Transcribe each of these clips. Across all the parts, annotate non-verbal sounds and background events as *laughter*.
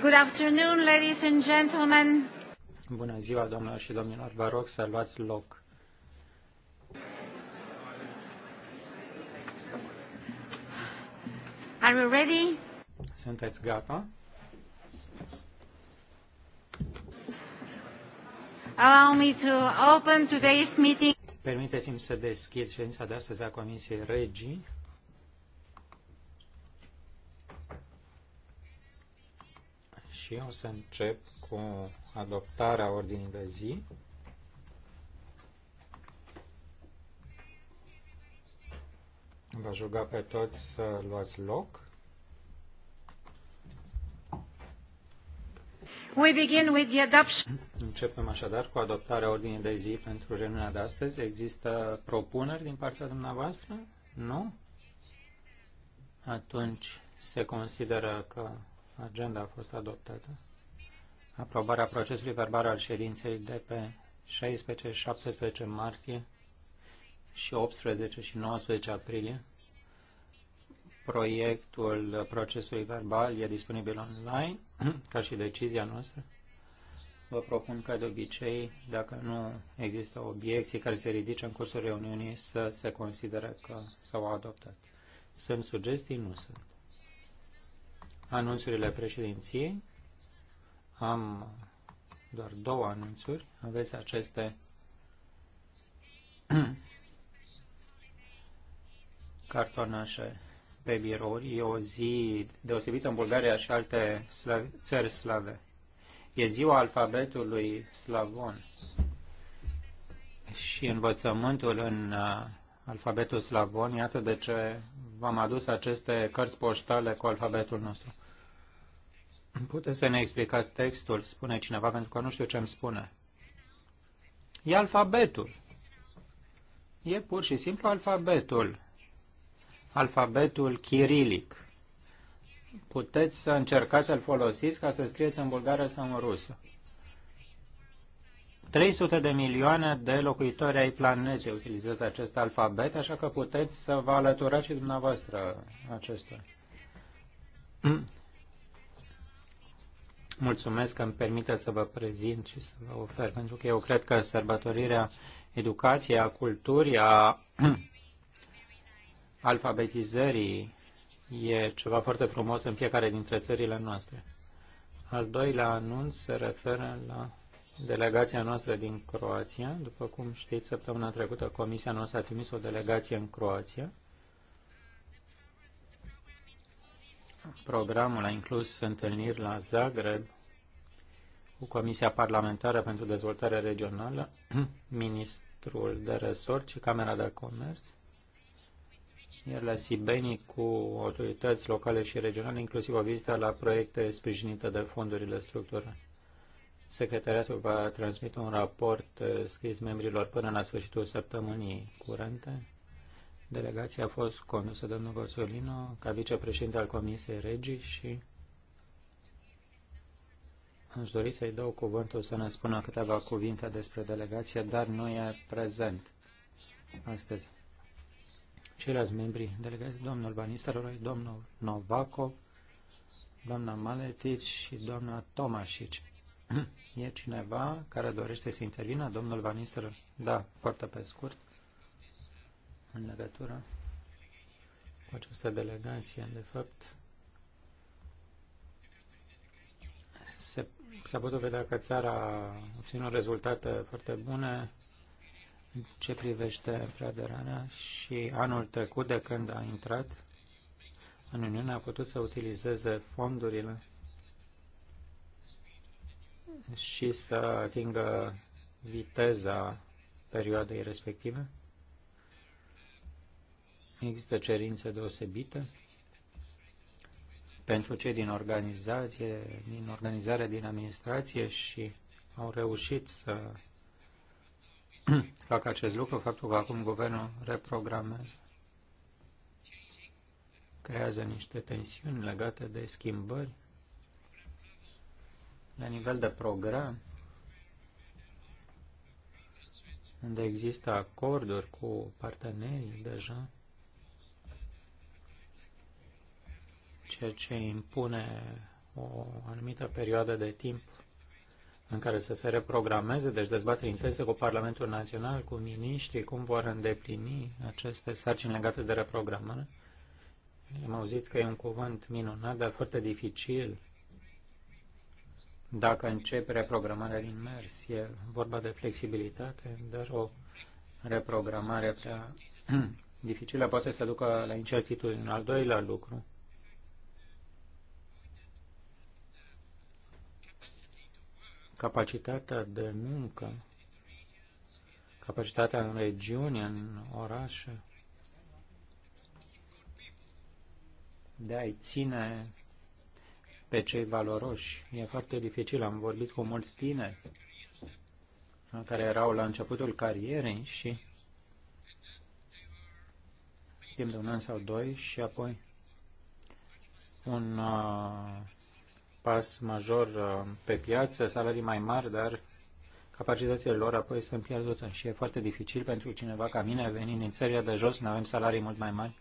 Good afternoon, ladies and gentlemen. Bună ziua, domnilor și domnilor. Vă rog să luați loc. Are we ready? Sunteți gata? Allow me to open today's meeting. Permiteți-mi să deschid ședința de astăzi a Comisiei Regii. Și eu o să încep cu adoptarea ordinii de zi. Vă aș ruga pe toți să luați loc. We begin with the adoption. Începem așadar cu adoptarea ordinii de zi pentru reuniunea de astăzi. Există propuneri din partea dumneavoastră? Nu? Atunci se consideră că agenda a fost adoptată. Aprobarea procesului verbal al ședinței de pe 16-17 martie și 18 și 19 aprilie. Proiectul procesului verbal e disponibil online, *clears throat* ca și decizia noastră. Vă propun ca de obicei, dacă nu există obiecții care se ridice în cursul reuniunii, să se considere că s-au adoptat. Sunt sugestii? Nu sunt. Anunțurile președinției. Am doar două anunțuri. Aveți aceste *clears throat* cartonașe pe birouri. E o zi deosebită în Bulgaria și alte sla țări slave. E ziua alfabetului slavon. Și învățământul în uh, alfabetul slavon, iată de ce v-am adus aceste cărți poștale cu alfabetul nostru. Puteți să ne explicați textul, spune cineva, pentru că nu știu ce îmi spune. E alfabetul. E pur și simplu alfabetul alfabetul chirilic. Puteți să încercați să-l folosiți ca să scrieți în bulgară sau în rusă. 300 de milioane de locuitori ai planetei utilizează acest alfabet, așa că puteți să vă alăturați și dumneavoastră acesta. *clears throat* Mulțumesc că îmi permiteți să vă prezint și să vă ofer, pentru că eu cred că sărbătorirea educației, a culturii, a *clears throat* alfabetizării e ceva foarte frumos în fiecare dintre țările noastre. Al doilea anunț se referă la delegația noastră din Croația. După cum știți, săptămâna trecută Comisia noastră a trimis o delegație în Croația. Programul a inclus întâlniri la Zagreb cu Comisia Parlamentară pentru Dezvoltare Regională, *clears throat* Ministrul de Resort și Camera de Comerț iar la Sibeni cu autorități locale și regionale, inclusiv o vizită la proiecte sprijinite de fondurile structurale. Secretariatul va transmite un raport eh, scris membrilor până la sfârșitul săptămânii curente. Delegația a fost condusă de domnul Gosolino ca vicepreședinte al Comisiei Regii și aș dori să-i dau cuvântul să ne spună câteva cuvinte despre delegație, dar nu e prezent astăzi ceilalți membri delegați, domnul Banistaroi, domnul Novakov, doamna Maletic și doamna Tomașic. E cineva care dorește să intervină? Domnul Vanister, da, foarte pe scurt, în legătură cu această delegație, de fapt, se, s-a putut vedea că țara a obținut rezultate foarte bune, ce privește preaderarea și anul trecut de când a intrat în Uniune a putut să utilizeze fondurile și să atingă viteza perioadei respective. Există cerințe deosebite pentru cei din organizație, din organizare, din administrație și au reușit să *clears throat* fac acest lucru, faptul că acum guvernul reprogramează, creează niște tensiuni legate de schimbări la nivel de program, unde există acorduri cu partenerii deja, ceea ce impune o anumită perioadă de timp în care să se reprogrameze, deci dezbatere intense cu Parlamentul Național, cu miniștrii, cum vor îndeplini aceste sarcini legate de reprogramare. Am auzit că e un cuvânt minunat, dar foarte dificil dacă începe reprogramarea din mers. E vorba de flexibilitate, dar o reprogramare prea *clears throat* dificilă poate să ducă la incertitudine. Al doilea lucru, capacitatea de muncă, capacitatea în regiuni, în orașe, de a-i ține pe cei valoroși. E foarte dificil. Am vorbit cu mulți tineri care erau la începutul carierei și timp de un an sau doi și apoi un uh, pas major uh, pe piață, salarii mai mari, dar capacitățile lor apoi sunt pierdute și e foarte dificil pentru cineva ca mine, venind din țările de jos, nu avem salarii mult mai mari,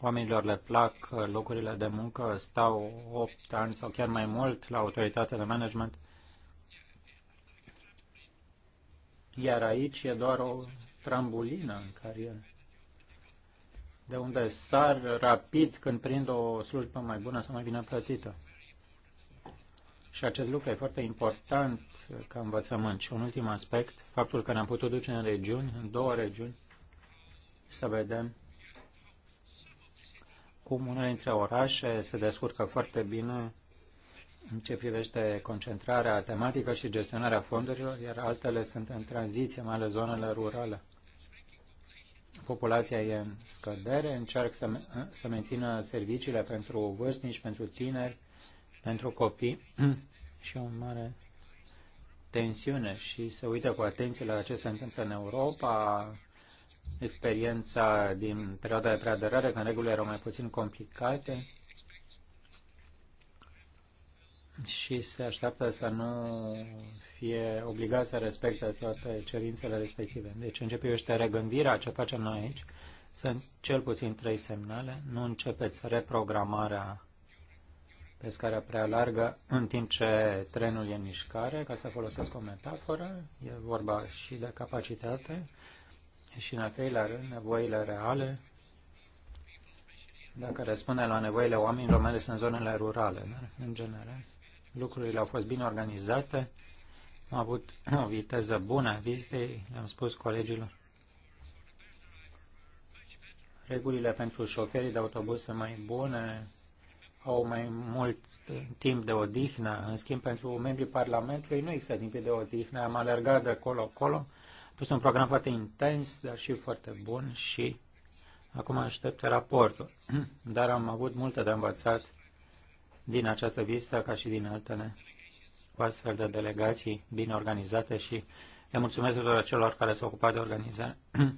oamenilor le plac uh, locurile de muncă, stau 8 ani sau chiar mai mult la autoritatea de management, iar aici e doar o trambulină în carieră de unde sar rapid când prind o slujbă mai bună sau mai bine plătită. Și acest lucru e foarte important ca învățământ. Și un ultim aspect, faptul că ne-am putut duce în regiuni, în două regiuni, să vedem cum una dintre orașe se descurcă foarte bine în ce privește concentrarea tematică și gestionarea fondurilor, iar altele sunt în tranziție, mai ales zonele rurale. Populația e în scădere, încearcă să, să mențină serviciile pentru vârstnici, pentru tineri, pentru copii *clears throat* și o mare tensiune și se uită cu atenție la ce se întâmplă în Europa, experiența din perioada de preaderare, când regulile erau mai puțin complicate și se așteaptă să nu fie obligat să respecte toate cerințele respective. Deci începe este regândirea, ce facem noi aici, sunt cel puțin trei semnale. Nu începeți reprogramarea pe scara prea largă în timp ce trenul e în mișcare, ca să folosesc o metaforă, e vorba și de capacitate și în al treilea rând nevoile reale. Dacă răspunde la nevoile oamenilor, mai ales în zonele rurale, da, în general, lucrurile au fost bine organizate, am avut *clears throat* o viteză bună a vizitei, le-am spus colegilor. Regulile pentru șoferii de autobuz sunt mai bune, au mai mult timp de odihnă. În schimb, pentru membrii Parlamentului nu există timp de odihnă. Am alergat de acolo-acolo. A fost un program foarte intens, dar și foarte bun și acum aștept raportul. *clears throat* Dar am avut multe de învățat din această vizită, ca și din altele, cu astfel de delegații bine organizate și le mulțumesc tuturor celor care s-au ocupat de organizare. *clears throat*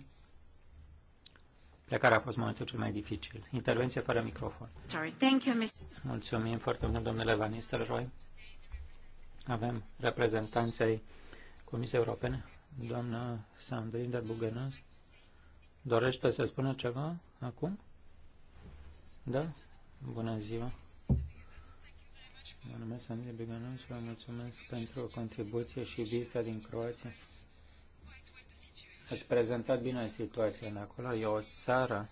plecarea a fost momentul cel mai dificil. Intervenție fără microfon. Sorry. Thank you, Mr. Mulțumim foarte mult, domnule Van Nistelrooy. Avem reprezentanții Comisiei Europene, doamna de Bugănăs. Dorește să spună ceva acum? Da? Bună ziua! Mă numesc Andrei Beganus, vă mulțumesc pentru contribuție și vizita din Croația. Ați prezentat bine situația în acolo. E o țară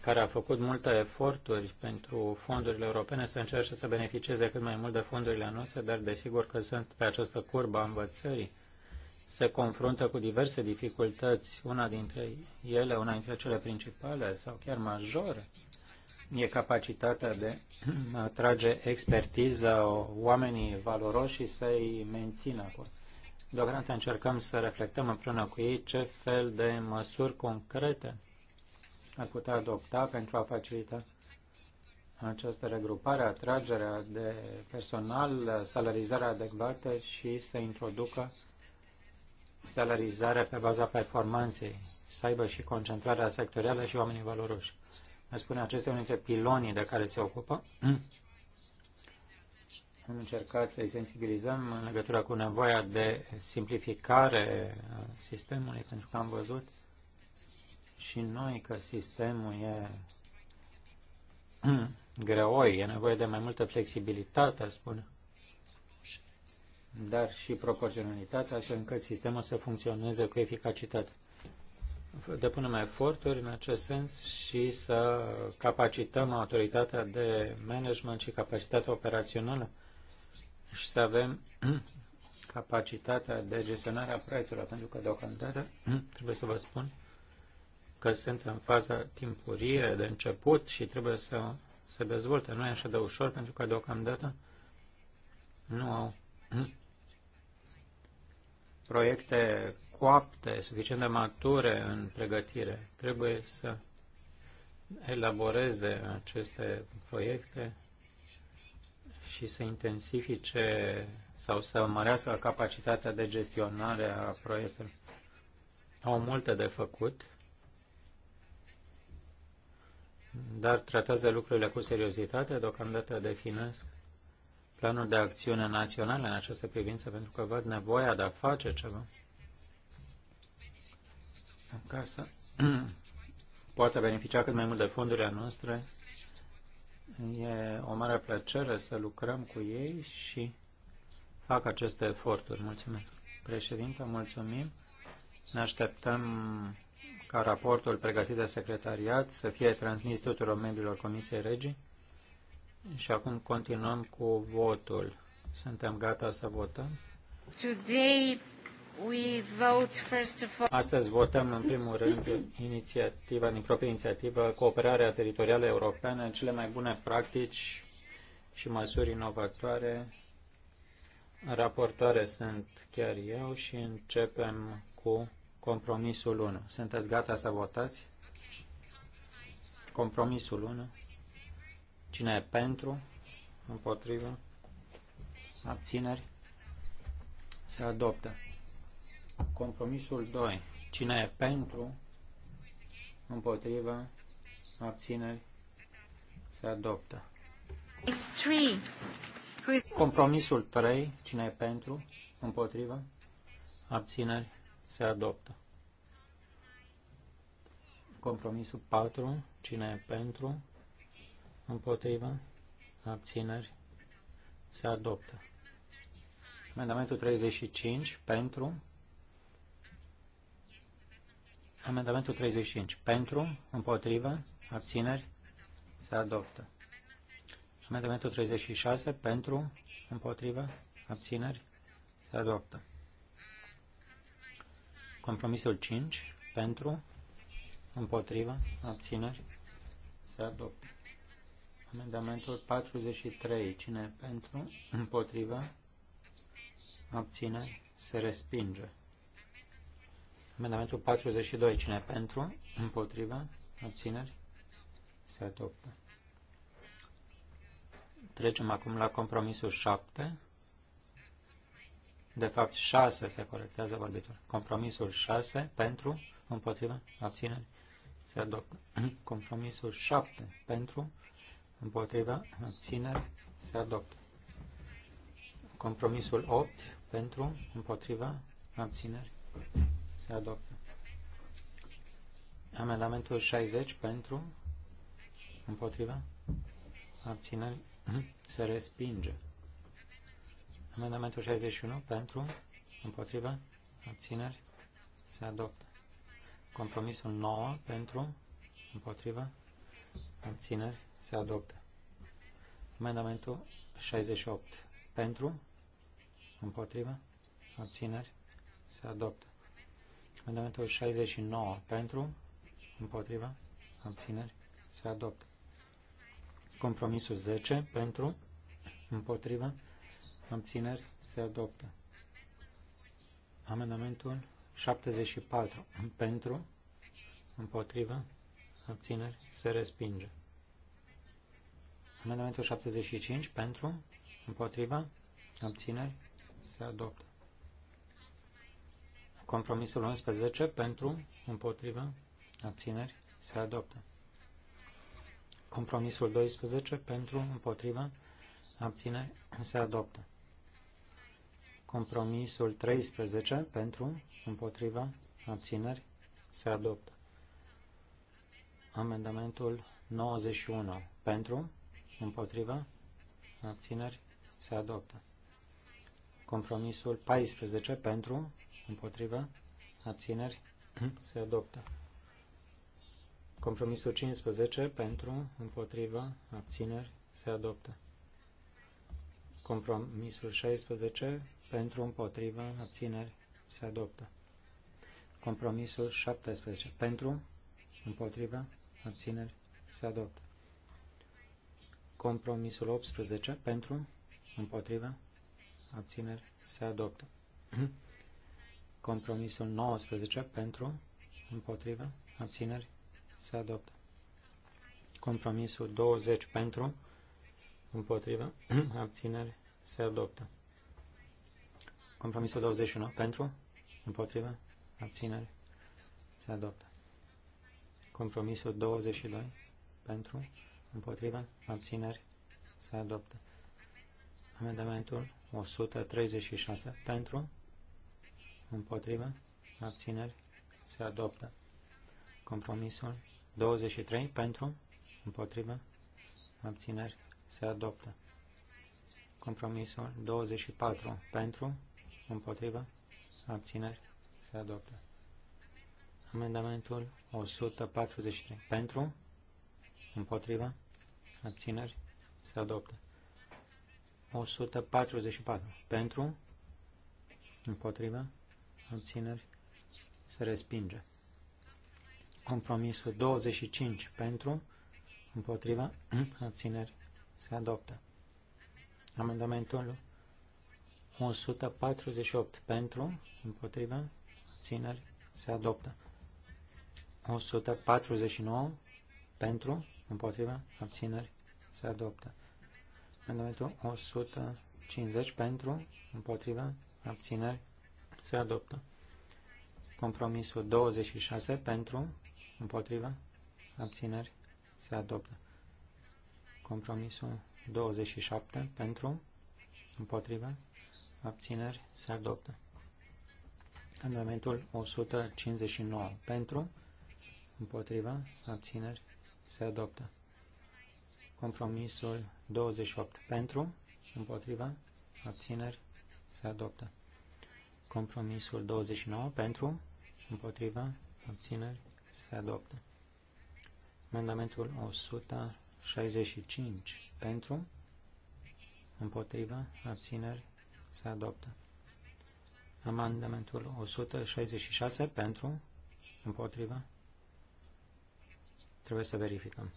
care a făcut multe eforturi pentru fondurile europene să încerce să beneficieze cât mai mult de fondurile noastre, dar desigur că sunt pe această curbă a învățării. Se confruntă cu diverse dificultăți, una dintre ele, una dintre cele principale sau chiar majore, e capacitatea de a atrage expertiza oamenii valoroși și să-i mențină acolo. Deocamdată încercăm să reflectăm împreună cu ei ce fel de măsuri concrete ar putea adopta pentru a facilita această regrupare, atragerea de personal, salarizarea adecvată și să introducă salarizarea pe baza performanței, să aibă și concentrarea sectorială și oamenii valoroși. Vă spun, acestea unul dintre pilonii de care se ocupă *clears throat* Am încercat să-i sensibilizăm în legătură cu nevoia de simplificare a sistemului, pentru că am văzut și noi că sistemul e *clears throat* greoi, e nevoie de mai multă flexibilitate, ar spune, dar și proporționalitate, așa încât sistemul să funcționeze cu eficacitate. Depunem eforturi în acest sens și să capacităm autoritatea de management și capacitatea operațională și să avem *clears throat* capacitatea de gestionare a proiectelor, pentru că deocamdată *clears throat* trebuie să vă spun că sunt în faza timpurie de început și trebuie să se dezvolte. Nu e așa de ușor, pentru că deocamdată nu au *clears throat* proiecte coapte, suficient de mature în pregătire. Trebuie să elaboreze aceste proiecte și să intensifice sau să mărească capacitatea de gestionare a proiectelor. Au multe de făcut, dar tratează lucrurile cu seriozitate. Deocamdată definesc planul de acțiune național în această privință pentru că văd nevoia de a face ceva ca să *clears throat* poată beneficia cât mai mult de fondurile noastre E o mare plăcere să lucrăm cu ei și fac aceste eforturi. Mulțumesc. Președinte, mulțumim. Ne așteptăm ca raportul pregătit de secretariat să fie transmis tuturor membrilor Comisiei Regii. Și acum continuăm cu votul. Suntem gata să votăm? Today Astăzi votăm în primul rând inițiativa din proprie inițiativă Cooperarea Teritorială Europeană, cele mai bune practici și măsuri inovatoare. Raportoare sunt chiar eu și începem cu compromisul 1. Sunteți gata să votați? Compromisul 1. Cine e pentru? Împotrivă? Abțineri? Se adoptă. Compromisul 2. Cine e pentru, împotriva, abțineri, se adoptă. Compromisul 3. Cine e pentru, împotriva, abțineri, se adoptă. Compromisul 4. Cine e pentru, împotriva, abțineri, se adoptă. Amendamentul 35 pentru, Amendamentul 35. Pentru, împotrivă, abțineri, se adoptă. Amendamentul 36. Pentru, împotrivă, abțineri, se adoptă. Compromisul 5. Pentru, împotrivă, abțineri, se adoptă. Amendamentul 43. Cine pentru, împotrivă, abțineri, se respinge. Amendamentul 42. Cine pentru? Împotriva? Abțineri? Se adoptă. Trecem acum la compromisul 7. De fapt, 6 se corectează vorbitul. Compromisul 6 pentru, împotriva, *clears throat* abțineri, se adoptă. Compromisul 7 pentru, împotriva, abțineri, se adoptă. Compromisul 8 pentru, împotriva, abțineri, Thank you se adoptă. Amendamentul 60 pentru, împotriva, abțineri, *clears throat* se respinge. Amendamentul 61 pentru, împotriva, abțineri, se adoptă. Compromisul 9 pentru, împotriva, abțineri, se adoptă. Amendamentul 68 pentru, împotriva, abțineri, se adoptă. Amendamentul 69 pentru, împotriva, abțineri, se adoptă. Compromisul 10 pentru, împotriva, abțineri, se adoptă. Amendamentul 74 pentru, împotriva, abțineri, se respinge. Amendamentul 75 pentru, împotriva, abțineri, se adoptă. Compromisul 11 pentru, împotrivă, abțineri, se adoptă. Compromisul 12 pentru, împotrivă, abțineri, se adoptă. Compromisul 13 pentru, împotriva, abțineri, se adoptă. Amendamentul 91 pentru, împotriva, abțineri, se adoptă. Compromisul 14 pentru, împotriva, *clears throat* abțineri, se adoptă. Compromisul 15 pentru, împotriva, abțineri, se adoptă. Compromisul 16 pentru, împotriva, abțineri, se adoptă. Compromisul 17 pentru, împotriva, abțineri, se adoptă. Compromisul 18 pentru, împotriva, abțineri, se adoptă. Compromisul 19 pentru, împotrivă, abțineri, se adoptă. Compromisul 20 *clears throat* pentru, împotrivă, abțineri, se adoptă. Compromisul 21 pentru, împotrivă, abțineri, se adoptă. Compromisul 22 pentru, împotrivă, abțineri, se adoptă. Amendamentul 136 pentru, Împotrivă? Abțineri? Se adoptă. Compromisul 23 pentru? Împotrivă? Abțineri? Se adoptă. Compromisul 24 pentru? Împotrivă? Abțineri? Se adoptă. Amendamentul 143 pentru? Împotrivă? Abțineri? Se adoptă. 144 pentru? Împotrivă? obțineri se respinge. Compromisul 25 pentru, împotriva, obțineri *clears throat* se adoptă. Amendamentul 148 pentru, împotriva, obțineri se adoptă. 149 pentru, împotriva, abțineri, se adoptă. Amendamentul 150 pentru, împotriva, abțineri, se adoptă. Compromisul 26 pentru, împotriva, abțineri, se adoptă. Compromisul 27 pentru, împotriva, abțineri, se adoptă. Amendamentul 159 pentru, împotriva, abțineri, se adoptă. Compromisul 28 pentru, împotriva, abțineri, se adoptă. Compromisul 29 pentru, împotriva, abțineri, se adoptă. Amendamentul 165 pentru, împotriva, abțineri, se adoptă. Amendamentul 166 pentru, împotriva, trebuie să verificăm.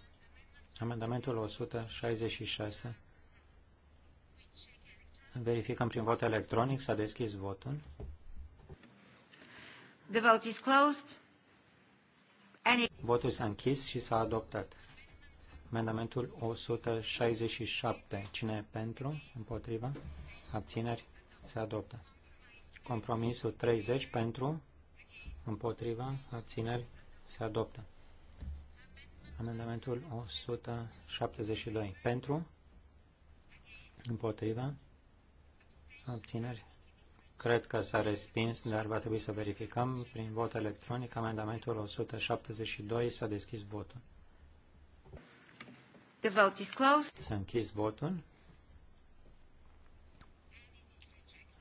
Amendamentul 166 Verificăm prin vot electronic. S-a deschis votul. The vote is closed. Any... Votul s-a închis și s-a adoptat. Amendamentul 167. Cine e pentru? Împotriva? Abțineri? Se adoptă. Compromisul 30 pentru? Împotriva? Abțineri? Se adoptă. Amendamentul 172. Pentru? Împotriva? Abțineri? Cred că s-a respins, dar va trebui să verificăm prin vot electronic. Amendamentul 172 s-a deschis votul. The vote is closed. S-a închis votul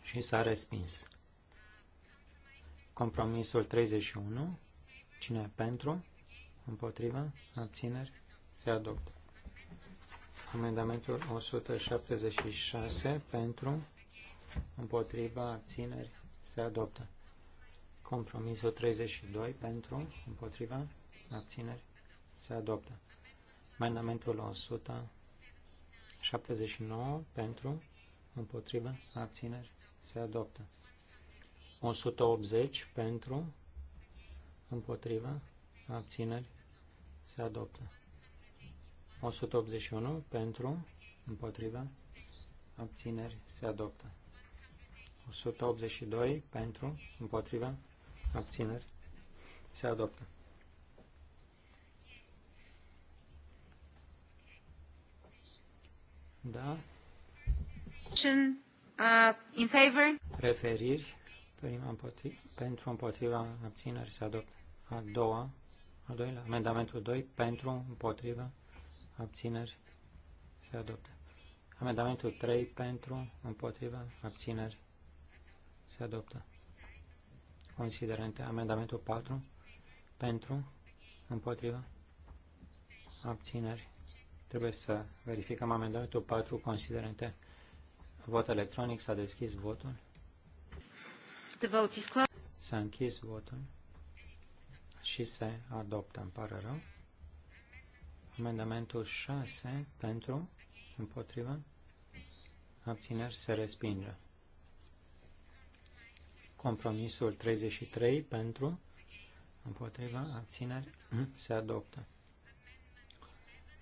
și s-a respins. Compromisul 31. Cine pentru? Împotrivă? Abțineri? Se adoptă. Amendamentul 176 pentru împotriva, abțineri, se adoptă. Compromisul 32 pentru, împotriva, abțineri, se adoptă. Amendamentul 179 pentru, împotriva, abțineri, se adoptă. 180 pentru, împotriva, abțineri, se adoptă. 181 pentru, împotriva, abțineri, se adoptă. 182 pentru, împotriva, abțineri, se adoptă. Da? Uh, in favor. Referiri, prima împotriva, pentru, împotriva, abțineri, se adoptă. A doua, al doilea, amendamentul 2, pentru, împotriva, abțineri, se adoptă. Amendamentul 3 pentru, împotriva, abțineri, se adoptă. Considerente. Amendamentul 4. Pentru. Împotriva. Abțineri. Trebuie să verificăm amendamentul 4. Considerente. Vot electronic. S-a deschis votul. S-a închis votul și se adoptă. Îmi pare rău. Amendamentul 6 pentru, Împotriva. abțineri se respinge. Compromisul 33 mm, pentru, împotriva, abțineri, se adoptă.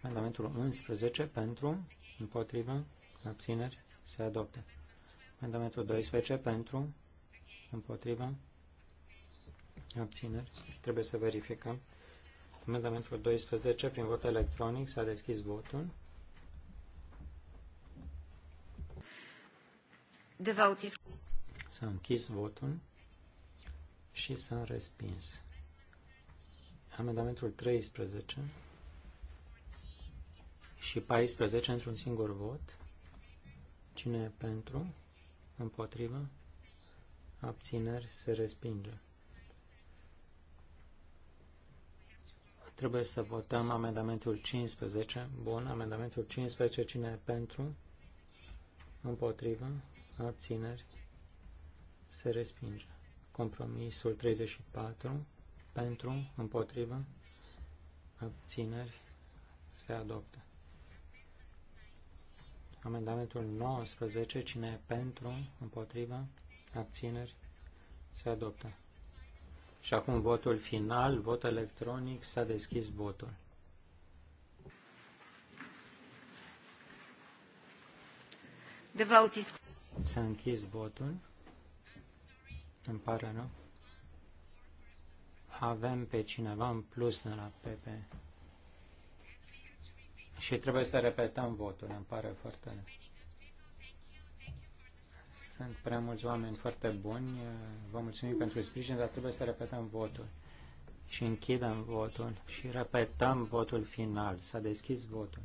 Amendamentul 11 pentru, împotriva, abțineri, se adoptă. Amendamentul 12 pentru, împotriva, abțineri, trebuie să verificăm. Amendamentul 12 prin vot electronic s-a deschis votul. De S-a închis votul și s-a respins. Amendamentul 13 și 14 într-un singur vot. Cine e pentru? Împotrivă? Abțineri se respinge. Trebuie să votăm amendamentul 15. Bun, amendamentul 15. Cine e pentru? Împotrivă? Abțineri se respinge. Compromisul 34 pentru, împotrivă, abțineri se adoptă. Amendamentul 19, cine e pentru, împotrivă, abțineri se adoptă. Și acum votul final, vot electronic, s-a deschis votul. The vote is... S-a închis votul. Îmi pare nu? Avem pe cineva în plus de la PP. Și trebuie să repetăm votul, îmi pare foarte Sunt prea mulți oameni foarte buni. Vă mulțumim pentru sprijin, dar trebuie să repetăm votul. Și închidem votul și repetăm votul final. S-a deschis votul.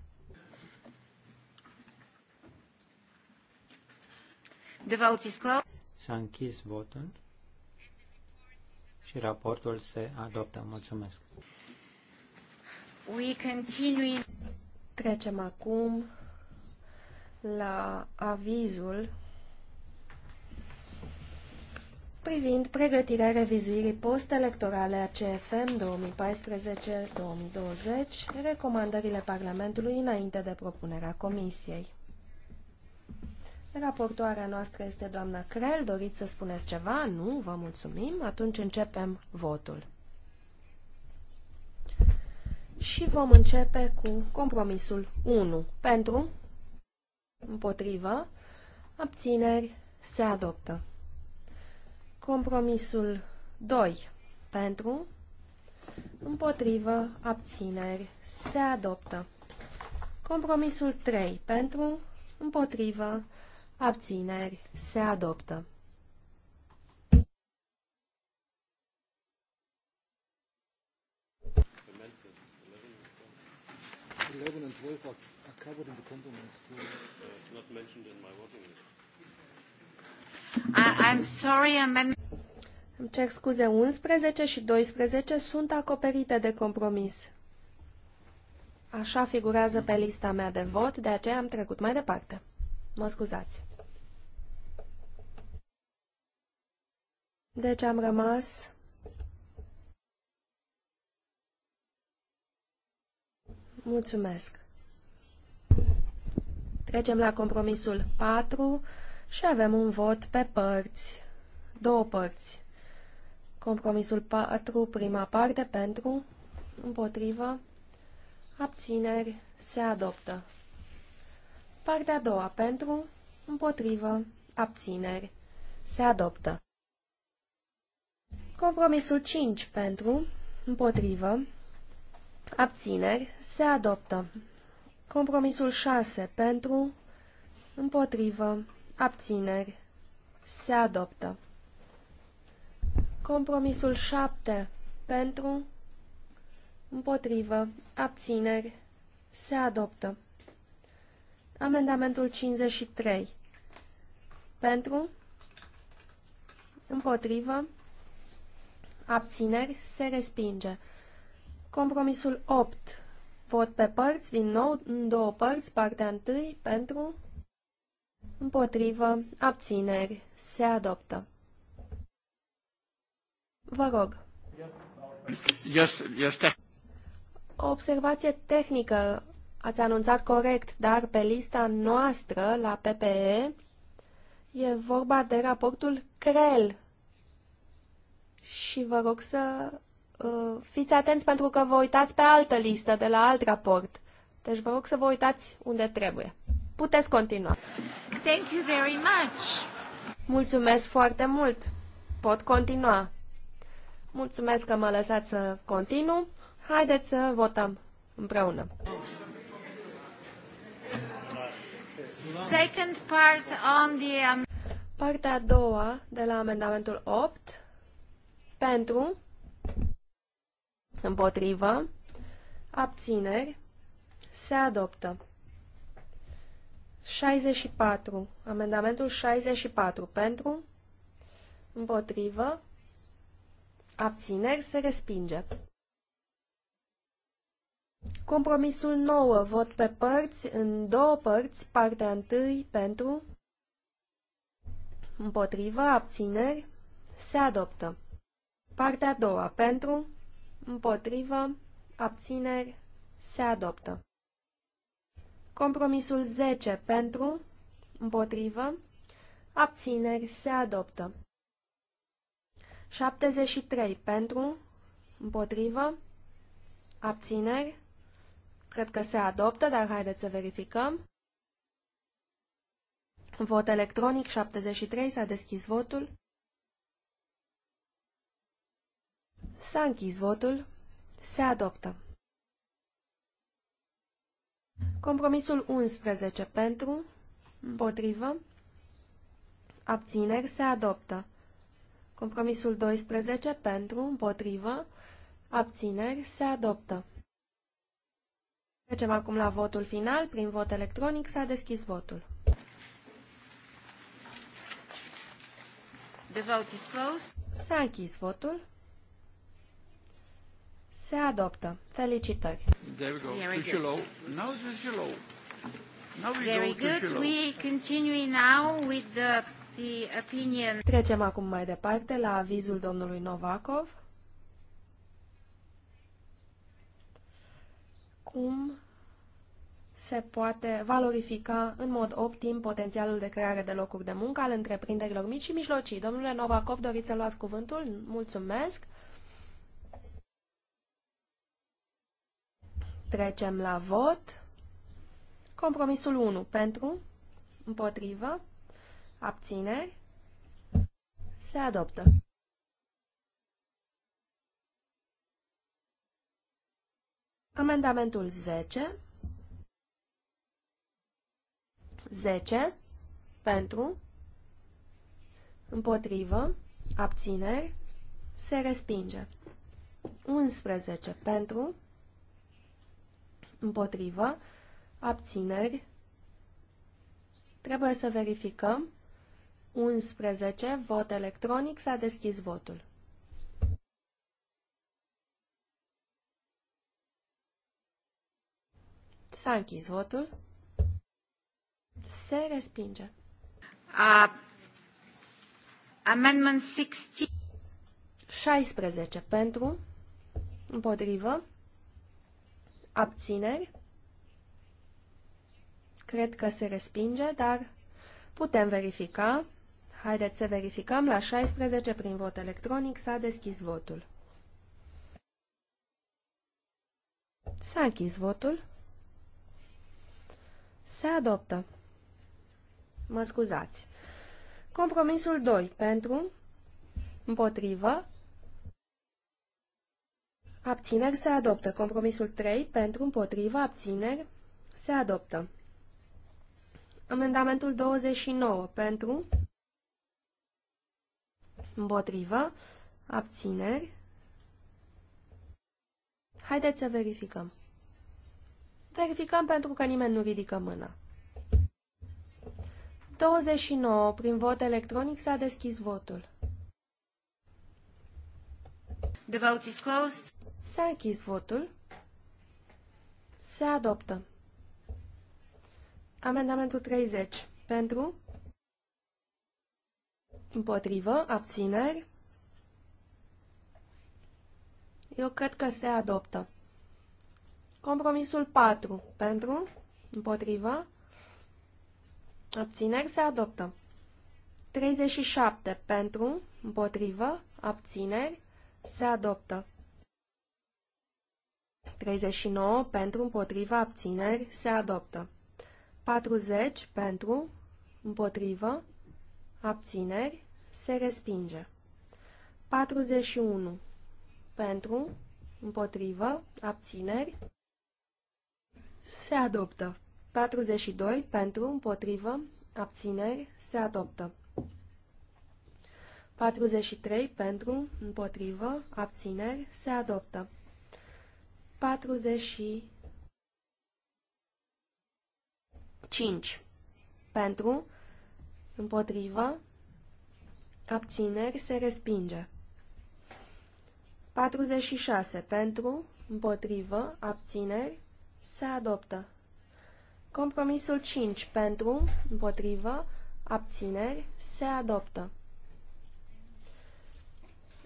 The vote is closed. S-a închis votul și raportul se adoptă. Mulțumesc. We continue. Trecem acum la avizul privind pregătirea revizuirii post-electorale a CFM 2014-2020, recomandările Parlamentului înainte de propunerea Comisiei. Raportoarea noastră este doamna Crel. Doriți să spuneți ceva? Nu? Vă mulțumim. Atunci începem votul. Și vom începe cu compromisul 1. Pentru, împotrivă, abțineri, se adoptă. Compromisul 2. Pentru, împotrivă, abțineri, se adoptă. Compromisul 3. Pentru, împotrivă, abțineri, abțineri, se adoptă. I'm sorry, Îmi cer scuze, 11 și 12 sunt acoperite de compromis. Așa figurează pe lista mea de vot, de aceea am trecut mai departe. Mă scuzați. Deci am rămas Mulțumesc. Trecem la compromisul 4 și avem un vot pe părți, două părți. Compromisul 4, prima parte, pentru, împotrivă, abțineri, se adoptă. Partea a doua, pentru, împotrivă, abțineri, se adoptă. Compromisul 5 pentru, împotrivă, abțineri, se adoptă. Compromisul 6 pentru, împotrivă, abțineri, se adoptă. Compromisul 7 pentru, împotrivă, abțineri, se adoptă. Amendamentul 53 pentru, împotrivă, abțineri, se respinge. Compromisul 8, vot pe părți, din nou în două părți, partea 1 pentru, împotrivă, abțineri, se adoptă. Vă rog. O observație tehnică. Ați anunțat corect, dar pe lista noastră la PPE e vorba de raportul CREL și vă rog să uh, fiți atenți pentru că vă uitați pe altă listă de la alt raport. Deci vă rog să vă uitați unde trebuie. Puteți continua. Thank you very much. Mulțumesc foarte mult. Pot continua. Mulțumesc că mă lăsați să continu. Haideți să votăm împreună. Second part on the... Partea a doua de la amendamentul 8 pentru. Împotrivă. Abțineri. Se adoptă. 64. Amendamentul 64. Pentru. Împotrivă. Abțineri. Se respinge. Compromisul 9. Vot pe părți, în două părți, partea întâi pentru, împotrivă, abțineri, se adoptă. Partea a doua. Pentru, împotrivă, abțineri, se adoptă. Compromisul 10. Pentru, împotrivă, abțineri, se adoptă. 73. Pentru, împotrivă, abțineri, cred că se adoptă, dar haideți să verificăm. Vot electronic 73, s-a deschis votul. S-a închis votul. Se adoptă. Compromisul 11 pentru, împotrivă, abțineri se adoptă. Compromisul 12 pentru, împotrivă, abțineri se adoptă. Trecem acum la votul final. Prin vot electronic s-a deschis votul. The vote is closed. S-a închis votul. Se adoptă. Felicitări. There we go. Very good. Now Now we Very good. We continue now with the, the opinion. Trecem acum mai departe la avizul domnului Novakov. Cum se poate valorifica în mod optim potențialul de creare de locuri de muncă al întreprinderilor mici și mijlocii. Domnule Novakov, doriți să luați cuvântul? Mulțumesc. Trecem la vot. Compromisul 1 pentru, împotrivă, abțineri, se adoptă. Amendamentul 10. 10. Pentru. Împotrivă. Abțineri. Se respinge. 11. Pentru. Împotrivă. Abțineri. Trebuie să verificăm. 11. Vot electronic. S-a deschis votul. S-a închis votul. Se respinge. Uh, amendment 16. 16 pentru, împotrivă, Abțineri? Cred că se respinge, dar putem verifica. Haideți să verificăm. La 16, prin vot electronic, s-a deschis votul. S-a închis votul. Se adoptă. Mă scuzați. Compromisul 2. Pentru, împotrivă, Abțineri se adoptă. Compromisul 3 pentru împotriva abțineri se adoptă. Amendamentul 29 pentru împotriva abțineri. Haideți să verificăm. Verificăm pentru că nimeni nu ridică mâna. 29. Prin vot electronic s-a deschis votul. The vote is closed. S-a închis votul. Se adoptă. Amendamentul 30. Pentru? Împotrivă? Abțineri? Eu cred că se adoptă. Compromisul 4. Pentru? Împotrivă? Abțineri? Se adoptă. 37. Pentru? Împotrivă? Abțineri? Se adoptă. 39 pentru împotriva abțineri se adoptă. 40 pentru împotrivă abțineri se respinge. 41 pentru împotrivă abțineri se adoptă. 42 pentru împotrivă abțineri se adoptă. 43 pentru împotrivă abțineri se adoptă. 45. Pentru, împotrivă, abțineri, se respinge. 46. Pentru, împotrivă, abțineri, se adoptă. Compromisul 5. Pentru, împotrivă, abțineri, se adoptă.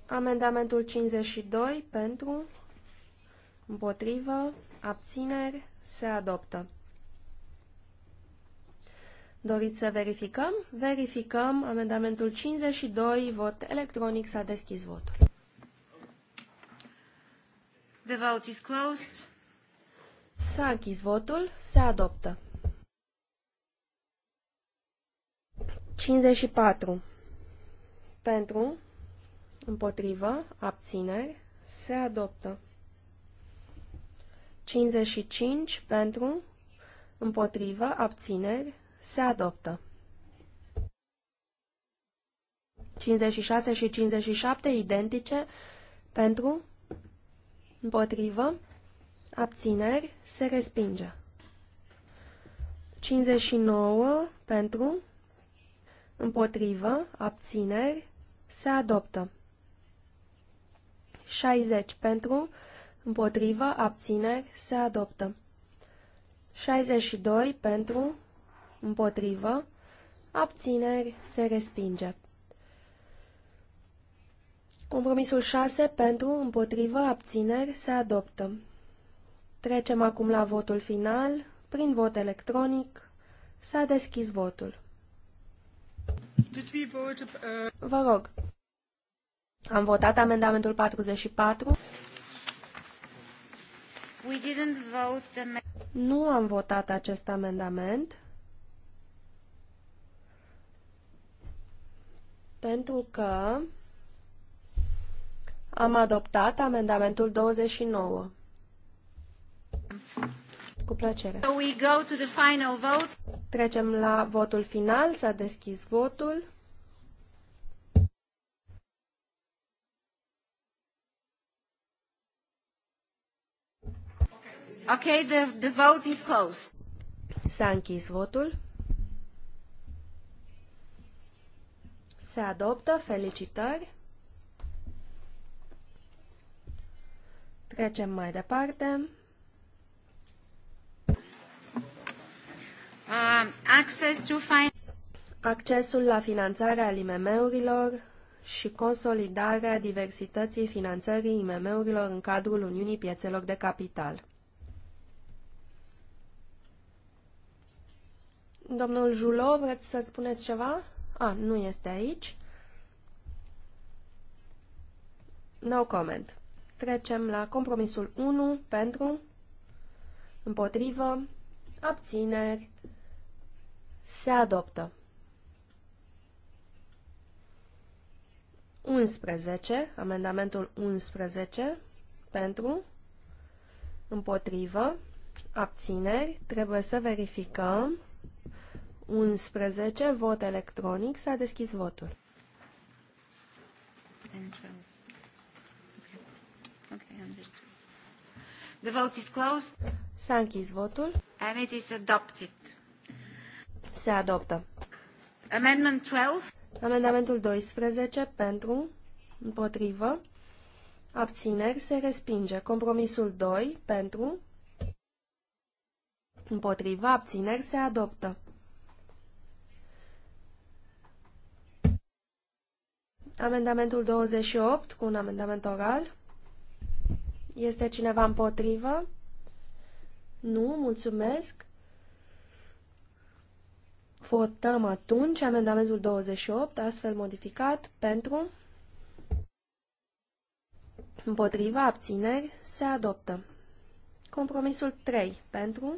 Amendamentul 52. Pentru, Împotrivă, abțineri, se adoptă. Doriți să verificăm? Verificăm amendamentul 52, vot electronic, s-a deschis votul. The vote is closed. S-a închis votul, se adoptă. 54. Pentru, împotrivă, abțineri, se adoptă. 55 pentru, împotrivă, abțineri, se adoptă. 56 și 57 identice pentru, împotrivă, abțineri, se respinge. 59 pentru, împotrivă, abțineri, se adoptă. 60 pentru, Împotrivă, abțineri, se adoptă. 62 pentru, împotrivă, abțineri, se respinge. Compromisul 6 pentru, împotrivă, abțineri, se adoptă. Trecem acum la votul final. Prin vot electronic s-a deschis votul. Uh, Vă rog. Am votat amendamentul 44. Nu am votat acest amendament pentru că am adoptat amendamentul 29. Cu plăcere. So we go to the final vote. Trecem la votul final. S-a deschis votul. Okay, the, the vote is closed. S-a închis votul. Se adoptă. Felicitări. Trecem mai departe. Uh, access to Accesul la finanțarea IMM-urilor și consolidarea diversității finanțării IMM-urilor în cadrul Uniunii Piețelor de Capital. Domnul Julo, vreți să spuneți ceva? A, nu este aici. No comment. Trecem la compromisul 1 pentru, împotrivă, abțineri, se adoptă. 11, amendamentul 11, pentru, împotrivă, abțineri, trebuie să verificăm. 11, vot electronic, s-a deschis votul. The vote is closed. S-a închis votul. And it is adopted. Se adoptă. Amendment 12. Amendamentul 12 pentru, împotrivă, abțineri se respinge. Compromisul 2 pentru, împotrivă, abțineri se adoptă. Amendamentul 28 cu un amendament oral. Este cineva împotrivă? Nu, mulțumesc. Votăm atunci amendamentul 28, astfel modificat, pentru, împotriva, abțineri, se adoptă. Compromisul 3, pentru,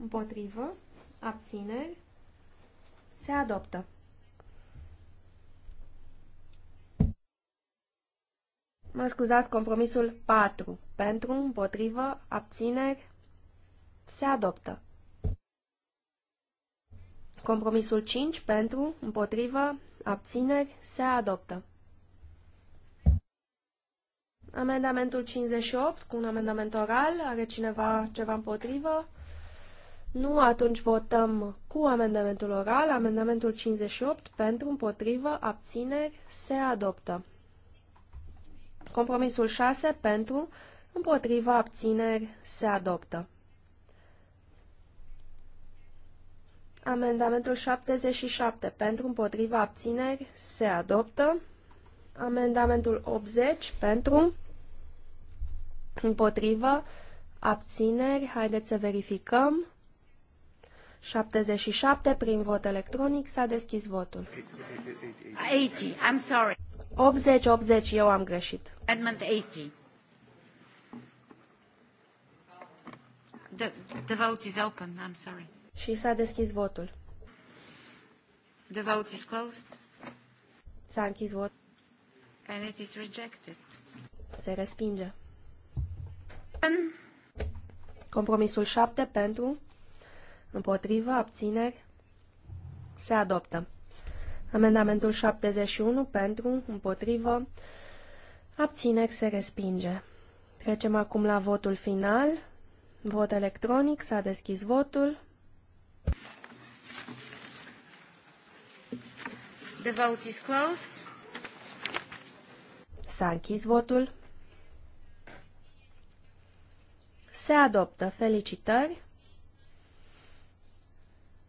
împotrivă, abțineri, se adoptă. Mă scuzați, compromisul 4. Pentru, împotrivă, abțineri, se adoptă. Compromisul 5. Pentru, împotrivă, abțineri, se adoptă. Amendamentul 58, cu un amendament oral, are cineva ceva împotrivă? Nu, atunci votăm cu amendamentul oral. Amendamentul 58, pentru, împotrivă, abțineri, se adoptă. Compromisul 6 pentru, împotriva, abțineri, se adoptă. Amendamentul 77 pentru, împotriva, abțineri, se adoptă. Amendamentul 80 pentru, împotriva, abțineri, haideți să verificăm. 77 prin vot electronic s-a deschis votul. 80, I'm sorry. 80, 80, eu am greșit. Amendment 80. The, the vote is open, I'm sorry. Și s-a deschis votul. The vote is closed. S-a închis vot. And it is rejected. Se respinge. Compromisul 7 pentru, împotrivă, abțineri, se adoptă. Amendamentul 71 pentru, împotrivă, abțineri se respinge. Trecem acum la votul final. Vot electronic, s-a deschis votul. The vote is closed. S-a închis votul. Se adoptă. Felicitări.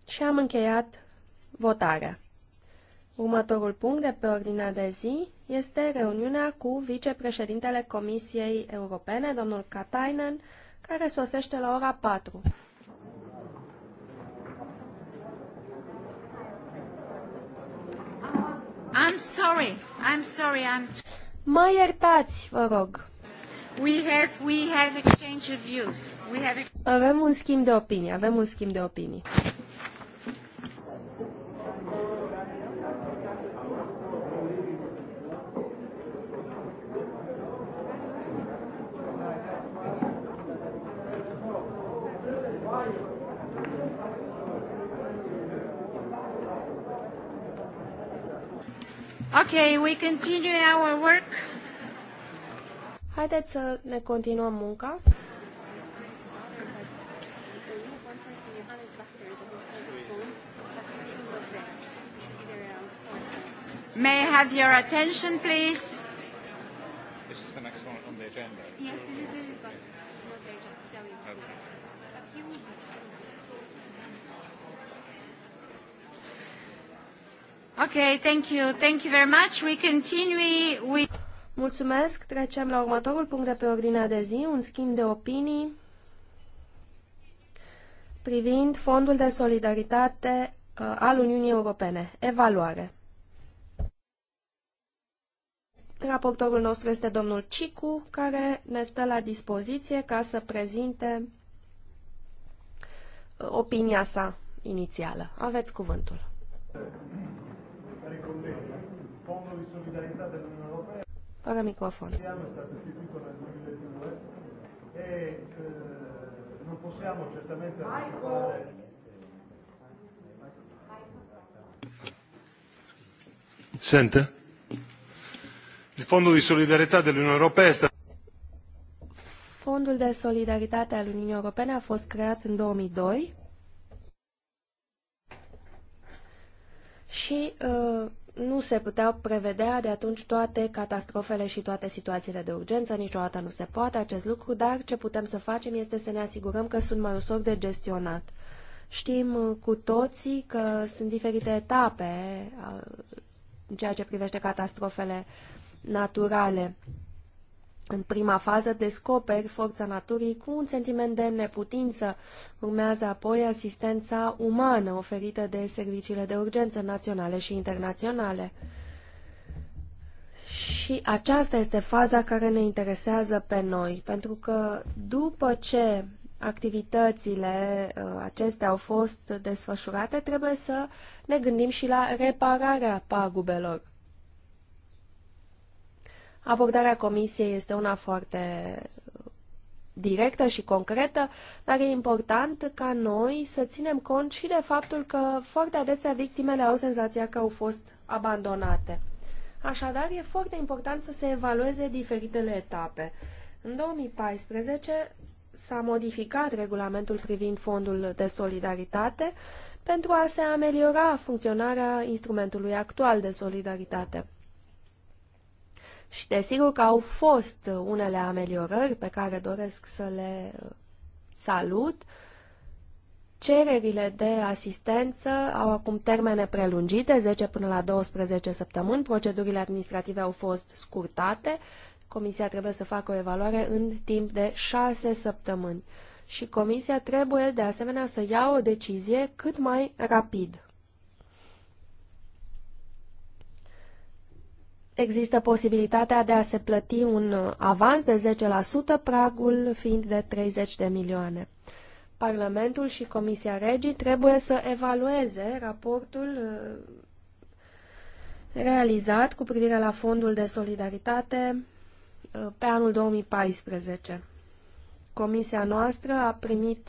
Și am încheiat votarea. Următorul punct de pe ordinea de zi este reuniunea cu vicepreședintele Comisiei Europene, domnul Katainen, care sosește la ora 4. I'm sorry, I'm sorry, I'm... Mă iertați, vă rog. We have, we have exchange of views. We have... Avem un schimb de opinii, avem un schimb de opinii. Ok, we continue our work. Haideți să ne continuăm munca. May I have your attention, please? This is the next one on the agenda. Okay, thank you. Thank you very much. We continue with... Mulțumesc. Trecem la următorul punct de pe ordinea de zi, un schimb de opinii privind Fondul de Solidaritate uh, al Uniunii Europene. Evaluare. Raportorul nostru este domnul Cicu, care ne stă la dispoziție ca să prezinte uh, opinia sa inițială. Aveți cuvântul. Fără microfon. Sente? Il Fondo di solidarietà dell'Unione Europea è stato... Fondul de solidaritate al Uniunii Europene a fost creat în 2002 și uh, nu se puteau prevedea de atunci toate catastrofele și toate situațiile de urgență, niciodată nu se poate acest lucru, dar ce putem să facem este să ne asigurăm că sunt mai ușor de gestionat. Știm cu toții că sunt diferite etape uh, în ceea ce privește catastrofele naturale. În prima fază descoperi forța naturii cu un sentiment de neputință. Urmează apoi asistența umană oferită de serviciile de urgență naționale și internaționale. Și aceasta este faza care ne interesează pe noi, pentru că după ce activitățile uh, acestea au fost desfășurate, trebuie să ne gândim și la repararea pagubelor. Abordarea comisiei este una foarte directă și concretă, dar e important ca noi să ținem cont și de faptul că foarte adesea victimele au senzația că au fost abandonate. Așadar, e foarte important să se evalueze diferitele etape. În 2014 s-a modificat regulamentul privind fondul de solidaritate pentru a se ameliora funcționarea instrumentului actual de solidaritate. Și desigur că au fost unele ameliorări pe care doresc să le salut. Cererile de asistență au acum termene prelungite, 10 până la 12 săptămâni. Procedurile administrative au fost scurtate. Comisia trebuie să facă o evaluare în timp de 6 săptămâni. Și comisia trebuie de asemenea să ia o decizie cât mai rapid. există posibilitatea de a se plăti un uh, avans de 10%, pragul fiind de 30 de milioane. Parlamentul și Comisia Regii trebuie să evalueze raportul uh, realizat cu privire la Fondul de Solidaritate uh, pe anul 2014. Comisia noastră a primit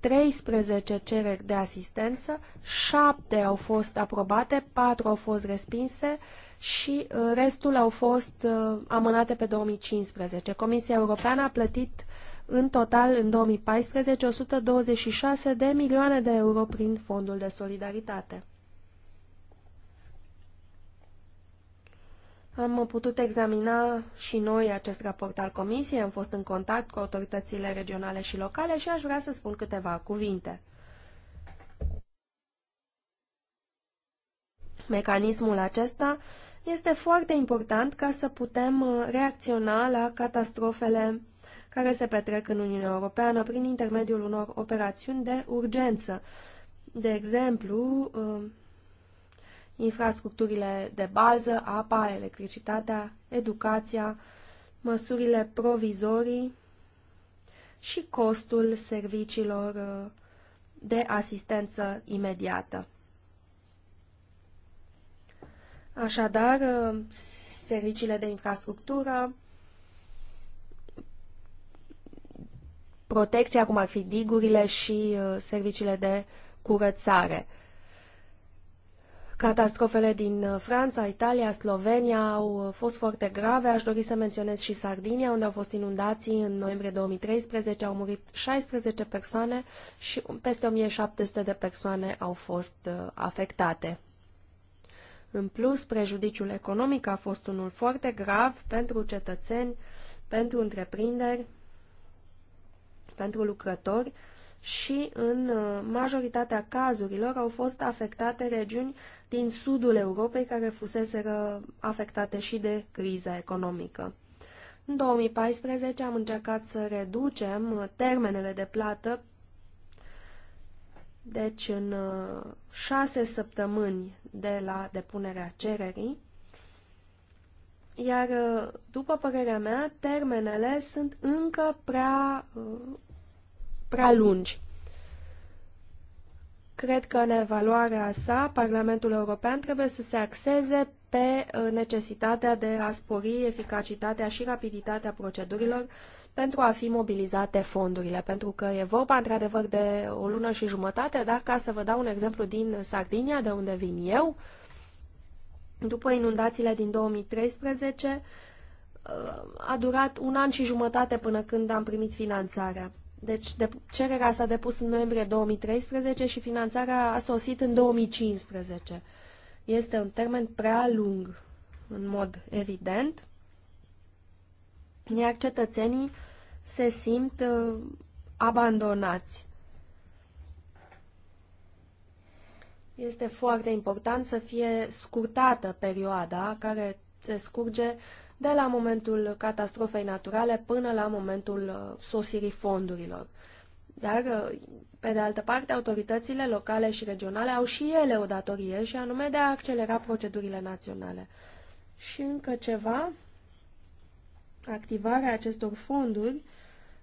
13 cereri de asistență, 7 au fost aprobate, 4 au fost respinse, și uh, restul au fost uh, amânate pe 2015. Comisia Europeană a plătit în total în 2014 126 de milioane de euro prin Fondul de Solidaritate. Am putut examina și noi acest raport al Comisiei, am fost în contact cu autoritățile regionale și locale și aș vrea să spun câteva cuvinte. Mecanismul acesta este foarte important ca să putem uh, reacționa la catastrofele care se petrec în Uniunea Europeană prin intermediul unor operațiuni de urgență. De exemplu, uh, infrastructurile de bază, apa, electricitatea, educația, măsurile provizorii și costul serviciilor uh, de asistență imediată. Așadar, uh, serviciile de infrastructură, protecția, cum ar fi digurile și uh, serviciile de curățare. Catastrofele din uh, Franța, Italia, Slovenia au fost foarte grave. Aș dori să menționez și Sardinia, unde au fost inundații în noiembrie 2013. Au murit 16 persoane și peste 1700 de persoane au fost afectate. În plus, prejudiciul economic a fost unul foarte grav pentru cetățeni, pentru întreprinderi, pentru lucrători și în uh, majoritatea cazurilor au fost afectate regiuni din sudul Europei care fusese afectate și de criza economică. În 2014 am încercat să reducem uh, termenele de plată deci în uh, șase săptămâni de la depunerea cererii, iar, uh, după părerea mea, termenele sunt încă prea, uh, prea lungi. Cred că în evaluarea sa, Parlamentul European trebuie să se axeze pe uh, necesitatea de a spori eficacitatea și rapiditatea procedurilor pentru a fi mobilizate fondurile, pentru că e vorba într-adevăr de o lună și jumătate, dar ca să vă dau un exemplu din Sardinia, de unde vin eu, după inundațiile din 2013, uh, a durat un an și jumătate până când am primit finanțarea. Deci de, cererea s-a depus în noiembrie 2013 și finanțarea a sosit în 2015. Este un termen prea lung, în mod evident, iar cetățenii se simt uh, abandonați. Este foarte important să fie scurtată perioada care se scurge de la momentul catastrofei naturale până la momentul uh, sosirii fondurilor. Dar, uh, pe de altă parte, autoritățile locale și regionale au și ele o datorie, și anume de a accelera procedurile naționale. Și încă ceva, activarea acestor fonduri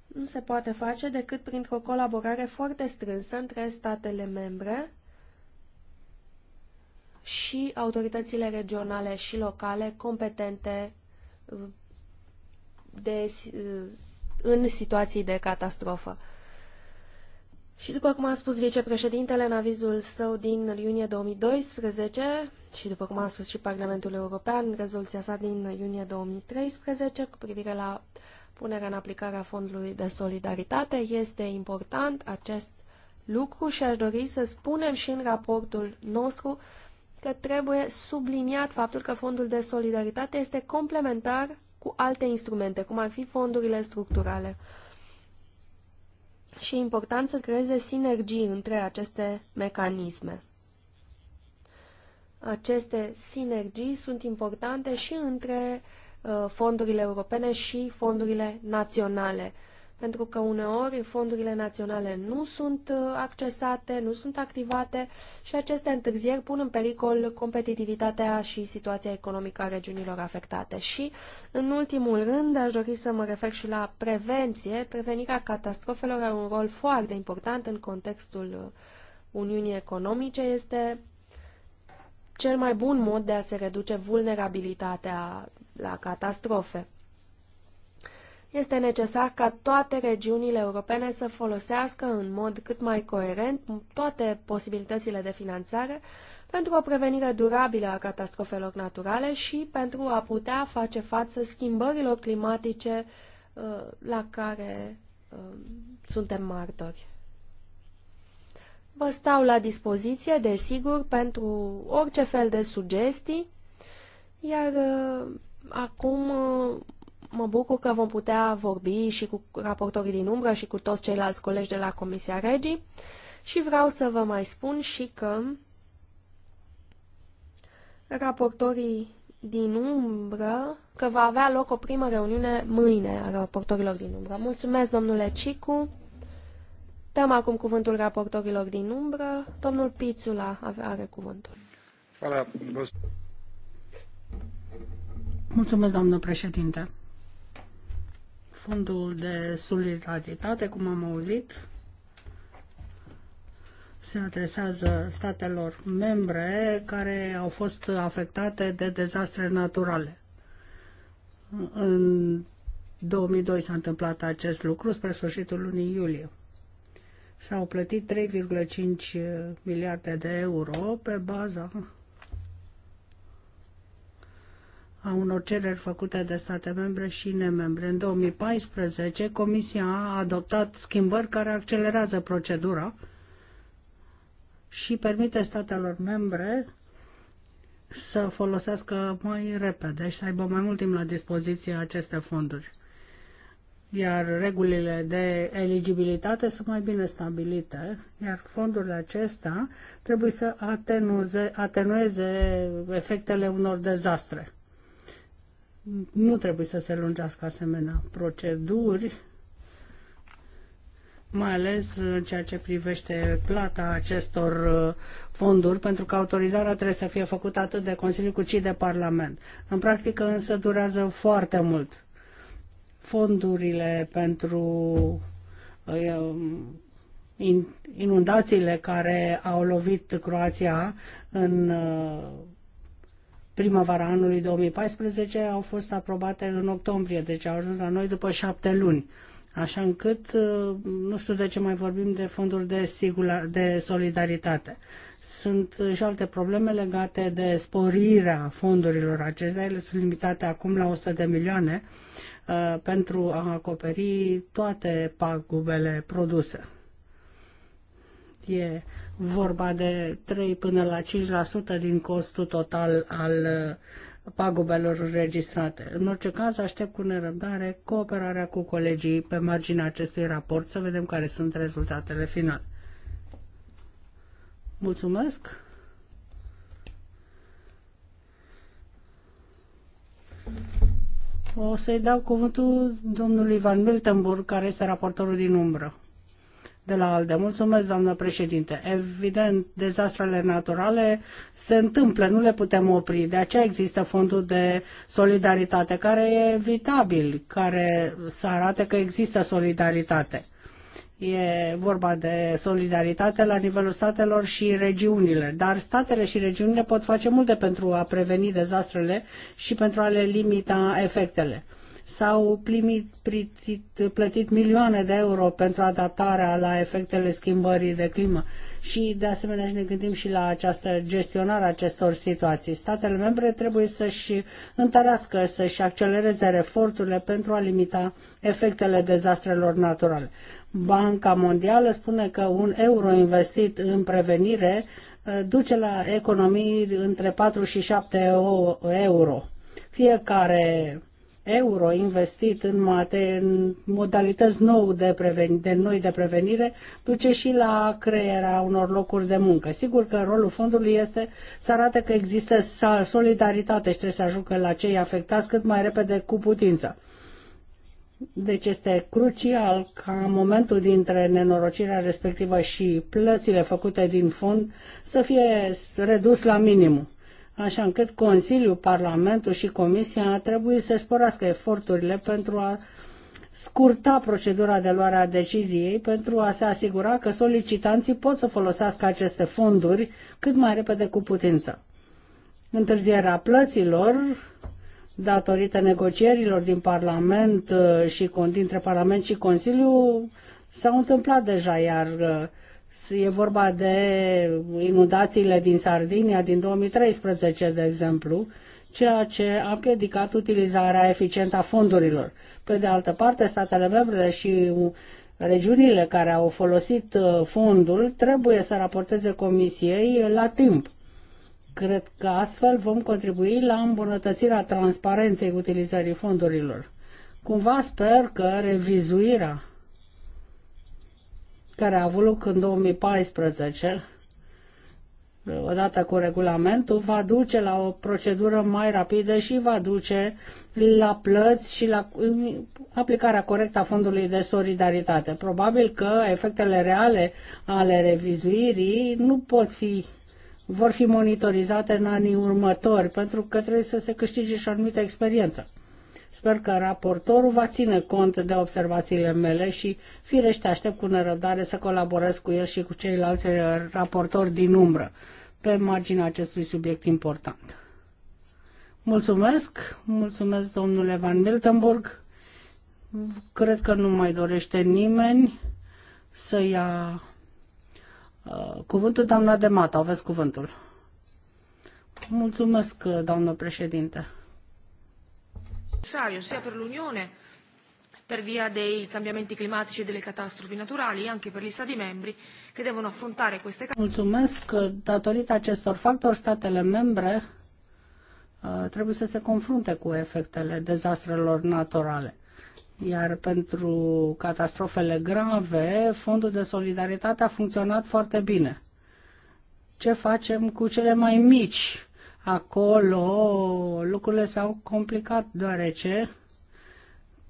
nu se poate face decât printr-o colaborare foarte strânsă între statele membre și autoritățile regionale și locale competente de, în situații de catastrofă. Și după cum a spus vicepreședintele în avizul său din iunie 2012 și după cum a spus și Parlamentul European rezoluția sa din iunie 2013 cu privire la punerea în aplicare a Fondului de Solidaritate, este important acest lucru și aș dori să spunem și în raportul nostru că trebuie subliniat faptul că fondul de solidaritate este complementar cu alte instrumente, cum ar fi fondurile structurale. Și e important să creeze sinergii între aceste mecanisme. Aceste sinergii sunt importante și între uh, fondurile europene și fondurile naționale pentru că uneori fondurile naționale nu sunt uh, accesate, nu sunt activate și aceste întârzieri pun în pericol competitivitatea și situația economică a regiunilor afectate. Și, în ultimul rând, aș dori să mă refer și la prevenție. Prevenirea catastrofelor are un rol foarte important în contextul uh, Uniunii Economice. Este cel mai bun mod de a se reduce vulnerabilitatea la catastrofe. Este necesar ca toate regiunile europene să folosească în mod cât mai coerent toate posibilitățile de finanțare pentru o prevenire durabilă a catastrofelor naturale și pentru a putea face față schimbărilor climatice uh, la care uh, suntem martori. Vă stau la dispoziție, desigur, pentru orice fel de sugestii, iar uh, acum Mă bucur că vom putea vorbi și cu raportorii din umbră și cu toți ceilalți colegi de la Comisia Regii și vreau să vă mai spun și că raportorii din umbră că va avea loc o primă reuniune mâine a raportorilor din umbră. Mulțumesc, domnule Cicu. Dăm acum cuvântul raportorilor din umbră. Domnul Pițula are cuvântul. Mulțumesc, doamnă președinte. Fondul de solidaritate, cum am auzit, se adresează statelor membre care au fost afectate de dezastre naturale. În 2002 s-a întâmplat acest lucru, spre sfârșitul lunii iulie. S-au plătit 3,5 miliarde de euro pe baza a unor cereri făcute de state membre și nemembre. În 2014, Comisia a adoptat schimbări care accelerează procedura și permite statelor membre să folosească mai repede și să aibă mai mult timp la dispoziție aceste fonduri. Iar regulile de eligibilitate sunt mai bine stabilite, iar fondurile acestea trebuie să atenuze, atenueze efectele unor dezastre. Nu trebuie să se lungească asemenea proceduri, mai ales în ceea ce privește plata acestor uh, fonduri, pentru că autorizarea trebuie să fie făcută atât de Consiliu cât și de Parlament. În practică însă durează foarte mult. Fondurile pentru uh, inundațiile care au lovit Croația în uh, primăvara anului 2014 au fost aprobate în octombrie, deci au ajuns la noi după șapte luni. Așa încât uh, nu știu de ce mai vorbim de fonduri de, sigula, de solidaritate. Sunt și alte probleme legate de sporirea fondurilor acestea. Ele sunt limitate acum la 100 de milioane uh, pentru a acoperi toate pagubele produse. E vorba de 3 până la 5% din costul total al uh, pagubelor înregistrate. În orice caz, aștept cu nerăbdare cooperarea cu colegii pe marginea acestui raport să vedem care sunt rezultatele finale. Mulțumesc! O să-i dau cuvântul domnului Van Miltenburg, care este raportorul din umbră de la ALDE. Mulțumesc, doamnă președinte. Evident, dezastrele naturale se întâmplă, nu le putem opri. De aceea există fondul de solidaritate, care e evitabil, care să arate că există solidaritate. E vorba de solidaritate la nivelul statelor și regiunilor, dar statele și regiunile pot face multe pentru a preveni dezastrele și pentru a le limita efectele s-au plimit, pritit, plătit milioane de euro pentru adaptarea la efectele schimbării de climă. Și, de asemenea, și ne gândim și la această gestionare a acestor situații. Statele membre trebuie să-și întărească, să-și accelereze eforturile pentru a limita efectele dezastrelor naturale. Banca Mondială spune că un euro investit în prevenire uh, duce la economii între 4 și 7 euro. Fiecare euro investit în, mate, în modalități nou de, preveni, de noi de prevenire duce și la crearea unor locuri de muncă. Sigur că rolul fondului este să arate că există solidaritate și trebuie să ajungă la cei afectați cât mai repede cu putință. Deci este crucial ca momentul dintre nenorocirea respectivă și plățile făcute din fond să fie redus la minimum așa încât Consiliul, Parlamentul și Comisia trebuie să sporească eforturile pentru a scurta procedura de luare a deciziei pentru a se asigura că solicitanții pot să folosească aceste fonduri cât mai repede cu putință. Întârzierea plăților datorită negocierilor din Parlament uh, și dintre Parlament și Consiliu s-au întâmplat deja, iar uh, E vorba de inundațiile din Sardinia din 2013, de exemplu, ceea ce a împiedicat utilizarea eficientă a fondurilor. Pe de altă parte, statele membre și regiunile care au folosit uh, fondul trebuie să raporteze comisiei la timp. Cred că astfel vom contribui la îmbunătățirea transparenței utilizării fondurilor. Cumva sper că revizuirea care a avut loc în 2014, odată cu regulamentul, va duce la o procedură mai rapidă și va duce la plăți și la aplicarea corectă a Fondului de Solidaritate. Probabil că efectele reale ale revizuirii nu pot fi vor fi monitorizate în anii următori, pentru că trebuie să se câștige și o anumită experiență. Sper că raportorul va ține cont de observațiile mele și firește aștept cu nerăbdare să colaborez cu el și cu ceilalți eh, raportori din umbră pe marginea acestui subiect important. Mulțumesc, mulțumesc domnule Van Miltenburg. Cred că nu mai dorește nimeni să ia uh, cuvântul. Doamna mată, aveți cuvântul. Mulțumesc, doamnă președinte. Necessario sia per l'Unione per via dei cambiamenti climatici e delle catastrofi naturali, anche per gli Stati membri che devono affrontare queste catastrofi. Mulțumesc. Datorită acestor factori, statele membre uh, trebuie să se confrunte cu efectele dezastrelor naturale. Iar pentru catastrofele grave, Fondul de Solidaritate a funcționat foarte bine. Ce facem cu cele mai mici Acolo lucrurile s-au complicat deoarece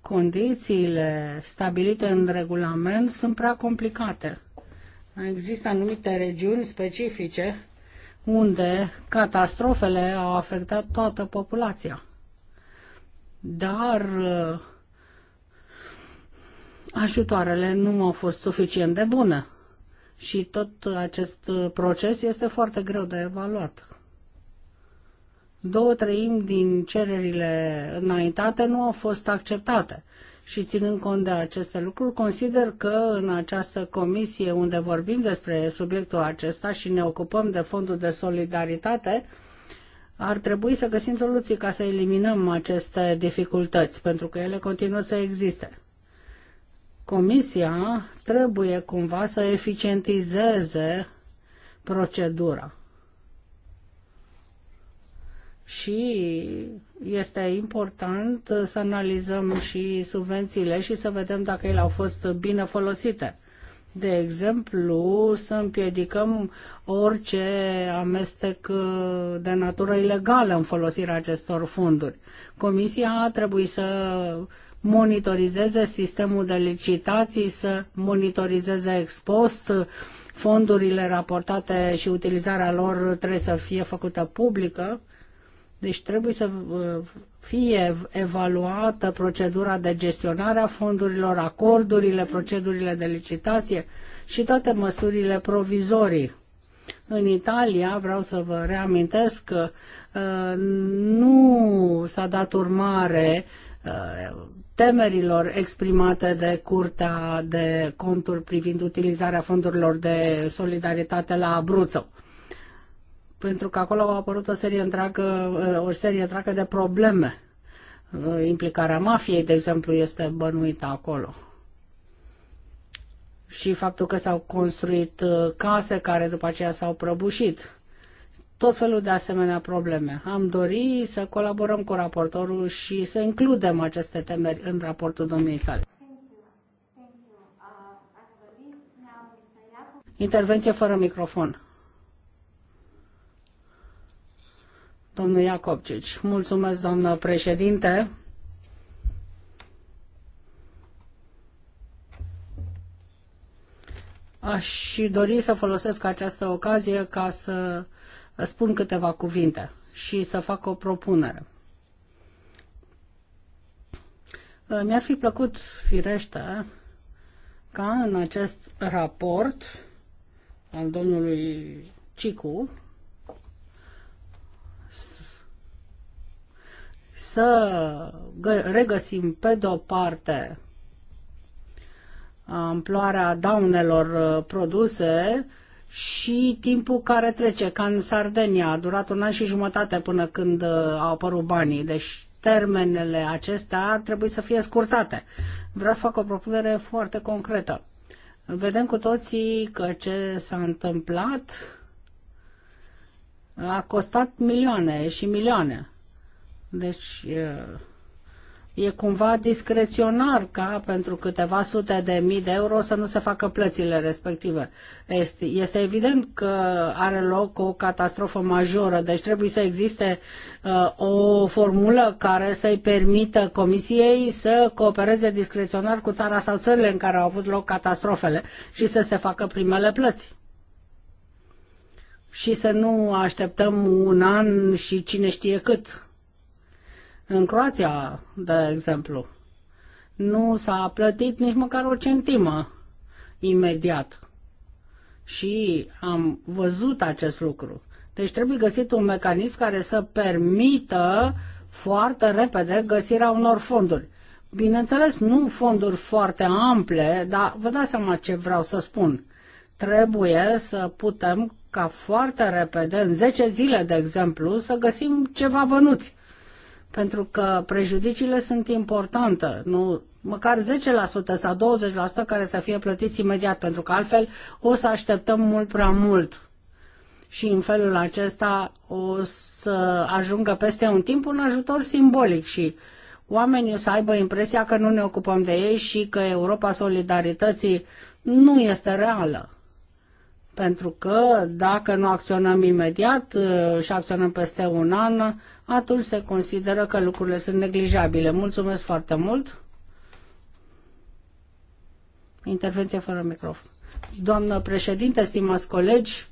condițiile stabilite în regulament sunt prea complicate. Există anumite regiuni specifice unde catastrofele au afectat toată populația. Dar uh, ajutoarele nu au fost suficient de bune și tot acest proces este foarte greu de evaluat două treimi din cererile înaintate nu au fost acceptate. Și ținând cont de aceste lucruri, consider că în această comisie unde vorbim despre subiectul acesta și ne ocupăm de fondul de solidaritate, ar trebui să găsim soluții ca să eliminăm aceste dificultăți, pentru că ele continuă să existe. Comisia trebuie cumva să eficientizeze procedura și este important să analizăm și subvențiile și să vedem dacă ele au fost bine folosite. De exemplu, să împiedicăm orice amestec uh, de natură ilegală în folosirea acestor fonduri. Comisia trebuie să monitorizeze sistemul de licitații, să monitorizeze ex post fondurile raportate și utilizarea lor trebuie să fie făcută publică deci trebuie să uh, fie evaluată procedura de gestionare a fondurilor, acordurile, procedurile de licitație și toate măsurile provizorii. În Italia, vreau să vă reamintesc că uh, nu s-a dat urmare uh, temerilor exprimate de Curtea de Conturi privind utilizarea fondurilor de solidaritate la Abruzzo pentru că acolo au apărut o serie întreagă, uh, o serie întreagă de probleme. Uh, implicarea mafiei, de exemplu, este bănuită acolo. Și faptul că s-au construit uh, case care după aceea s-au prăbușit. Tot felul de asemenea probleme. Am dori să colaborăm cu raportorul și să includem aceste temeri în raportul domniei sale. Intervenție fără microfon. Domnul Iacobcici. Mulțumesc, doamnă președinte. Aș dori să folosesc această ocazie ca să spun câteva cuvinte și să fac o propunere. Mi-ar fi plăcut, firește, ca în acest raport al domnului Cicu să regăsim pe de-o parte amploarea daunelor uh, produse și timpul care trece, ca în Sardenia, a durat un an și jumătate până când uh, au apărut banii, deci termenele acestea trebuie să fie scurtate. Vreau să fac o propunere foarte concretă. Vedem cu toții că ce s-a întâmplat a costat milioane și milioane. Deci e cumva discreționar ca pentru câteva sute de mii de euro să nu se facă plățile respective. Este, este evident că are loc o catastrofă majoră, deci trebuie să existe uh, o formulă care să-i permită Comisiei să coopereze discreționar cu țara sau țările în care au avut loc catastrofele și să se facă primele plăți și să nu așteptăm un an și cine știe cât. În Croația, de exemplu, nu s-a plătit nici măcar o centimă imediat. Și am văzut acest lucru. Deci trebuie găsit un mecanism care să permită foarte repede găsirea unor fonduri. Bineînțeles, nu fonduri foarte ample, dar vă dați seama ce vreau să spun. Trebuie să putem ca foarte repede, în 10 zile, de exemplu, să găsim ceva bănuți pentru că prejudiciile sunt importante, nu măcar 10% sau 20% care să fie plătiți imediat, pentru că altfel o să așteptăm mult prea mult. Și în felul acesta o să ajungă peste un timp un ajutor simbolic și oamenii o să aibă impresia că nu ne ocupăm de ei și că Europa Solidarității nu este reală. Pentru că dacă nu acționăm imediat uh, și acționăm peste un an, atunci se consideră că lucrurile sunt neglijabile. Mulțumesc foarte mult! Intervenție fără microfon. Doamnă președinte, stimați colegi,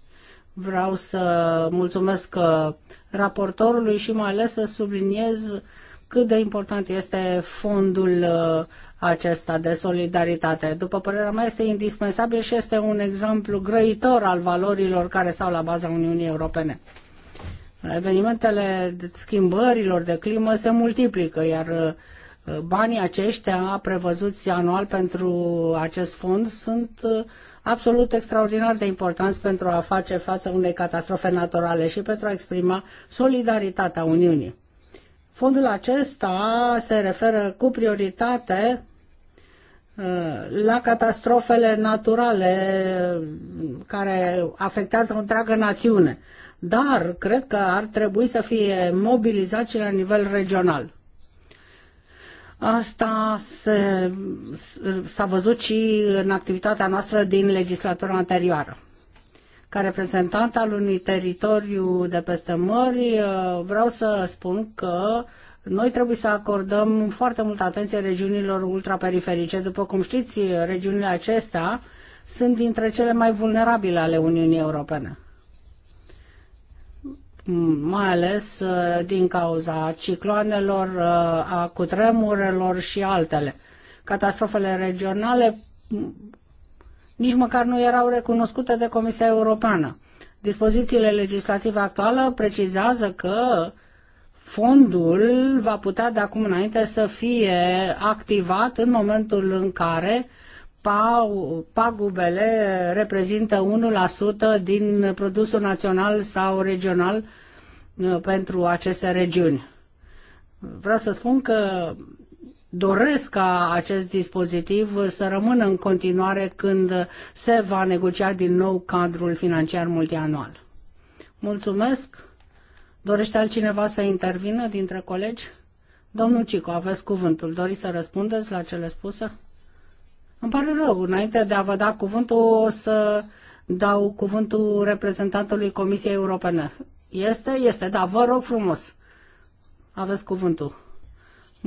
vreau să mulțumesc uh, raportorului și mai ales să subliniez cât de important este fondul uh, acesta de solidaritate. După părerea mea, este indispensabil și este un exemplu grăitor al valorilor care stau la baza Uniunii Europene. Evenimentele schimbărilor de climă se multiplică, iar uh, banii aceștia prevăzuți anual pentru acest fond sunt uh, absolut extraordinar de importanți pentru a face față unei catastrofe naturale și pentru a exprima solidaritatea Uniunii. Fondul acesta se referă cu prioritate la catastrofele naturale care afectează o întreagă națiune. Dar cred că ar trebui să fie mobilizat și la nivel regional. Asta se, s-a văzut și în activitatea noastră din legislatura anterioară. Ca reprezentant al unui teritoriu de peste mări, uh, vreau să spun că noi trebuie să acordăm foarte multă atenție regiunilor ultraperiferice. După cum știți, regiunile acestea sunt dintre cele mai vulnerabile ale Uniunii Europene mai ales uh, din cauza cicloanelor, uh, a cutremurelor și altele. Catastrofele regionale nici măcar nu erau recunoscute de Comisia Europeană. Dispozițiile legislative actuale precizează că fondul va putea de acum înainte să fie activat în momentul în care pagubele reprezintă 1% din produsul național sau regional uh, pentru aceste regiuni. Vreau să spun că doresc ca acest dispozitiv să rămână în continuare când se va negocia din nou cadrul financiar multianual. Mulțumesc. Dorește altcineva să intervină dintre colegi? Domnul Cico, aveți cuvântul. Doriți să răspundeți la cele spuse? Îmi pare rău. Înainte de a vă da cuvântul, o să dau cuvântul reprezentantului Comisiei Europene. Este? Este, da. Vă rog frumos. Aveți cuvântul.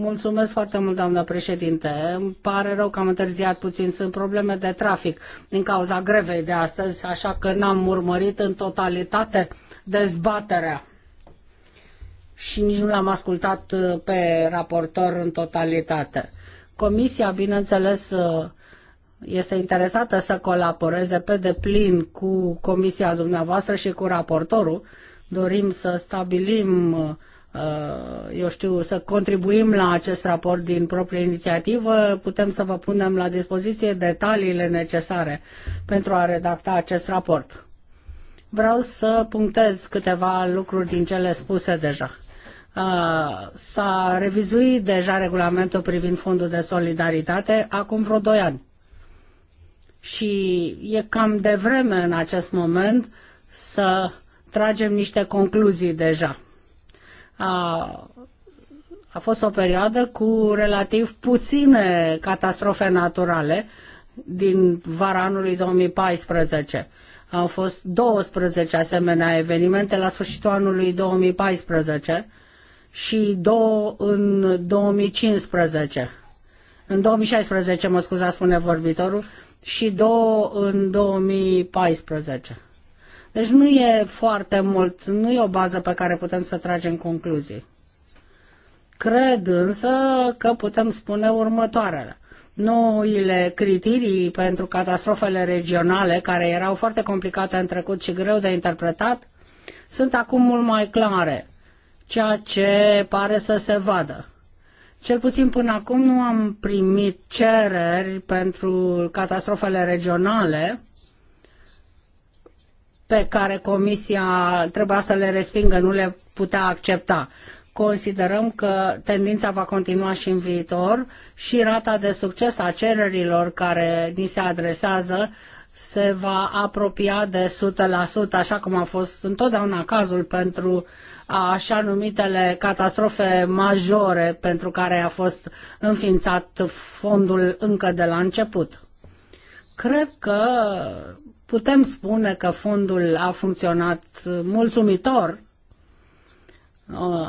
Mulțumesc foarte mult, doamnă președinte. Îmi pare rău că am întârziat puțin. Sunt probleme de trafic din cauza grevei de astăzi, așa că n-am urmărit în totalitate dezbaterea și nici nu l-am ascultat uh, pe raportor în totalitate. Comisia, bineînțeles, uh, este interesată să colaboreze pe deplin cu comisia dumneavoastră și cu raportorul. Dorim să stabilim uh, Uh, eu știu, să contribuim la acest raport din proprie inițiativă, putem să vă punem la dispoziție detaliile necesare pentru a redacta acest raport. Vreau să punctez câteva lucruri din cele spuse deja. Uh, s-a revizuit deja regulamentul privind fondul de solidaritate acum vreo doi ani. Și e cam devreme în acest moment să tragem niște concluzii deja a, a fost o perioadă cu relativ puține catastrofe naturale din vara anului 2014. Au fost 12 asemenea evenimente la sfârșitul anului 2014 și două în 2015. În 2016, mă scuzați, spune vorbitorul, și două în 2014. Deci nu e foarte mult, nu e o bază pe care putem să tragem concluzii. Cred însă că putem spune următoarele. Noile criterii pentru catastrofele regionale, care erau foarte complicate în trecut și greu de interpretat, sunt acum mult mai clare, ceea ce pare să se vadă. Cel puțin până acum nu am primit cereri pentru catastrofele regionale, pe care Comisia trebuia să le respingă, nu le putea accepta. Considerăm că tendința va continua și în viitor și rata de succes a cererilor care ni se adresează se va apropia de 100%, așa cum a fost întotdeauna cazul pentru așa numitele catastrofe majore pentru care a fost înființat fondul încă de la început. Cred că Putem spune că fondul a funcționat mulțumitor.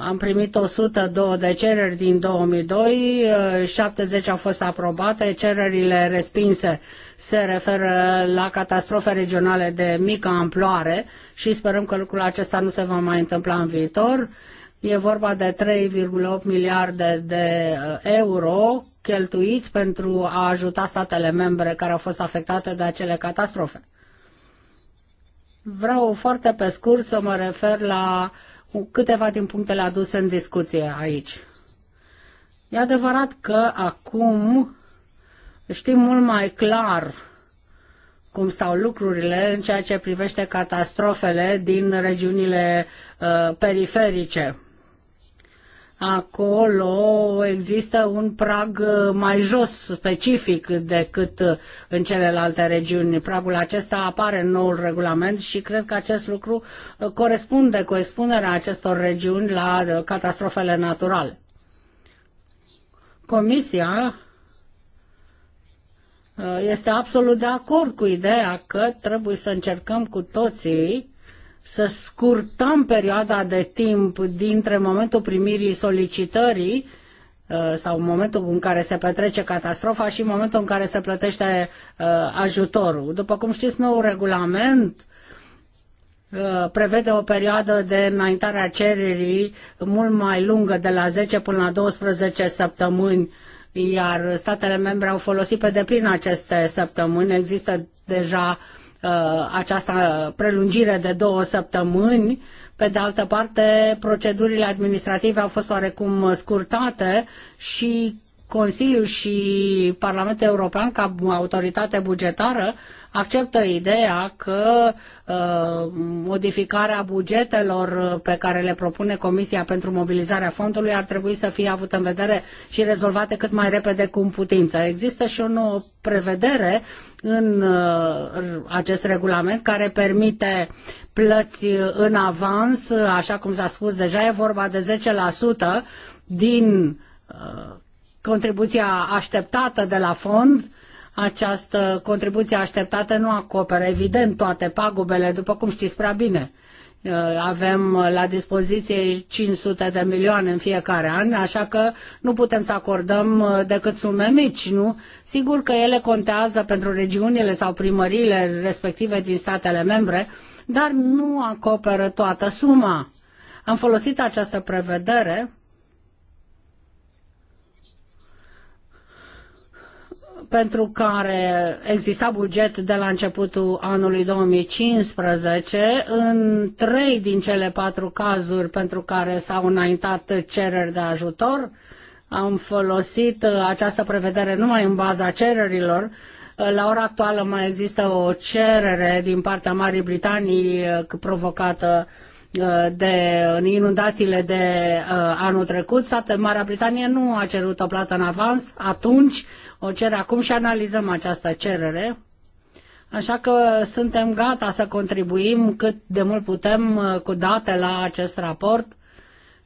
Am primit 102 de cereri din 2002, 70 au fost aprobate, cererile respinse se referă la catastrofe regionale de mică amploare și sperăm că lucrul acesta nu se va mai întâmpla în viitor. E vorba de 3,8 miliarde de uh, euro cheltuiți pentru a ajuta statele membre care au fost afectate de acele catastrofe. Vreau foarte pe scurt să mă refer la câteva din punctele aduse în discuție aici. E adevărat că acum știm mult mai clar cum stau lucrurile în ceea ce privește catastrofele din regiunile uh, periferice acolo există un prag uh, mai jos specific decât uh, în celelalte regiuni. Pragul acesta apare în noul regulament și cred că acest lucru uh, corespunde cu expunerea acestor regiuni la catastrofele naturale. Comisia este absolut de acord cu ideea că trebuie să încercăm cu toții să scurtăm perioada de timp dintre momentul primirii solicitării uh, sau momentul în care se petrece catastrofa și momentul în care se plătește uh, ajutorul. După cum știți, nou regulament uh, prevede o perioadă de înaintare a cererii mult mai lungă, de la 10 până la 12 săptămâni, iar statele membre au folosit pe deplin aceste săptămâni. Există deja uh, Uh, această prelungire de două săptămâni. Pe de altă parte, procedurile administrative au fost oarecum scurtate și Consiliul și Parlamentul European, ca autoritate bugetară, acceptă ideea că uh, modificarea bugetelor pe care le propune Comisia pentru mobilizarea fondului ar trebui să fie avută în vedere și rezolvate cât mai repede cu putință. Există și o nouă prevedere în uh, acest regulament care permite plăți în avans, așa cum s-a spus deja, e vorba de 10% din uh, contribuția așteptată de la fond această contribuție așteptată nu acoperă, evident, toate pagubele, după cum știți prea bine. Uh, avem la dispoziție 500 de milioane în fiecare an, așa că nu putem să acordăm uh, decât sume mici, nu? Sigur că ele contează pentru regiunile sau primăriile respective din statele membre, dar nu acoperă toată suma. Am folosit această prevedere pentru care exista buget de la începutul anului 2015, în trei din cele patru cazuri pentru care s-au înaintat cereri de ajutor, am folosit această prevedere numai în baza cererilor. La ora actuală mai există o cerere din partea Marii Britanii eh, provocată uh, Uh, de inundațiile de uh, anul trecut, Marea Britanie nu a cerut o plată în avans, atunci o cere acum și analizăm această cerere. Așa că suntem gata să contribuim cât de mult putem uh, cu date la acest raport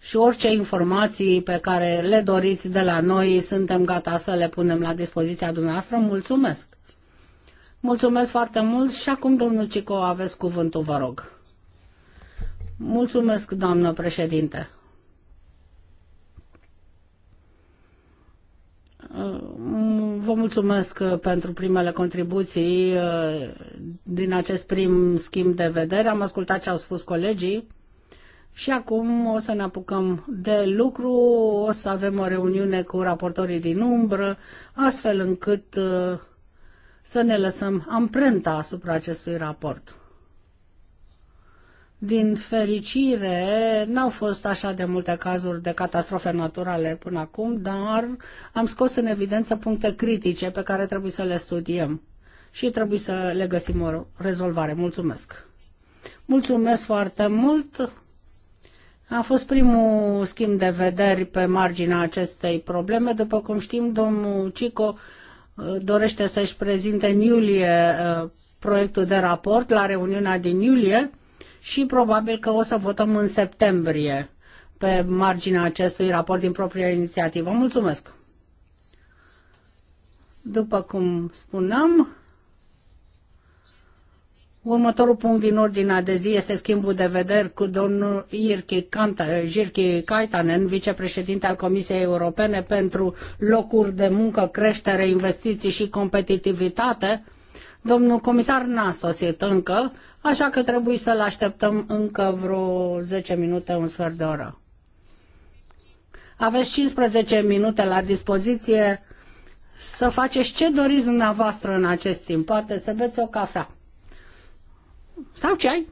și orice informații pe care le doriți de la noi, suntem gata să le punem la dispoziția dumneavoastră. Mulțumesc! Mulțumesc foarte mult și acum, domnul Cico, aveți cuvântul, vă rog. Mulțumesc, doamnă președinte. Vă mulțumesc pentru primele contribuții uh, din acest prim schimb de vedere. Am ascultat ce au spus colegii și acum o să ne apucăm de lucru, o să avem o reuniune cu raportorii din umbră, astfel încât uh, să ne lăsăm amprenta asupra acestui raport. Din fericire, n-au fost așa de multe cazuri de catastrofe naturale până acum, dar am scos în evidență puncte critice pe care trebuie să le studiem și trebuie să le găsim o rezolvare. Mulțumesc! Mulțumesc foarte mult! A fost primul schimb de vederi pe marginea acestei probleme. După cum știm, domnul Cico uh, dorește să-și prezinte în iulie uh, proiectul de raport la reuniunea din iulie și probabil că o să votăm în septembrie pe marginea acestui raport din propria inițiativă. Mulțumesc! După cum spuneam, următorul punct din ordinea de zi este schimbul de vederi cu domnul Irki, Jirki Kaitanen, vicepreședinte al Comisiei Europene pentru locuri de muncă, creștere, investiții și competitivitate Domnul comisar n-a sosit încă, așa că trebuie să-l așteptăm încă vreo 10 minute, un sfert de oră. Aveți 15 minute la dispoziție să faceți ce doriți dumneavoastră în acest timp. Poate să beți o cafea sau ceai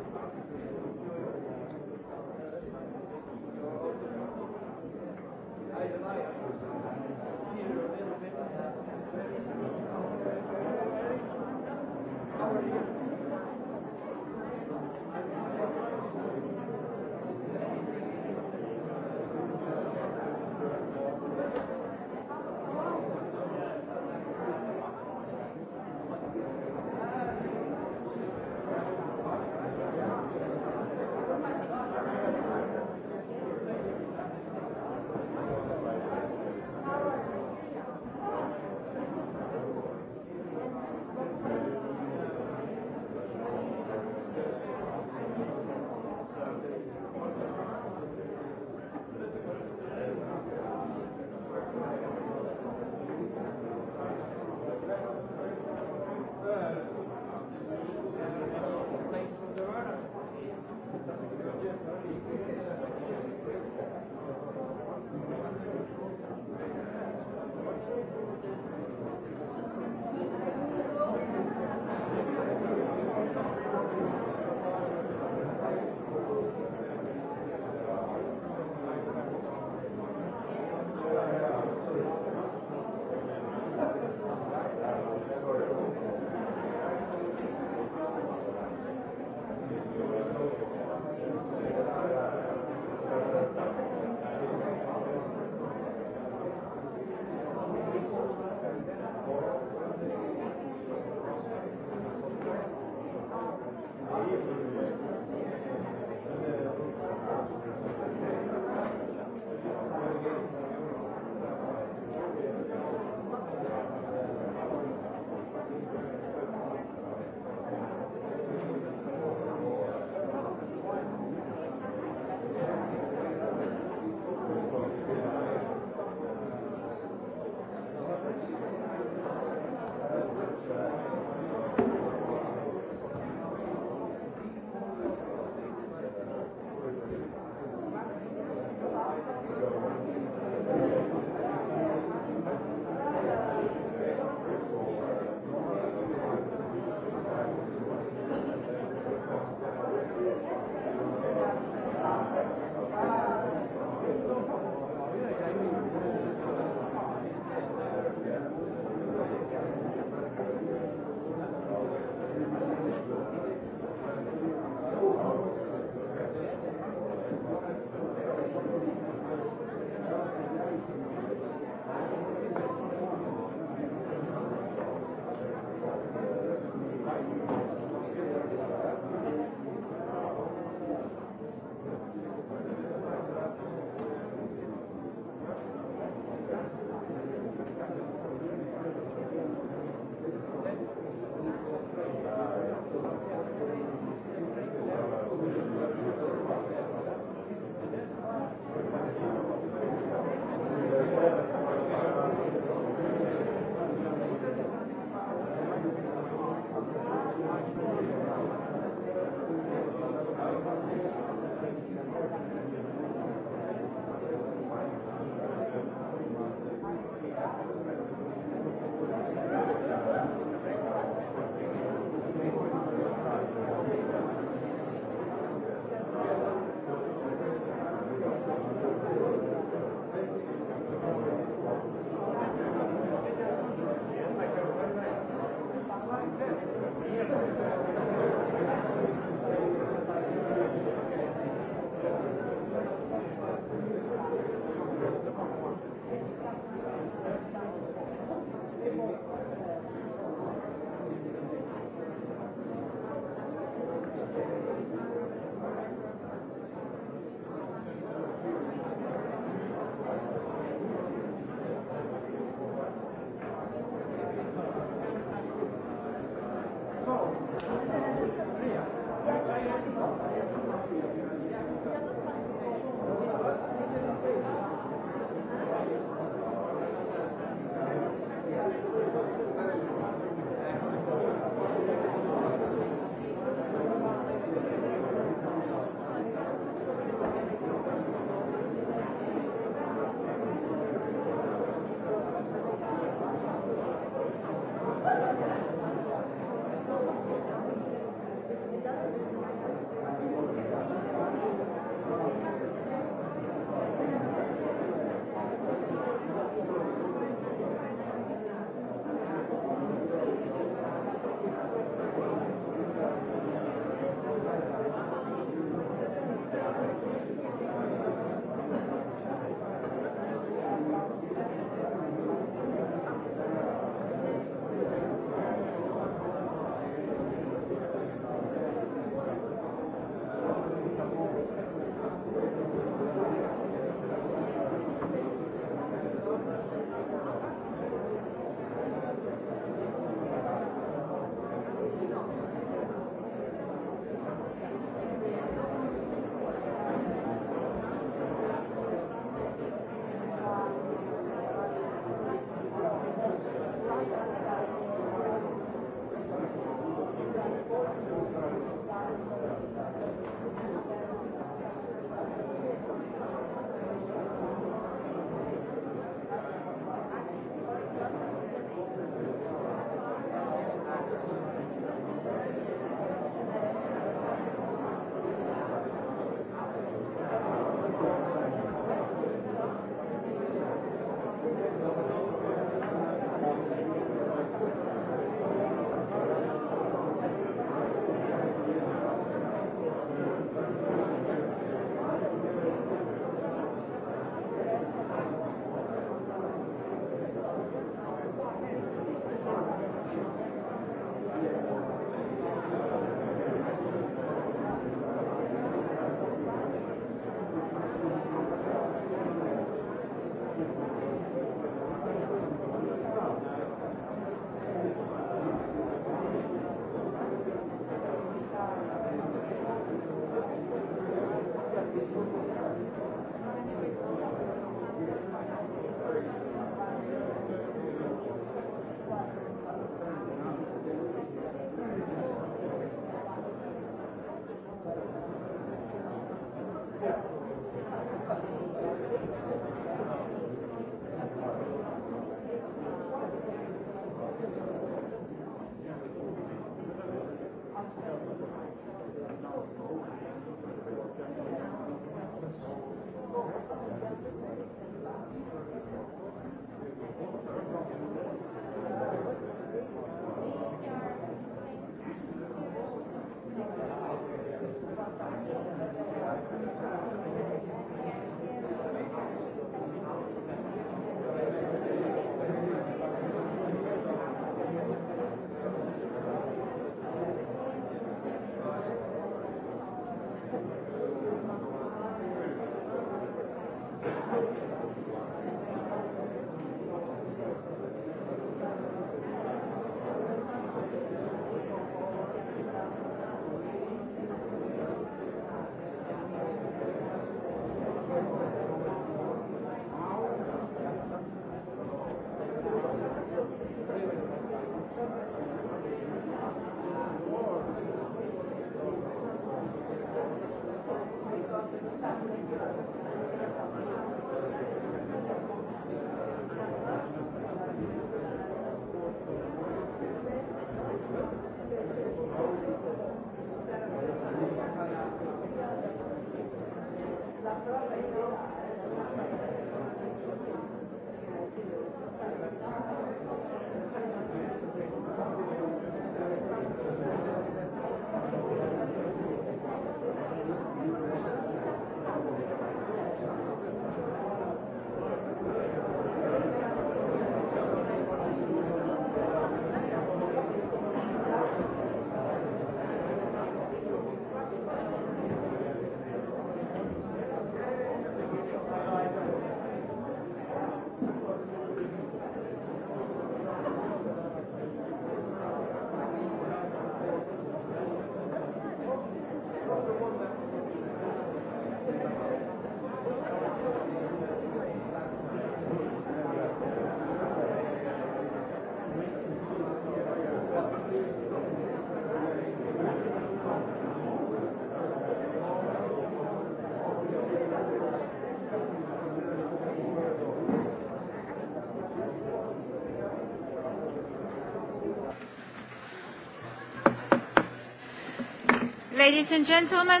Ladies and gentlemen.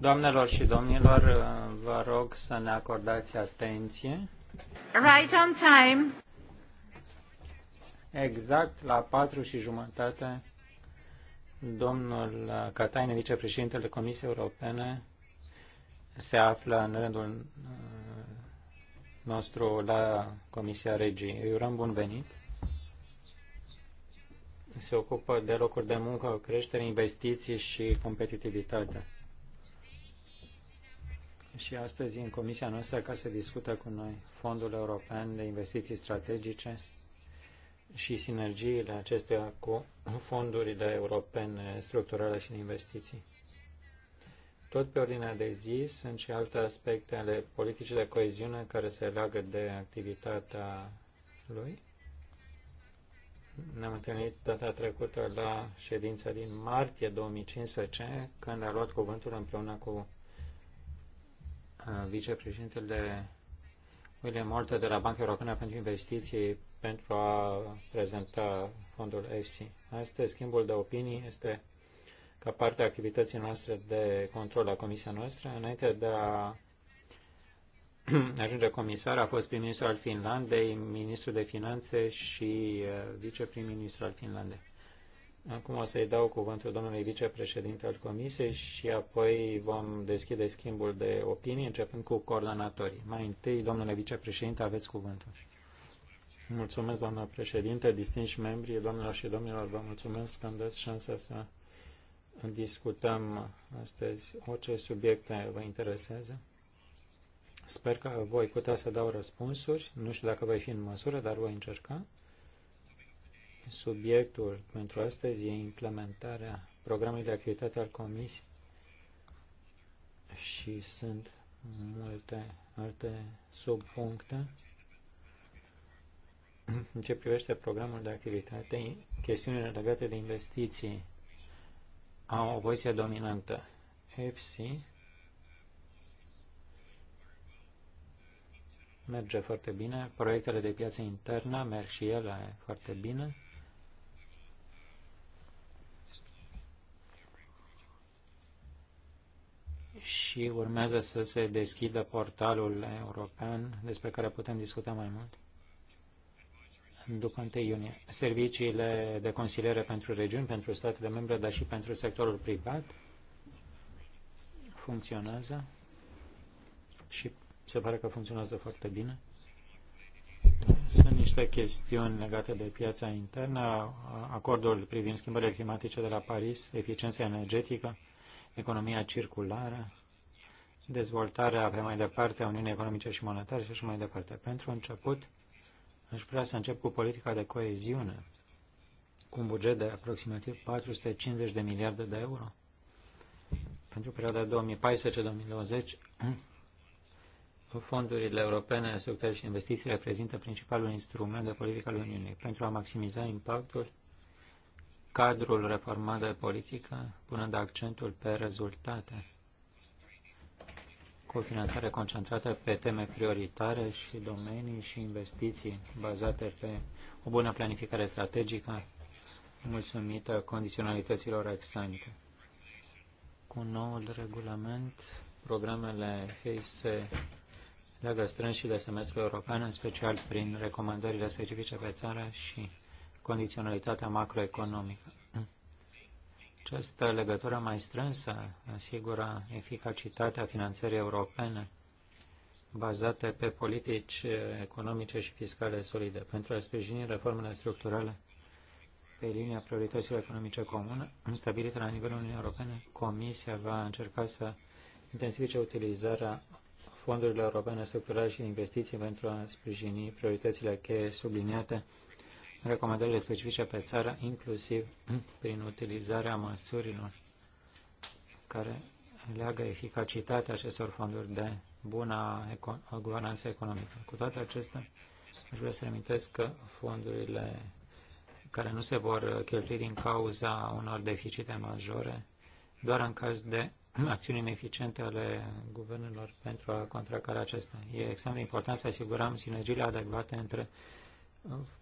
Doamnelor și domnilor, vă rog să ne acordați atenție. Right on time. Exact la patru și jumătate, domnul Cataine, vicepreședintele Comisiei Europene, se află în rândul uh, nostru la Comisia Regii. Îi urăm bun venit se ocupă de locuri de muncă, creștere, investiții și competitivitate. Și astăzi, în comisia noastră, ca să discută cu noi Fondul European de Investiții Strategice și sinergiile acestea cu fondurile europene structurale și de investiții. Tot pe ordinea de zi sunt și alte aspecte ale politicii de coeziune care se leagă de activitatea lui ne-am întâlnit data trecută la ședința din martie 2015, când a luat cuvântul împreună cu uh, vicepreședintele William Molte de la Banca Europeană pentru Investiții pentru a prezenta fondul EFSI. Astăzi, schimbul de opinii este ca parte a activității noastre de control a comisia noastră, înainte de a *clears throat* ajunge comisar, a fost prim-ministru al Finlandei, ministru de finanțe și uh, viceprim-ministru al Finlandei. Acum o să-i dau cuvântul domnului vicepreședinte al Comisiei și apoi vom deschide schimbul de opinii, începând cu coordonatorii. Mai întâi, domnule vicepreședinte, aveți cuvântul. Mulțumesc, doamnă președinte, distinși membri, doamnelor și domnilor, vă mulțumesc că îmi dați șansa să discutăm astăzi orice subiecte vă interesează. Sper că voi putea să dau răspunsuri. Nu știu dacă voi fi în măsură, dar voi încerca. Subiectul pentru astăzi e implementarea programului de activitate al Comisiei și sunt multe alte subpuncte. În ce privește programul de activitate, chestiunile legate de investiții au o poziție dominantă. FC merge foarte bine. Proiectele de piață internă merg și ele foarte bine. Și urmează să se deschidă portalul european despre care putem discuta mai mult după 1 iunie. Serviciile de consiliere pentru regiuni, pentru statele membre, dar și pentru sectorul privat funcționează și se pare că funcționează foarte bine. Sunt niște chestiuni legate de piața internă, acordul privind schimbările climatice de la Paris, eficiența energetică, economia circulară, dezvoltarea pe mai departe a Uniunii Economice și Monetare și așa mai departe. Pentru început, aș vrea să încep cu politica de coeziune, cu un buget de aproximativ 450 de miliarde de euro pentru perioada 2014-2020 fondurile europene, structurile și investiții reprezintă principalul instrument de politică al Uniunii pentru a maximiza impactul cadrul reformat de politică, punând accentul pe rezultate, cu finanțare concentrată pe teme prioritare și domenii și investiții bazate pe o bună planificare strategică, mulțumită condiționalităților exante. Cu noul regulament, programele face se leagă strâns și de semestrul european, în special prin recomandările specifice pe țară și condiționalitatea macroeconomică. Această legătură mai strânsă asigură eficacitatea finanțării europene bazate pe politici economice și fiscale solide pentru a sprijini reformele structurale pe linia priorităților economice comune stabilită la nivelul Uniunii Europene. Comisia va încerca să intensifice utilizarea fondurile europene structurale și investiții pentru a sprijini prioritățile cheie subliniate în recomandările specifice pe țară, inclusiv prin utilizarea măsurilor care leagă eficacitatea acestor fonduri de bună econ- guvernanță economică. Cu toate acestea, aș vrea să reamintesc că fondurile care nu se vor cheltui din cauza unor deficite majore, doar în caz de acțiuni ineficiente ale guvernelor pentru a contracara acesta. E extrem de important să asigurăm sinergiile adecvate între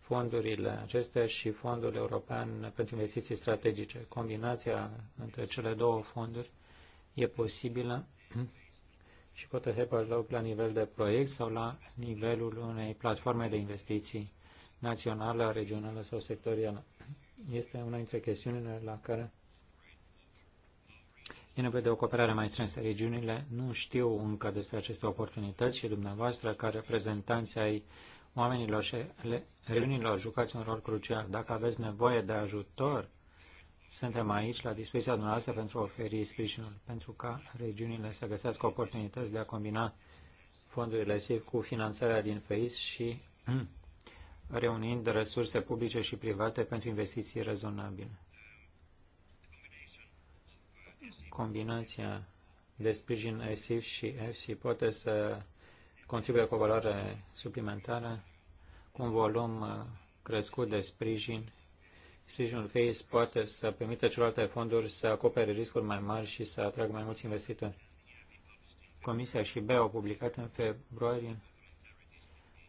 fondurile acestea și Fondul European pentru Investiții Strategice. Combinația între cele două fonduri e posibilă *clears throat* și poate fi loc la nivel de proiect sau la nivelul unei platforme de investiții națională, regională sau sectorială. *clears throat* Este una dintre chestiunile la care E nevoie de o cooperare mai strânsă. Regiunile nu știu încă despre aceste oportunități și dumneavoastră, ca reprezentanți ai oamenilor și regiunilor, jucați un rol crucial. Dacă aveți nevoie de ajutor, suntem aici la dispoziția dumneavoastră pentru a oferi sprijinul, pentru ca regiunile să găsească oportunități de a combina fondurile SIF cu finanțarea din FEIS și *clears throat* reunind resurse publice și private pentru investiții rezonabile combinația de sprijin ESIF și EFSI poate să contribuie cu o valoare suplimentară, cu un volum uh, crescut de sprijin. Sprijinul FACE poate să permită celorlalte fonduri să acopere riscuri mai mari și să atragă mai mulți investitori. Comisia și BE au publicat în februarie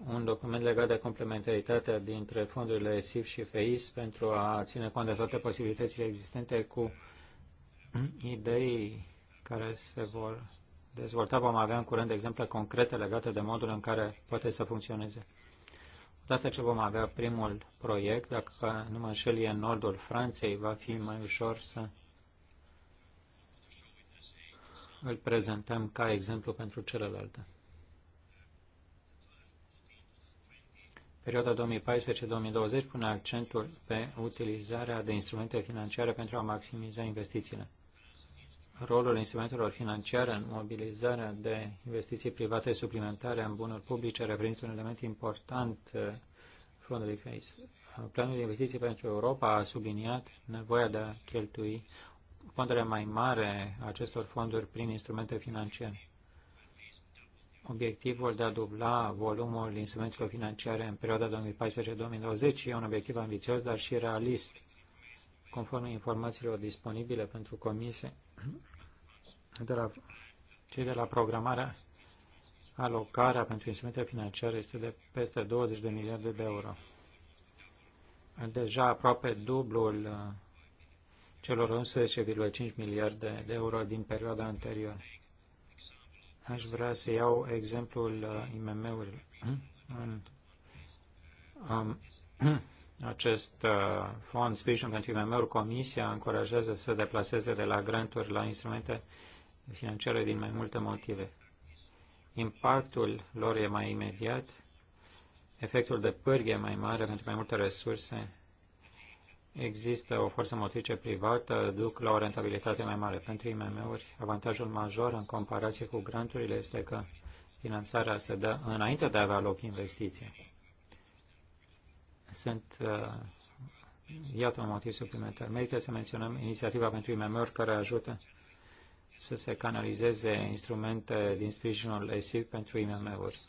un document legat de complementaritatea dintre fondurile SIF și FEIS pentru a ține cont de toate posibilitățile existente cu idei care se vor dezvolta. Vom avea în curând exemple concrete legate de modul în care poate să funcționeze. Odată ce vom avea primul proiect, dacă nu mă înșel, e în nordul Franței, va fi mai ușor să îl prezentăm ca exemplu pentru celelalte. Perioada 2014-2020 pune accentul pe utilizarea de instrumente financiare pentru a maximiza investițiile rolul instrumentelor financiare în mobilizarea de investiții private suplimentare în bunuri publice reprezintă un element important uh, fondului FACE. Planul de investiții pentru Europa a subliniat nevoia de a cheltui o pondere mai mare a acestor fonduri prin instrumente financiare. Obiectivul de a dubla volumul instrumentelor financiare în perioada 2014-2020 e un obiectiv ambițios, dar și realist conform informațiilor disponibile pentru comisie, de la, cei de la programarea, alocarea pentru instrumente financiare este de peste 20 de miliarde de euro. Deja aproape dublul uh, celor 11,5 miliarde de euro din perioada anterioară. Aș vrea să iau exemplul uh, imm ului *clears throat* În um, *clears throat* acest uh, fond sprijin pentru IMM-uri, Comisia încurajează să deplaseze de la granturi la instrumente financiară din mai multe motive. Impactul lor e mai imediat, efectul de pârghie mai mare pentru mai multe resurse, există o forță motrice privată, duc la o rentabilitate mai mare. Pentru IMM-uri, avantajul major în comparație cu granturile este că finanțarea se dă înainte de a avea loc investiție. Sunt, uh, iată un motiv suplimentar. Merită să menționăm inițiativa pentru IMM-uri care ajută să se canalizeze instrumente din sprijinul ESIC pentru IMM-uri.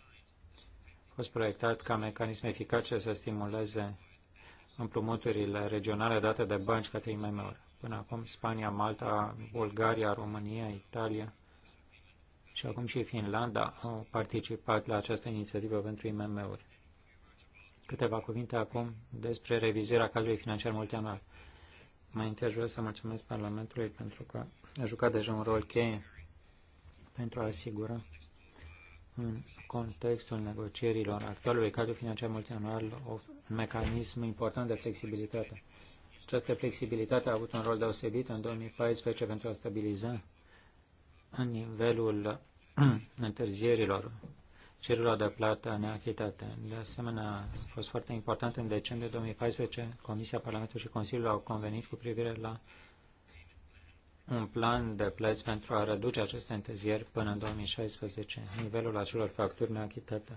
A fost proiectat ca mecanism eficace să stimuleze împrumuturile regionale date de bănci către IMM-uri. Până acum, Spania, Malta, Bulgaria, România, Italia și acum și Finlanda au participat la această inițiativă pentru IMM-uri. Câteva cuvinte acum despre revizuirea cadrului financiar multianual. Mai întâi aș vrea să mulțumesc Parlamentului pentru că a jucat deja un rol cheie pentru a asigura în contextul negocierilor actualului cadru financiar multianual un mecanism important de flexibilitate. Această flexibilitate a avut un rol deosebit în 2014 pentru a stabiliza nivelul *clears throat* întârzierilor cererilor de plată neachitate. De asemenea, a fost foarte important în decembrie 2014, Comisia Parlamentului și Consiliul au convenit cu privire la un plan de plăți pentru a reduce aceste întârzieri până în 2016, nivelul acelor facturi neachitate,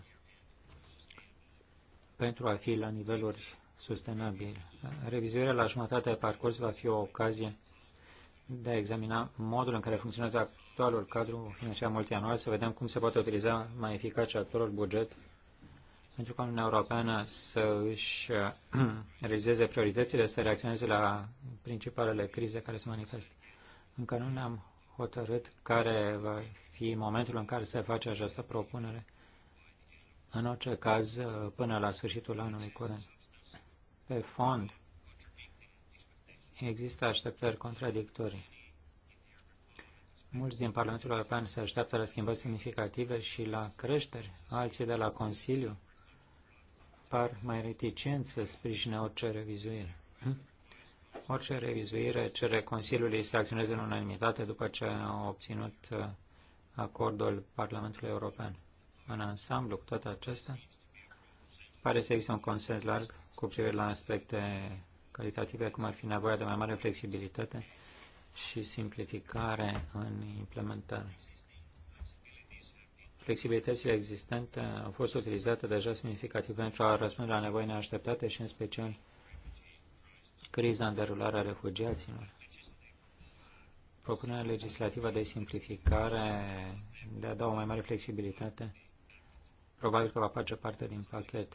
pentru a fi la niveluri sustenabile. Revizuirea la jumătate de parcurs va fi o ocazie de a examina modul în care funcționează actualul cadru financiar multianual să vedem cum se poate utiliza mai eficace actualul buget pentru ca Uniunea Europeană să își *clears throat* realizeze prioritățile, să reacționeze la principalele crize care se manifestă. Încă nu ne-am hotărât care va fi momentul în care se face această propunere. În orice caz, până la sfârșitul anului curent. Pe fond, există așteptări contradictorii. Mulți din Parlamentul European se așteaptă la schimbări semnificative și la creșteri. Alții de la Consiliu par mai reticenți să sprijine orice revizuire. Hmm? Orice revizuire cere Consiliului să acționeze în unanimitate după ce au obținut uh, acordul Parlamentului European. În ansamblu, cu toate acestea, pare să există un consens larg cu privire la aspecte calitative, cum ar fi nevoia de mai mare flexibilitate și simplificare în implementare. Flexibilitățile existente au fost utilizate deja semnificativ pentru a răspunde la nevoi neașteptate și în special criza în derulare a refugiaților. Propunerea legislativă de simplificare de a da o mai mare flexibilitate probabil că va face parte din pachet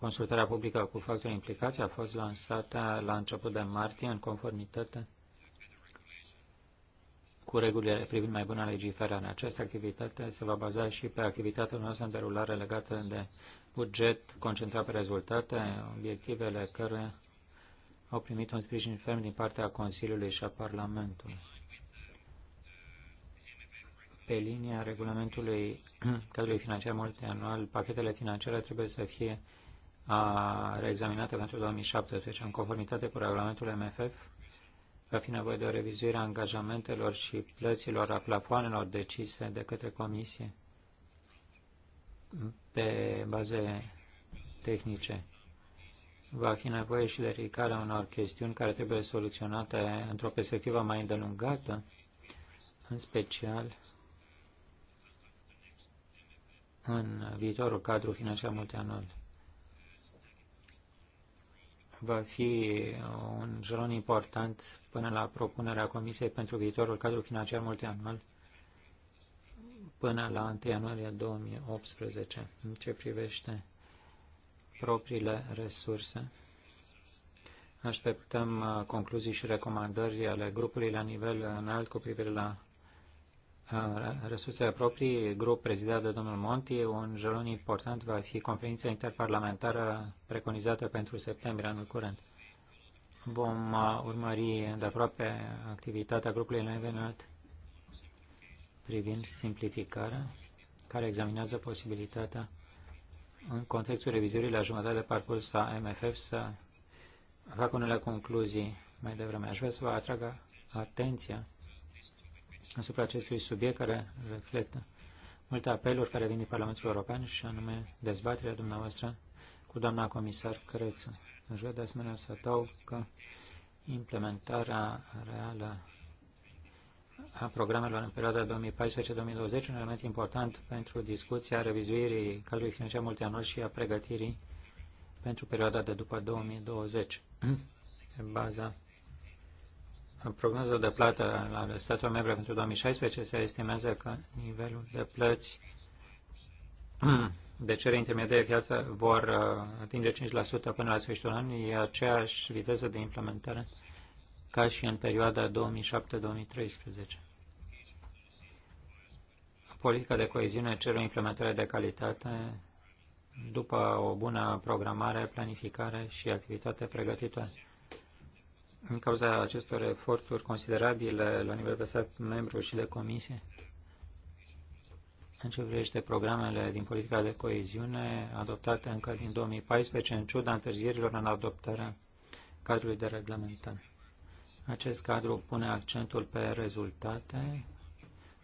Consultarea publică cu factorii implicați a fost lansată la început de martie în conformitate cu regulile privind mai bună legiferare. Această activitate se va baza și pe activitatea noastră în derulare legată de buget concentrat pe rezultate, obiectivele care au primit un sprijin ferm din partea Consiliului și a Parlamentului. Pe linia regulamentului *clears throat* cadrului financiar multianual, pachetele financiare trebuie să fie a reexaminată pentru 2017. În conformitate cu regulamentul MFF, va fi nevoie de o revizuire a angajamentelor și plăților a plafoanelor decise de către Comisie pe baze tehnice. Va fi nevoie și de ridicarea unor chestiuni care trebuie soluționate într-o perspectivă mai îndelungată, în special în viitorul cadru financiar multianual va fi un jalon important până la propunerea Comisiei pentru viitorul cadru financiar multianual până la 1 ianuarie 2018 în ce privește propriile resurse. Așteptăm uh, concluzii și recomandări ale grupului la nivel înalt cu privire la resursele proprii, grup prezidat de domnul Monti, un jalon important va fi conferința interparlamentară preconizată pentru septembrie anul curent. Vom uh, urmări de aproape activitatea grupului Levenat privind simplificarea, care examinează posibilitatea în contextul revizuirii la jumătate de parcurs a MFF să fac unele concluzii mai devreme. Aș vrea să vă atragă atenția asupra acestui subiect care reflectă multe apeluri care vin din Parlamentul European și anume dezbaterea dumneavoastră cu doamna comisar Crețu. Aș vrea de asemenea să adaug că implementarea reală a programelor în perioada 2014-2020, un element important pentru discuția revizuirii cadrului financiar multianual și a pregătirii pentru perioada de după 2020, pe *clears throat* baza în prognoza de plată la statul membre pentru 2016 se estimează că nivelul de plăți de cere intermediare piață vor uh, atinge 5% până la sfârșitul anului, e aceeași viteză de implementare ca și în perioada 2007-2013. Politica de coeziune cere o implementare de calitate după o bună programare, planificare și activitate pregătitoare în cauza acestor eforturi considerabile la nivel de stat membru și de comisie, în ce privește programele din politica de coeziune adoptate încă din 2014, în ciuda întârzierilor în adoptarea cadrului de reglementare. Acest cadru pune accentul pe rezultate,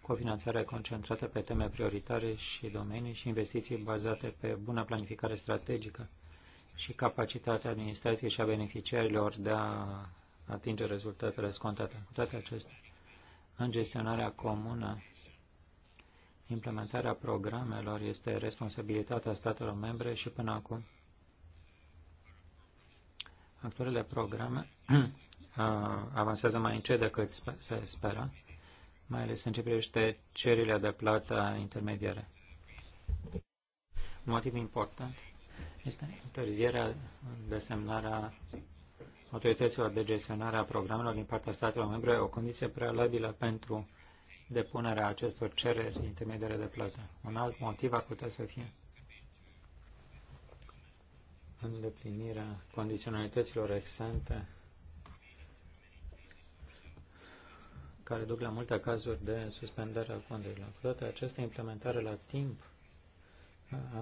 cu o finanțare concentrată pe teme prioritare și domenii și investiții bazate pe bună planificare strategică și capacitatea administrației și a beneficiarilor de a atinge rezultatele scontate. Cu toate acestea, în gestionarea comună, implementarea programelor este responsabilitatea statelor membre și până acum actualele programe *clears throat* avansează mai încet decât se spera, mai ales în ce privește cererile de plată intermediare. Un motiv important este întârzierea desemnarea autorităților de gestionare a programelor din partea statelor membre o condiție prealabilă pentru depunerea acestor cereri intermediere de plată. Un alt motiv ar putea să fie îndeplinirea condiționalităților exante care duc la multe cazuri de suspendare a fondurilor. Cu toate acestea, implementarea la timp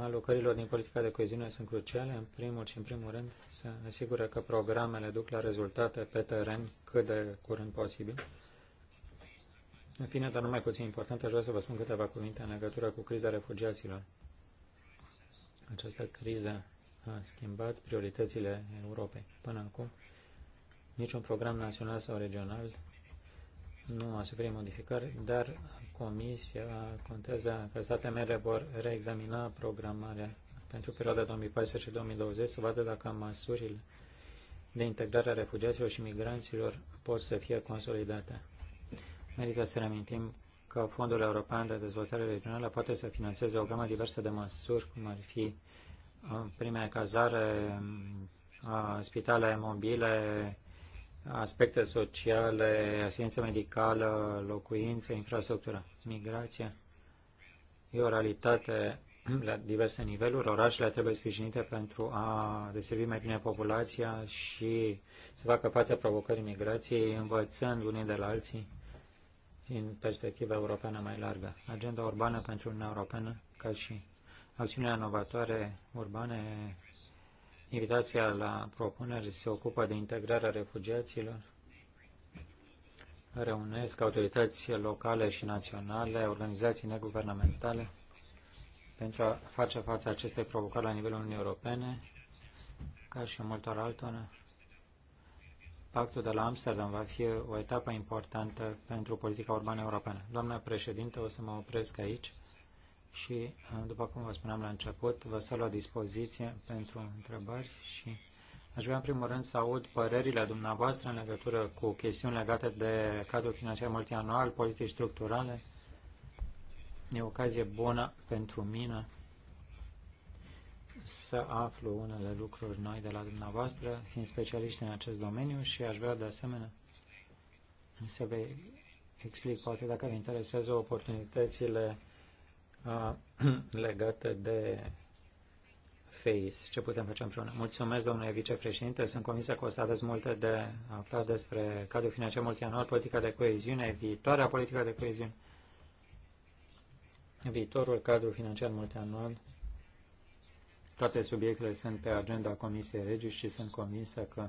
alocărilor din politica de coeziune sunt cruciale. În primul și în primul rând să asigură că programele duc la rezultate pe teren cât de curând posibil. În fine, dar nu mai puțin important, aș vrea să vă spun câteva cuvinte în legătură cu criza refugiaților. Această criză a schimbat prioritățile Europei. Până acum, niciun program național sau regional nu vrea modificări, dar Comisia contează că statele membre vor reexamina programarea pentru perioada 2014-2020 să vadă dacă măsurile de integrare a refugiaților și migranților pot să fie consolidate. Merită să reamintim că Fondul European de Dezvoltare Regională poate să financeze o gamă diversă de măsuri, cum ar fi uh, primea cazare, uh, spitale mobile, aspecte sociale, asistență medicală, locuință, infrastructură, migrație. E o realitate *clears throat* la diverse niveluri. Orașele trebuie sprijinite pentru a deservi mai bine populația și să facă față provocării migrației, învățând unii de la alții din perspectiva europeană mai largă. Agenda urbană pentru Uniunea Europeană, ca și acțiunile inovatoare urbane, Invitația la propuneri se ocupă de integrarea refugiaților, reunesc autorități locale și naționale, organizații neguvernamentale pentru a face față acestei provocări la nivelul Uniunii Europene, ca și multor altora. Pactul de la Amsterdam va fi o etapă importantă pentru politica urbană europeană. Doamna președinte, o să mă opresc aici și, uh, după cum vă spuneam la început, vă stau la dispoziție pentru întrebări și aș vrea în primul rând să aud părerile dumneavoastră în legătură cu chestiuni legate de cadrul financiar multianual, politici structurale. E o ocazie bună pentru mine să aflu unele lucruri noi de la dumneavoastră, fiind specialiști în acest domeniu și aș vrea de asemenea să vă explic poate dacă vă interesează oportunitățile *clears throat* legată de FACE, ce putem face împreună. Mulțumesc, domnule vicepreședinte. Sunt convinsă că o să aveți multe de aflat despre cadrul financiar multianual, politica de coeziune, viitoarea politică de coeziune, viitorul cadru financiar multianual. Toate subiectele sunt pe agenda Comisiei regi și sunt convinsă că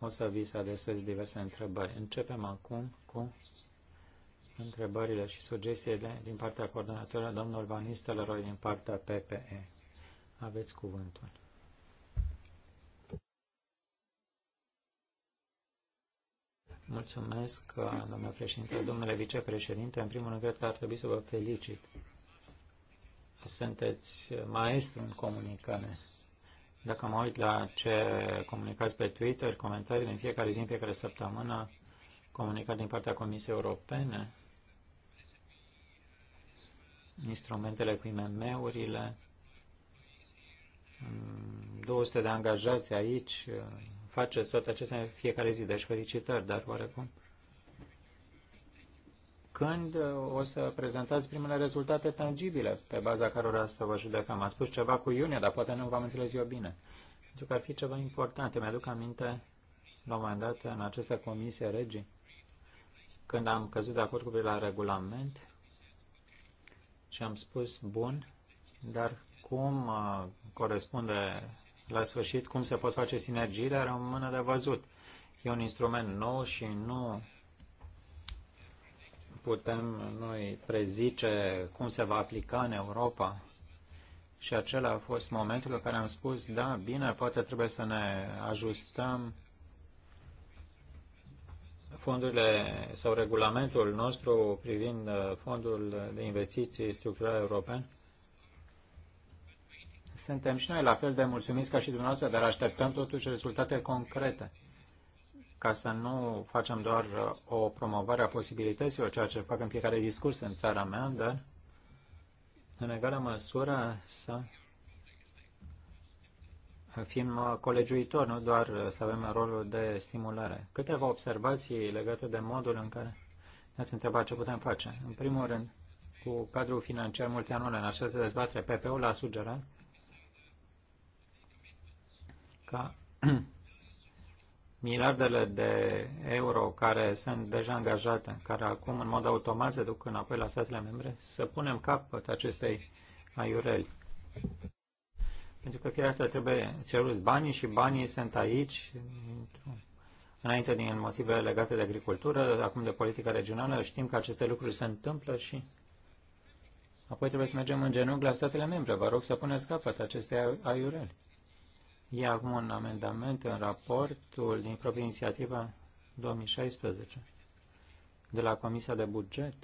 o să vi se adresez diverse întrebări. Începem acum cu întrebările și sugestiile din partea coordonatorului domnul Van Nistelrooy din partea PPE. Aveți cuvântul. Mulțumesc, domnule președinte, domnule vicepreședinte. În primul rând, cred că ar trebui să vă felicit. Sunteți maestru în comunicare. Dacă mă uit la ce comunicați pe Twitter, comentarii din fiecare zi, în fiecare săptămână, comunicat din partea Comisiei Europene, instrumentele cu IMM-urile, 200 de angajați aici, faceți toate acestea în fiecare zi, deci felicitări, dar oarecum. Când o să prezentați primele rezultate tangibile pe baza cărora să vă judecăm? Am spus ceva cu iunie, dar poate nu v-am înțeles eu bine. Pentru că ar fi ceva important. mi aduc aminte, la un moment dat, în această comisie regii, când am căzut de acord cu la regulament, și am spus bun, dar cum uh, corespunde la sfârșit, cum se pot face sinergiile, rămâne de văzut. E un instrument nou și nu putem noi prezice cum se va aplica în Europa. Și acela a fost momentul în care am spus, da, bine, poate trebuie să ne ajustăm fondurile sau regulamentul nostru privind uh, fondul de investiții structurale european. Suntem și noi la fel de mulțumiți ca și dumneavoastră, dar așteptăm totuși rezultate concrete ca să nu facem doar uh, o promovare a posibilităților, ceea ce fac în fiecare discurs în țara mea, dar în egală măsură să fim uh, colegiuitori, nu doar uh, să avem rolul de stimulare. Câteva observații legate de modul în care ne-ați întrebat ce putem face. În primul rând, cu cadrul financiar multianual în această dezbatere, PPU l a sugerat ca *clears throat* miliardele de euro care sunt deja angajate, care acum în mod automat se duc înapoi la statele membre, să punem capăt acestei aiureli. Pentru că fiecare trebuie ceruți banii și banii sunt aici, înainte din motive legate de agricultură, acum de politica regională, știm că aceste lucruri se întâmplă și apoi trebuie să mergem în genunchi la statele membre. Vă rog să puneți capăt aceste aiureli. E acum un amendament în raportul din proprie inițiativă 2016 de la Comisia de Buget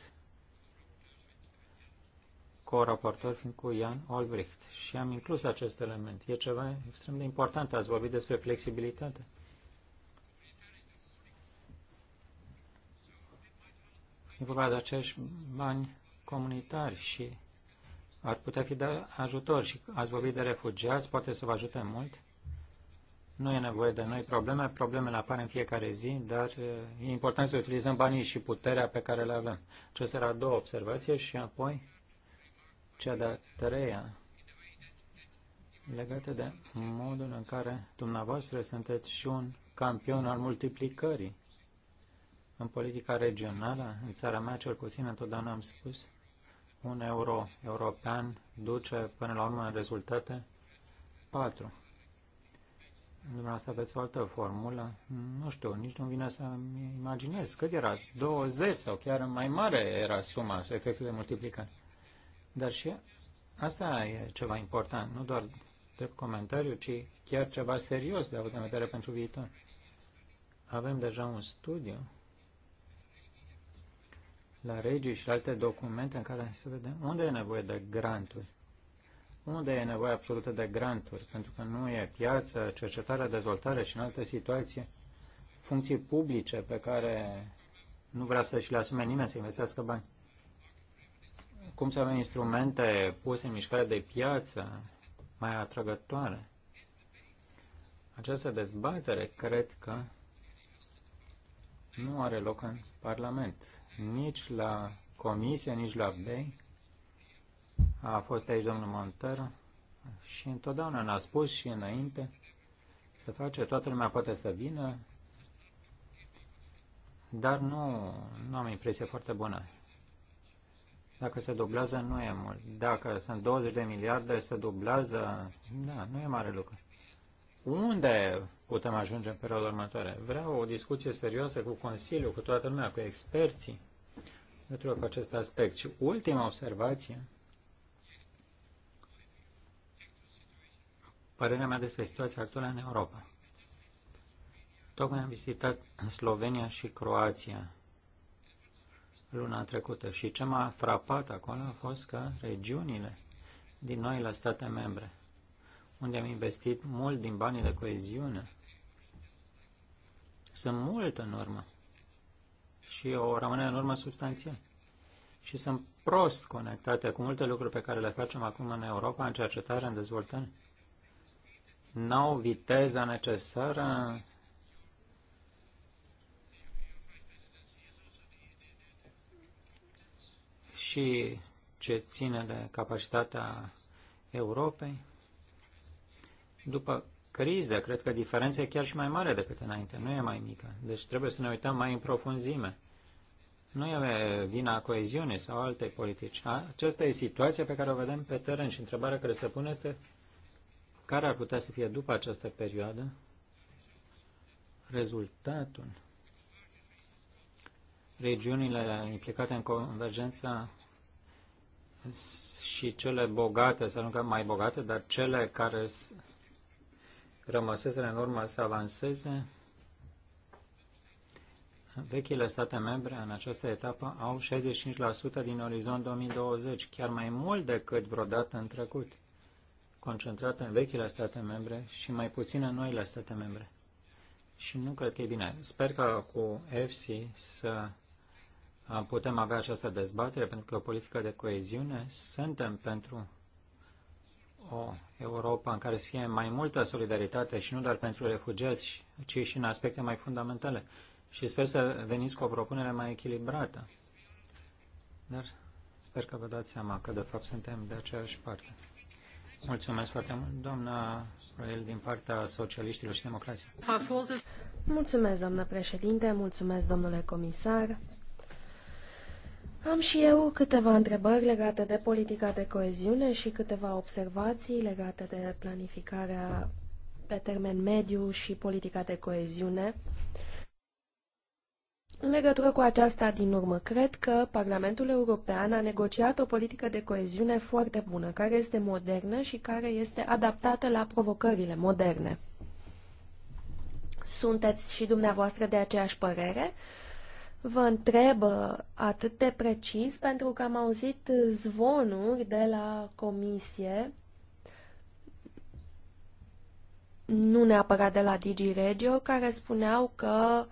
co-raportor fiind cu Ian Olbricht și am inclus acest element. E ceva extrem de important. Ați vorbit despre flexibilitate. E vorba de acești bani comunitari și ar putea fi de ajutor și ați vorbit de refugiați, poate să vă ajute mult. Nu e nevoie de noi probleme, problemele apar în fiecare zi, dar e important să utilizăm banii și puterea pe care le avem. Acestea erau două observații și apoi cea de-a treia, legată de modul în care dumneavoastră sunteți și un campion al multiplicării. În politica regională, în țara mea cel puțin întotdeauna am spus, un euro european duce până la urmă în rezultate 4. Dumneavoastră aveți o altă formulă? Nu știu, nici nu vine să-mi imaginez cât era, 20 sau chiar mai mare era suma sau efectul de multiplicare. Dar și asta e ceva important, nu doar drept comentariu, ci chiar ceva serios de avut în vedere pentru viitor. Avem deja un studiu la regii și alte documente în care se vede unde e nevoie de granturi. Unde e nevoie absolută de granturi, pentru că nu e piață, cercetare, dezvoltare și în alte situații funcții publice pe care nu vrea să și le asume nimeni să investească bani. Cum să avem instrumente puse în mișcare de piață mai atrăgătoare? Această dezbatere cred că nu are loc în Parlament, nici la Comisie, nici la BEI. A fost aici domnul Montero și întotdeauna ne-a spus și înainte să face, toată lumea poate să vină, dar nu, nu am impresie foarte bună. Dacă se dublează, nu e mult. Dacă sunt 20 de miliarde, se dublează, da, nu e mare lucru. Unde putem ajunge în perioada următoare? Vreau o discuție serioasă cu Consiliul, cu toată lumea, cu experții, pentru că acest aspect. Și ultima observație, părerea mea despre situația actuală în Europa. Tocmai am vizitat Slovenia și Croația luna trecută. Și ce m-a frapat acolo a fost că regiunile din noile state membre, unde am investit mult din banii de coeziune, sunt mult în urmă și o rămâne în urmă substanțial. Și sunt prost conectate cu multe lucruri pe care le facem acum în Europa, în cercetare, în dezvoltare. N-au viteza necesară și ce ține de capacitatea Europei. După criză, cred că diferența e chiar și mai mare decât înainte, nu e mai mică. Deci trebuie să ne uităm mai în profunzime. Nu e vina coeziunii sau alte politici. Aceasta e situația pe care o vedem pe teren și întrebarea care se pune este care ar putea să fie după această perioadă rezultatul regiunile implicate în convergență și cele bogate, să nu că mai bogate, dar cele care rămăseseră în urmă să avanseze, vechile state membre în această etapă au 65% din orizont 2020, chiar mai mult decât vreodată în trecut, concentrate în vechile state membre și mai puțin în noile state membre. Și nu cred că e bine. Sper că cu EFSI să putem avea această dezbatere pentru că o politică de coeziune suntem pentru o Europa în care să fie mai multă solidaritate și nu doar pentru refugiați, ci și în aspecte mai fundamentale. Și sper să veniți cu o propunere mai echilibrată. Dar sper că vă dați seama că de fapt suntem de aceeași parte. Mulțumesc foarte mult, doamna Roel, din partea socialiștilor și democrației. Mulțumesc, doamnă președinte, mulțumesc, domnule comisar. Am și eu câteva întrebări legate de politica de coeziune și câteva observații legate de planificarea pe termen mediu și politica de coeziune. În legătură cu aceasta din urmă, cred că Parlamentul European a negociat o politică de coeziune foarte bună, care este modernă și care este adaptată la provocările moderne. Sunteți și dumneavoastră de aceeași părere? Uh, vă întreb uh, atât de precis pentru că am auzit zvonuri de la comisie, nu neapărat de la Digi Regio, care spuneau că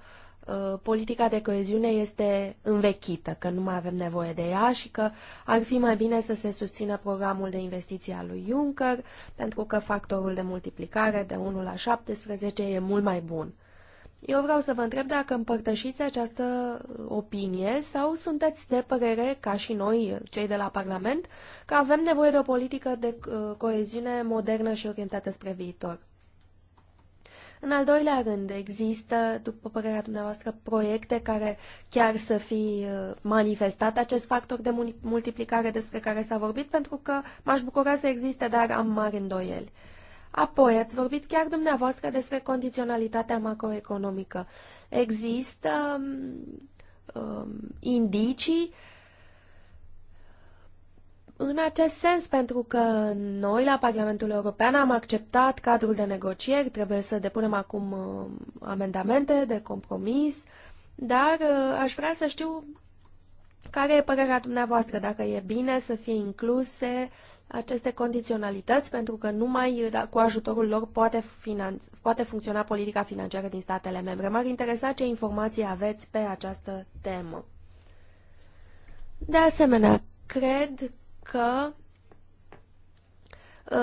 uh, politica de coeziune este învechită, că nu mai avem nevoie de ea și că ar fi mai bine să se susțină programul de investiție al lui Juncker, pentru că factorul de multiplicare de 1 la 17 e mult mai bun. Eu vreau să vă întreb dacă împărtășiți această opinie sau sunteți de părere, ca și noi, cei de la Parlament, că avem nevoie de o politică de uh, coeziune modernă și orientată spre viitor. În al doilea rând, există, după părerea dumneavoastră, proiecte care chiar să fi uh, manifestat acest factor de multiplicare despre care s-a vorbit, pentru că m-aș bucura să existe, dar am mari îndoieli. Uh, Apoi, ați vorbit chiar dumneavoastră despre condiționalitatea macroeconomică. Există um, um, indicii în acest sens, pentru că noi la Parlamentul European am acceptat cadrul de negocieri, trebuie să depunem acum um, amendamente de compromis, dar uh, aș vrea să știu care e părerea dumneavoastră, dacă e bine să fie incluse aceste condiționalități, pentru că numai da, cu ajutorul lor poate, finanț- poate funcționa politica financiară din statele membre. M-ar interesa ce informații aveți pe această temă. De asemenea, cred că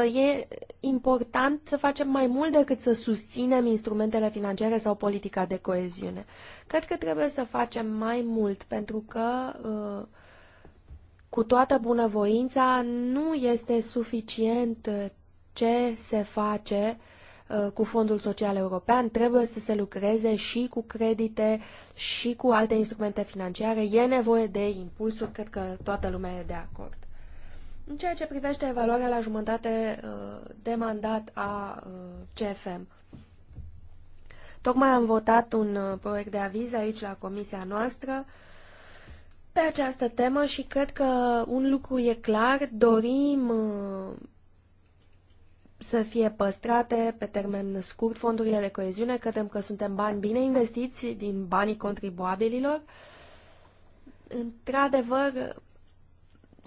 uh, e important să facem mai mult decât să susținem instrumentele financiare sau politica de coeziune. Cred că trebuie să facem mai mult pentru că uh, cu toată bunăvoința, nu este suficient uh, ce se face uh, cu Fondul Social European, trebuie să se lucreze și cu credite și cu alte instrumente financiare. E nevoie de impulsuri, cred că toată lumea e de acord. În ceea ce privește evaluarea la jumătate uh, de mandat a CFM, tocmai am votat un proiect de aviz aici la comisia noastră pe această temă și cred că un lucru e clar, dorim uh, să fie păstrate pe termen scurt fondurile de coeziune, credem că suntem bani bine investiți din banii contribuabililor. Într-adevăr,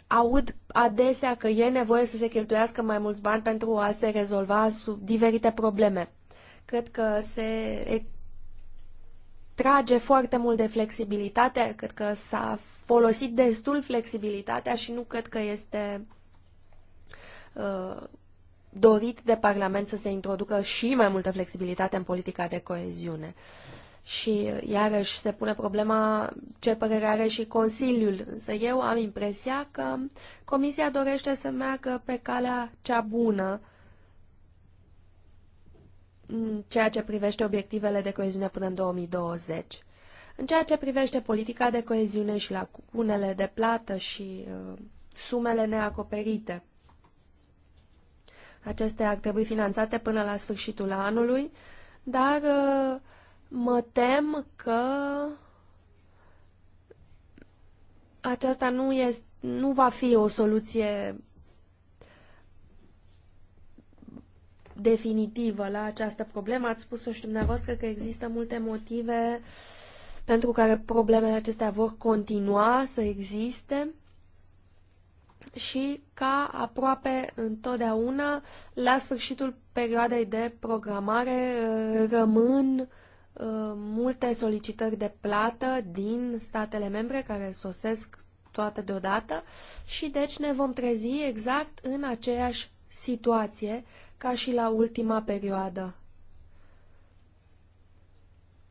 aud adesea că e nevoie să se cheltuiască mai mulți bani pentru a se rezolva diferite probleme. Cred că se trage foarte mult de flexibilitate, cred că s-a folosit destul flexibilitatea și nu cred că este uh, dorit de Parlament să se introducă și mai multă flexibilitate în politica de coeziune. Și uh, iarăși se pune problema ce părere are și Consiliul, însă eu am impresia că Comisia dorește să meargă pe calea cea bună uh, în ceea ce privește obiectivele de coeziune până în 2020. În ceea ce privește politica de coeziune și la lacunele de plată și uh, sumele neacoperite, acestea ar trebui finanțate până la sfârșitul anului, dar uh, mă tem că aceasta nu, este, nu va fi o soluție definitivă la această problemă. Ați spus-o și dumneavoastră că există multe motive pentru care problemele acestea vor continua să existe și ca aproape întotdeauna, la sfârșitul perioadei de programare, rămân uh, multe solicitări de plată din statele membre care sosesc toate deodată și deci ne vom trezi exact în aceeași situație ca și la ultima perioadă.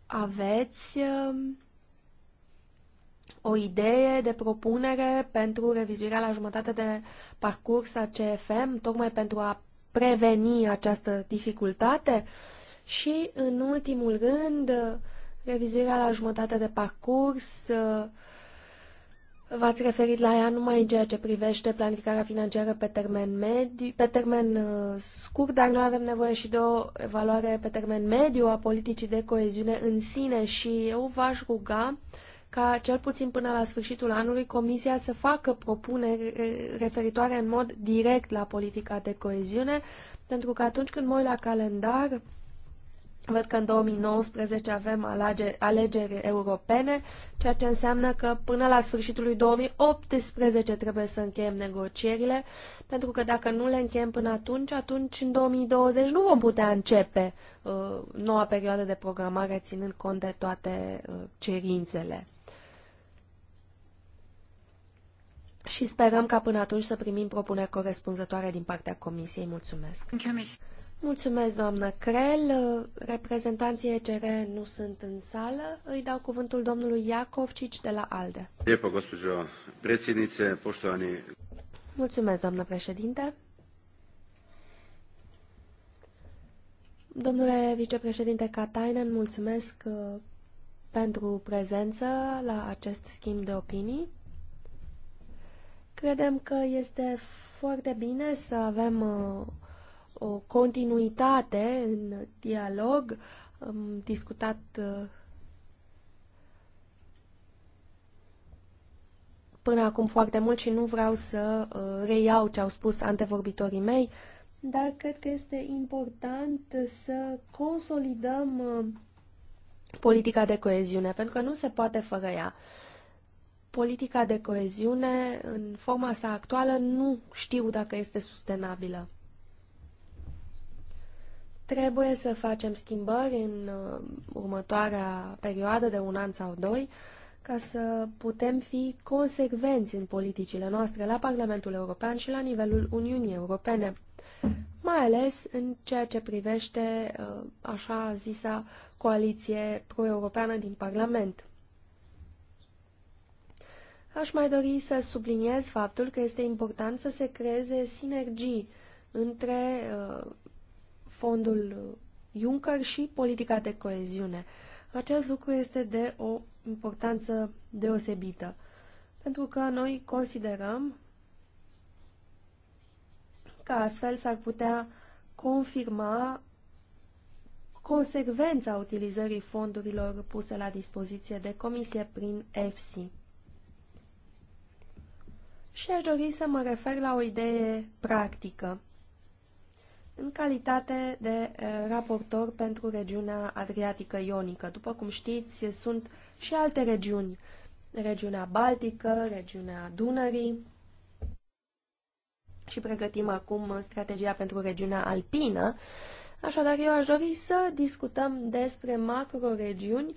Aveți um, o idee de propunere pentru revizuirea la jumătate de parcurs a CFM, tocmai pentru a preveni această dificultate? Și, în ultimul rând, revizuirea la jumătate de parcurs uh, V-ați referit la ea numai în ceea ce privește planificarea financiară pe termen, mediu, pe termen uh, scurt, dar noi avem nevoie și de o evaluare pe termen mediu a politicii de coeziune în sine și eu v-aș ruga ca cel puțin până la sfârșitul anului Comisia să facă propuneri uh, referitoare în mod direct la politica de coeziune, pentru că atunci când mă uit la calendar, Văd că în 2019 avem alegeri europene, ceea ce înseamnă că până la sfârșitul lui 2018 trebuie să încheiem negocierile, pentru că dacă nu le încheiem până atunci, atunci în 2020 nu vom putea începe uh, noua perioadă de programare ținând cont de toate uh, cerințele. Și sperăm ca până atunci să primim propuneri corespunzătoare din partea Comisiei. Mulțumesc! Mulțumesc. Mulțumesc, doamnă Crel. Reprezentanții ECR nu sunt în sală. Îi dau cuvântul domnului Iacovcici de la ALDE. Lijepo, gospođo predsjednice, poštovani... Mulțumesc, doamnă președinte. Domnule vicepreședinte Katainen, mulțumesc uh, pentru prezență la acest schimb de opinii. Credem că este foarte bine să avem uh, o continuitate în dialog. Am discutat uh, până acum foarte mult și nu vreau să uh, reiau ce au spus antevorbitorii mei, dar cred că este important să consolidăm uh, politica de coeziune, pentru că nu se poate fără ea. Politica de coeziune, în forma sa actuală, nu știu dacă este sustenabilă. Trebuie să facem schimbări în uh, următoarea perioadă de un an sau doi ca să putem fi consecvenți în politicile noastre la Parlamentul European și la nivelul Uniunii Europene, mai ales în ceea ce privește uh, așa zisa coaliție pro-europeană din Parlament. Aș mai dori să subliniez faptul că este important să se creeze sinergii între uh, fondul Juncker și politica de coeziune. Acest lucru este de o importanță deosebită, pentru că noi considerăm că astfel s-ar putea confirma consecvența utilizării fondurilor puse la dispoziție de comisie prin EFSI. Și aș dori să mă refer la o idee practică în calitate de eh, raportor pentru regiunea Adriatică Ionică. După cum știți, sunt și alte regiuni, regiunea Baltică, regiunea Dunării și pregătim acum strategia pentru regiunea alpină. Așadar, eu aș dori să discutăm despre macroregiuni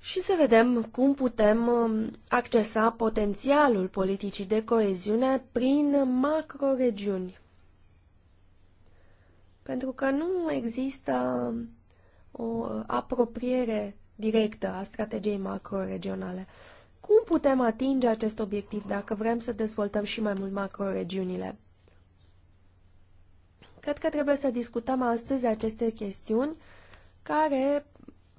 și să vedem cum putem um, accesa potențialul politicii de coeziune prin macroregiuni pentru că nu există o apropiere directă a strategiei macroregionale. Cum putem atinge acest obiectiv dacă vrem să dezvoltăm și mai mult macroregiunile? Cred că trebuie să discutăm astăzi aceste chestiuni care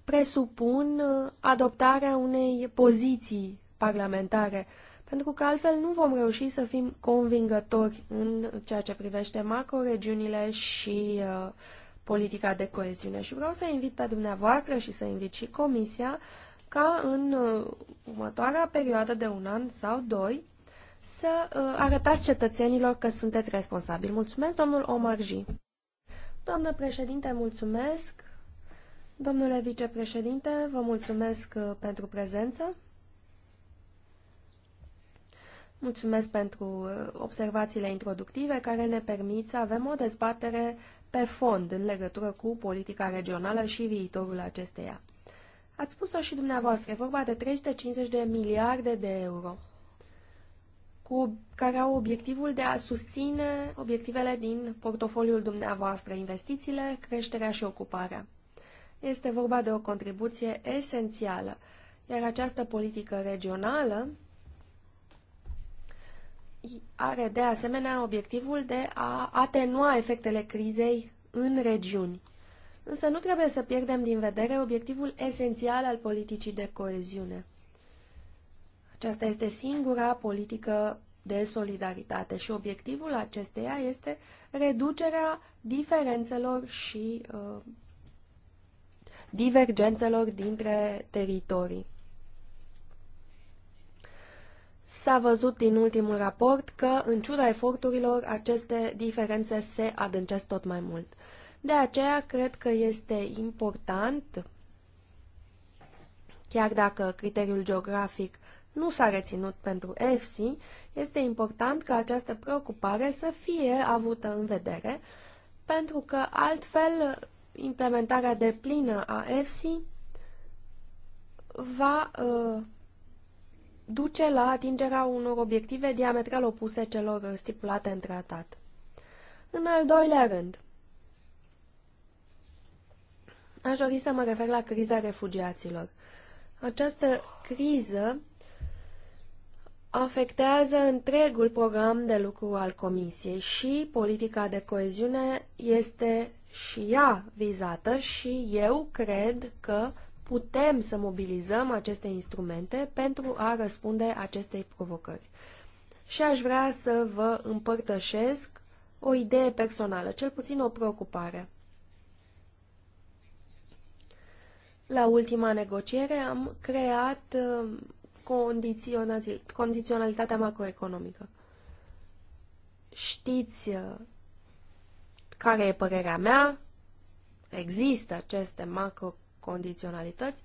presupun adoptarea unei poziții parlamentare pentru că altfel nu vom reuși să fim convingători în ceea ce privește macroregiunile și uh, politica de coeziune. Și vreau să invit pe dumneavoastră și să invit și Comisia ca în uh, următoarea perioadă de un an sau doi să uh, arătați cetățenilor că sunteți responsabili. Mulțumesc, domnul Omarji. Doamnă președinte, mulțumesc. Domnule vicepreședinte, vă mulțumesc uh, pentru prezență. Mulțumesc pentru uh, observațiile introductive care ne permit să avem o dezbatere pe fond în legătură cu politica regională și viitorul acesteia. Ați spus-o și dumneavoastră, e vorba de 350 de miliarde de euro, cu, care au obiectivul de a susține obiectivele din portofoliul dumneavoastră, investițiile, creșterea și ocuparea. Este vorba de o contribuție esențială, iar această politică regională are de asemenea obiectivul de a atenua efectele crizei în regiuni. Însă nu trebuie să pierdem din vedere obiectivul esențial al politicii de coeziune. Aceasta este singura politică de solidaritate și obiectivul acesteia este reducerea diferențelor și uh, divergențelor dintre teritorii. S-a văzut din ultimul raport că, în ciuda eforturilor, aceste diferențe se adâncesc tot mai mult. De aceea, cred că este important, chiar dacă criteriul geografic nu s-a reținut pentru EFSI, este important ca această preocupare să fie avută în vedere, pentru că altfel implementarea de plină a EFSI va uh, duce la atingerea unor obiective diametral opuse celor stipulate în tratat. În al doilea rând, aș dori să mă refer la criza refugiaților. Această criză afectează întregul program de lucru al Comisiei și politica de coeziune este și ea vizată și eu cred că uh, putem să mobilizăm aceste instrumente pentru a răspunde acestei provocări. Și aș vrea să vă împărtășesc o idee personală, cel puțin o preocupare. La ultima negociere am creat uh, condiționalitatea macroeconomică. Știți uh, care e părerea mea? Există aceste macro condiționalități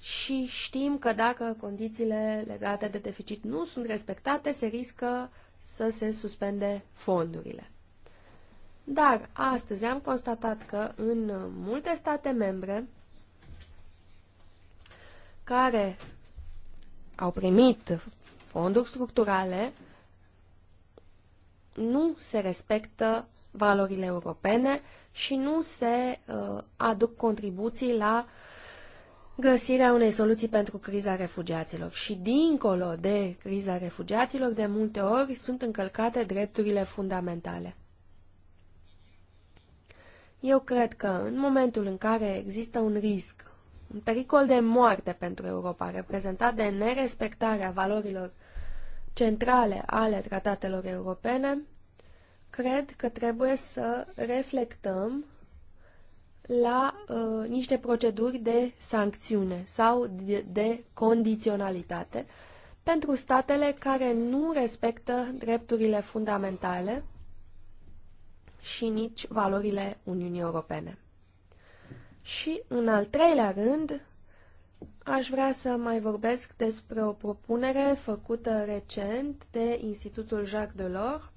și știm că dacă condițiile legate de deficit nu sunt respectate, se riscă să se suspende fondurile. Dar astăzi am constatat că în multe state membre care au primit fonduri structurale nu se respectă valorile europene și nu se uh, aduc contribuții la găsirea unei soluții pentru criza refugiaților. Și dincolo de criza refugiaților, de multe ori sunt încălcate drepturile fundamentale. Eu cred că în momentul în care există un risc, un pericol de moarte pentru Europa, reprezentat de nerespectarea valorilor centrale ale tratatelor europene, cred că trebuie să reflectăm la uh, niște proceduri de sancțiune sau de, de condiționalitate pentru statele care nu respectă drepturile fundamentale și nici valorile Uniunii Europene. Și, în al treilea rând, aș vrea să mai vorbesc despre o propunere făcută recent de Institutul Jacques Delors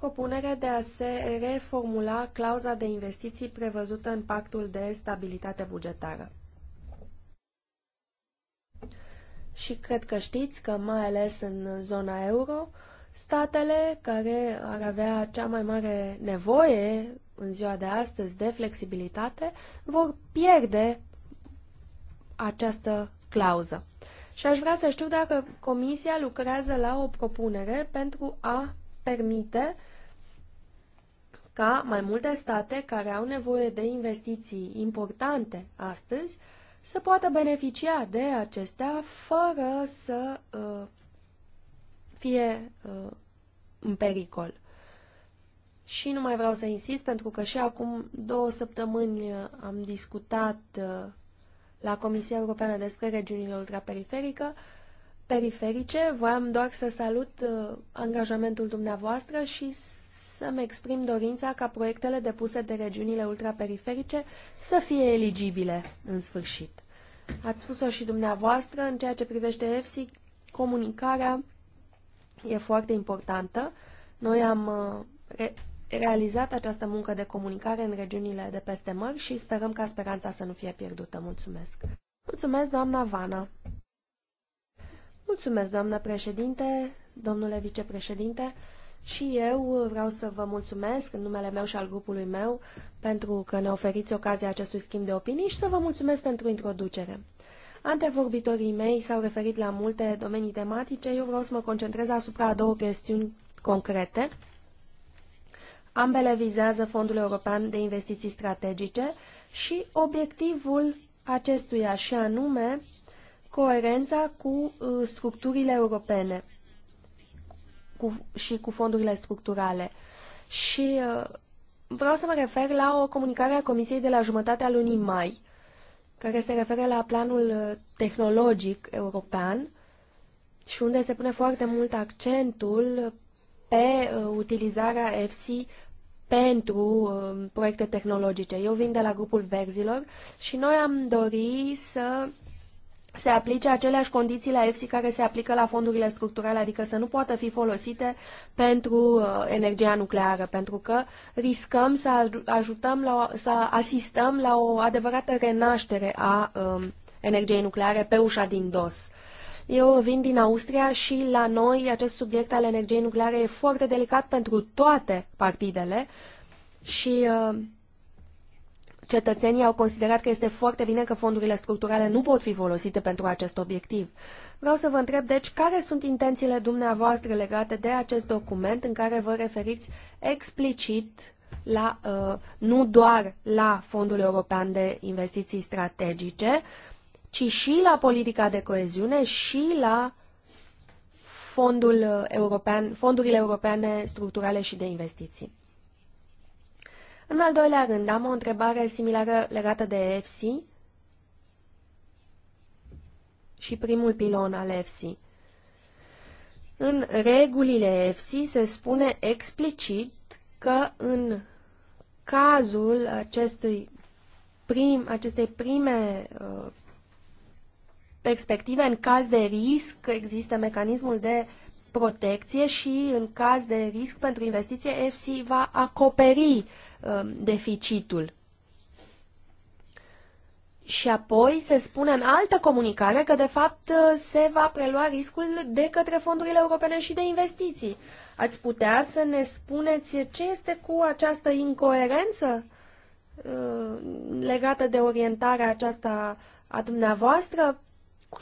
propunere de a se reformula clauza de investiții prevăzută în pactul de stabilitate bugetară. Și cred că știți că, mai ales în zona euro, statele care ar avea cea mai mare nevoie în ziua de astăzi de flexibilitate vor pierde această clauză. Și aș vrea să știu dacă Comisia lucrează la o propunere pentru a permite ca mai multe state care au nevoie de investiții importante astăzi să poată beneficia de acestea fără să uh, fie uh, în pericol. Și nu mai vreau să insist, pentru că și acum două săptămâni uh, am discutat uh, la Comisia Europeană despre regiunile ultraperiferică uh, periferice. Voiam doar să salut uh, angajamentul dumneavoastră și să-mi exprim dorința ca proiectele depuse de regiunile ultraperiferice să fie eligibile în sfârșit. Ați spus-o și dumneavoastră, în ceea ce privește EFSI, comunicarea e foarte importantă. Noi am uh, re realizat această muncă de comunicare în regiunile de peste mări și sperăm ca speranța să nu fie pierdută. Mulțumesc! Mulțumesc, doamna Vana! Mulțumesc, doamnă președinte, domnule vicepreședinte. Și eu vreau să vă mulțumesc în numele meu și al grupului meu pentru că ne oferiți ocazia acestui schimb de opinii și să vă mulțumesc pentru introducere. Antevorbitorii mei s-au referit la multe domenii tematice, eu vreau să mă concentrez asupra a două chestiuni concrete. Ambele vizează Fondul European de Investiții Strategice și obiectivul acestuia și anume uh, coerența cu uh, structurile europene cu, și cu fondurile structurale. Și uh, vreau să mă refer la o comunicare a Comisiei de la jumătatea lunii mai, care se referă la planul uh, tehnologic european și unde se pune foarte mult accentul pe utilizarea EFSI pentru proiecte tehnologice. Eu vin de la grupul Verzilor și noi am dorit să se aplice aceleași condiții la EFSI care se aplică la fondurile structurale, adică să nu poată fi folosite pentru uh, energia nucleară, pentru că riscăm să ajutăm la, să asistăm la o adevărată renaștere a um, energiei nucleare pe ușa din dos. Eu vin din Austria și la noi acest subiect al energiei nucleare e foarte delicat pentru toate partidele și uh, Cetățenii au considerat că este foarte bine că fondurile structurale nu pot fi folosite pentru acest obiectiv. Vreau să vă întreb, deci, care sunt intențiile dumneavoastră legate de acest document în care vă referiți explicit la, uh, nu doar la Fondul European de Investiții Strategice, ci și la politica de coeziune și la fondul uh, european, fondurile europene structurale și de investiții. În al doilea rând, am o întrebare similară legată de EFSI și primul pilon al EFSI. În regulile EFSI se spune explicit că în cazul acestui prim, acestei prime uh, perspective, în caz de risc, există mecanismul de protecție și în caz de risc pentru investiție, EFSI va acoperi um, deficitul. Și apoi se spune în altă comunicare că, de fapt, se va prelua riscul de către fondurile europene și de investiții. Ați putea să ne spuneți ce este cu această incoerență uh, legată de orientarea aceasta a dumneavoastră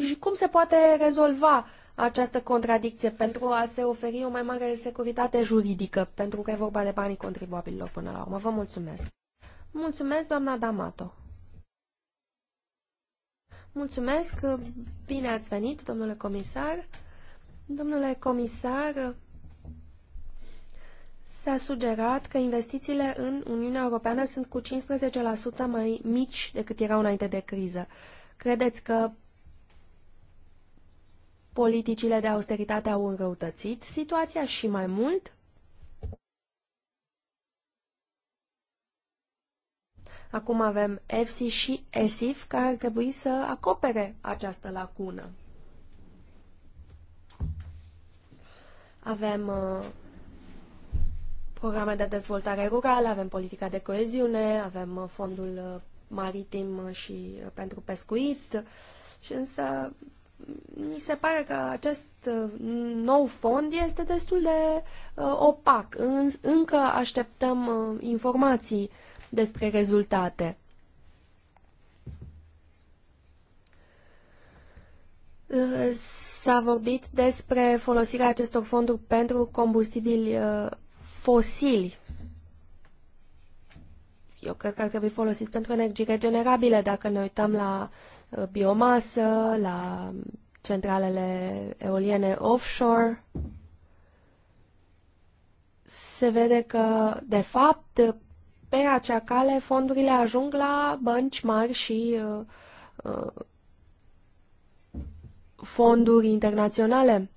și cum se poate rezolva această contradicție pentru a se oferi o mai mare securitate juridică, pentru că e vorba de banii contribuabililor până la urmă. Vă mulțumesc. Mulțumesc, doamna Damato. Mulțumesc, bine ați venit, domnule comisar. Domnule comisar, s-a sugerat că investițiile în Uniunea Europeană sunt cu 15% mai mici decât erau înainte de criză. Credeți că Politicile de austeritate au înrăutățit situația și mai mult. Acum avem EFSI și ESIF care ar trebui să acopere această lacună. Avem uh, programe de dezvoltare rurală, avem politica de coeziune, avem uh, fondul uh, maritim și pentru pescuit, și însă mi se pare că acest uh, nou fond este destul de uh, opac. Încă așteptăm uh, informații despre rezultate. S-a vorbit despre folosirea acestor fonduri pentru combustibili fosili. Eu cred că ar trebui folosiți pentru energii regenerabile dacă ne uităm la uh, Uh, biomasă, la centralele eoliene offshore, se vede că, de fapt, pe acea cale fondurile ajung la bănci mari și uh, uh fonduri internaționale.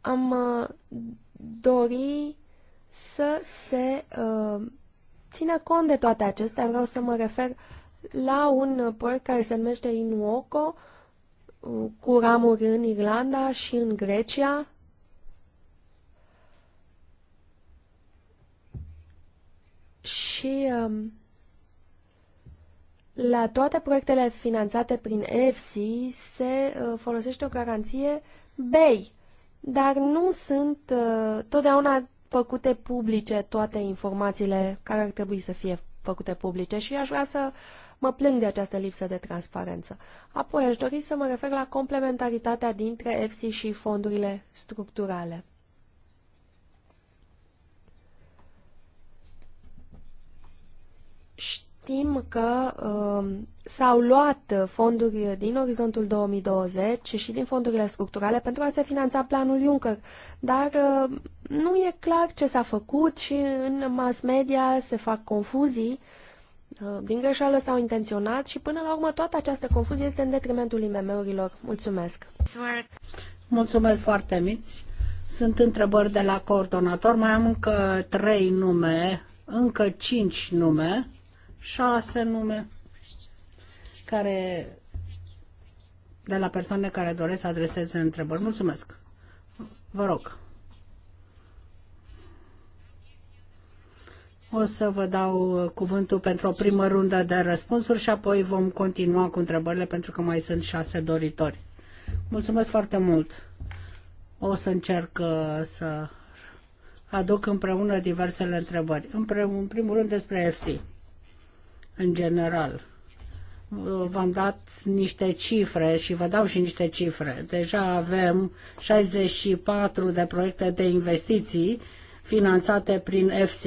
Am uh, dori să se uh, Ține cont de toate acestea. Vreau să mă refer la un proiect care se numește Inuoco, cu ramuri în Irlanda și în Grecia. Și um, la toate proiectele finanțate prin EFC se uh, folosește o garanție BEI, dar nu sunt uh, totdeauna făcute publice toate informațiile care ar trebui să fie făcute publice și aș vrea să mă plâng de această lipsă de transparență. Apoi aș dori să mă refer la complementaritatea dintre EFSI și fondurile structurale. Știu știm că uh, s-au luat fonduri din orizontul 2020 și din fondurile structurale pentru a se finanța planul Juncker, dar uh, nu e clar ce s-a făcut și în mass media se fac confuzii uh, din greșeală au intenționat și până la urmă toată această confuzie este în detrimentul IMM-urilor. Mulțumesc! Mulțumesc foarte mult! Sunt întrebări de la coordonator, mai am încă trei nume, încă cinci nume șase nume care de la persoane care doresc să adreseze întrebări. Mulțumesc. Vă rog. O să vă dau cuvântul pentru o primă rundă de răspunsuri și apoi vom continua cu întrebările pentru că mai sunt șase doritori. Mulțumesc foarte mult. O să încerc uh, să aduc împreună diversele întrebări. În primul rând despre FC în general. V-am dat niște cifre și vă dau și niște cifre. Deja avem 64 de proiecte de investiții finanțate prin FC,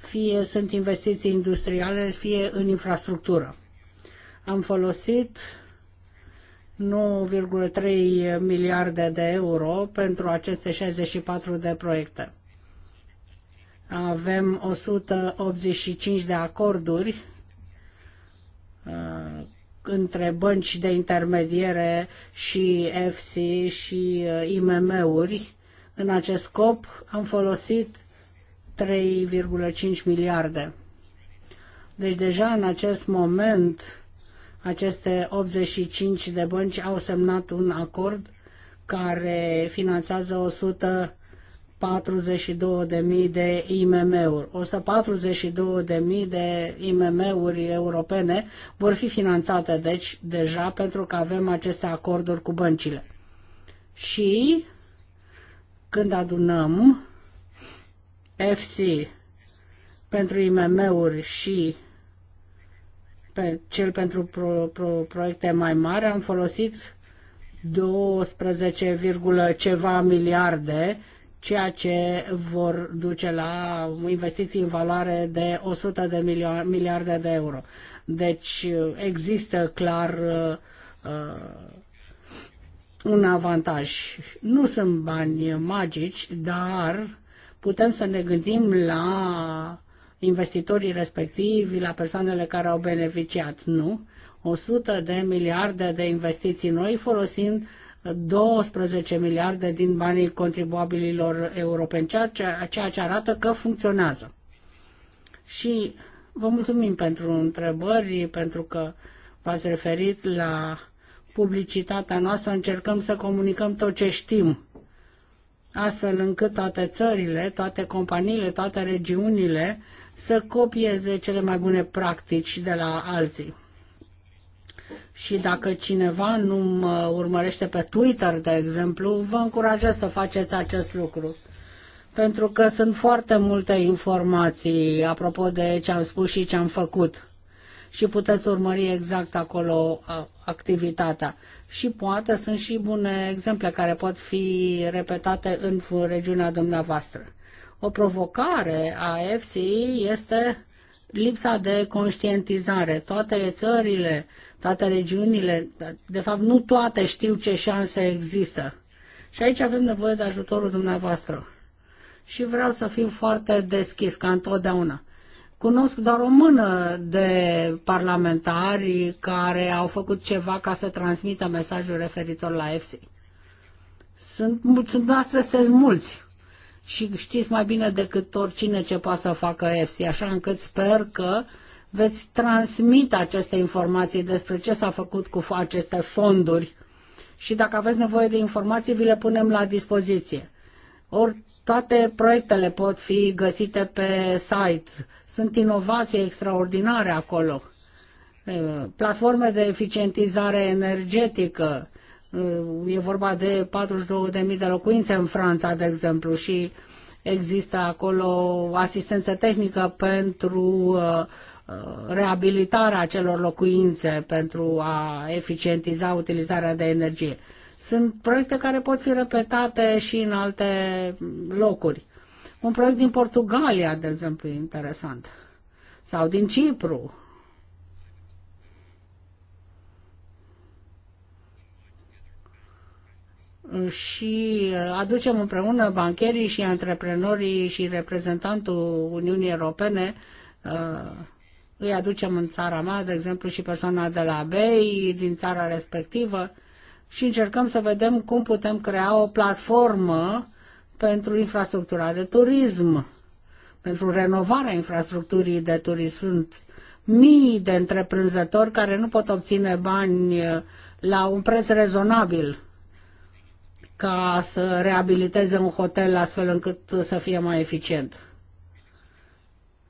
fie sunt investiții industriale, fie în infrastructură. Am folosit 9,3 miliarde de euro pentru aceste 64 de proiecte. Avem 185 de acorduri uh, între bănci de intermediere și FC și uh, IMM-uri. În acest scop am folosit 3,5 miliarde. Deci deja în acest moment aceste 85 de bănci au semnat un acord care finanțează 100 142.000 de IMM-uri. 142.000 de IMM-uri europene vor fi finanțate, deci, deja pentru că avem aceste acorduri cu băncile. Și când adunăm FC pentru IMM-uri și pe cel pentru pro, pro, proiecte mai mari, am folosit 12, ceva miliarde ceea ce vor duce la investiții în valoare de 100 de miliarde de euro. Deci există clar uh, uh, un avantaj. Nu sunt bani magici, dar putem să ne gândim la investitorii respectivi, la persoanele care au beneficiat. Nu. 100 de miliarde de investiții noi folosind 12 miliarde din banii contribuabililor europeni, ceea ce arată că funcționează. Și vă mulțumim pentru întrebări, pentru că v-ați referit la publicitatea noastră, încercăm să comunicăm tot ce știm, astfel încât toate țările, toate companiile, toate regiunile să copieze cele mai bune practici de la alții și dacă cineva nu mă urmărește pe Twitter, de exemplu, vă încurajez să faceți acest lucru. Pentru că sunt foarte multe informații apropo de ce am spus și ce am făcut. Și puteți urmări exact acolo activitatea. Și poate sunt și bune exemple care pot fi repetate în regiunea dumneavoastră. O provocare a FCI este lipsa de conștientizare. Toate țările, toate regiunile, de fapt nu toate știu ce șanse există. Și aici avem nevoie de ajutorul dumneavoastră. Și vreau să fiu foarte deschis, ca întotdeauna. Cunosc doar o mână de parlamentari care au făcut ceva ca să transmită mesajul referitor la EFSI. Sunt, dumneavoastră sunteți mulți și știți mai bine decât oricine ce poate să facă EFSI, așa încât sper că veți transmite aceste informații despre ce s-a făcut cu aceste fonduri și dacă aveți nevoie de informații, vi le punem la dispoziție. Ori toate proiectele pot fi găsite pe site. Sunt inovații extraordinare acolo. Platforme de eficientizare energetică, E vorba de 42.000 de locuințe în Franța, de exemplu, și există acolo asistență tehnică pentru uh, uh, reabilitarea celor locuințe, pentru a eficientiza utilizarea de energie. Sunt proiecte care pot fi repetate și în alte locuri. Un proiect din Portugalia, de exemplu, e interesant. Sau din Cipru, și uh, aducem împreună bancherii și antreprenorii și reprezentantul Uniunii Europene uh, îi aducem în țara mea, de exemplu, și persoana de la BEI din țara respectivă și încercăm să vedem cum putem crea o platformă pentru infrastructura de turism, pentru renovarea infrastructurii de turism. Sunt mii de întreprinzători care nu pot obține bani uh, la un preț rezonabil ca să reabiliteze un hotel astfel încât să fie mai eficient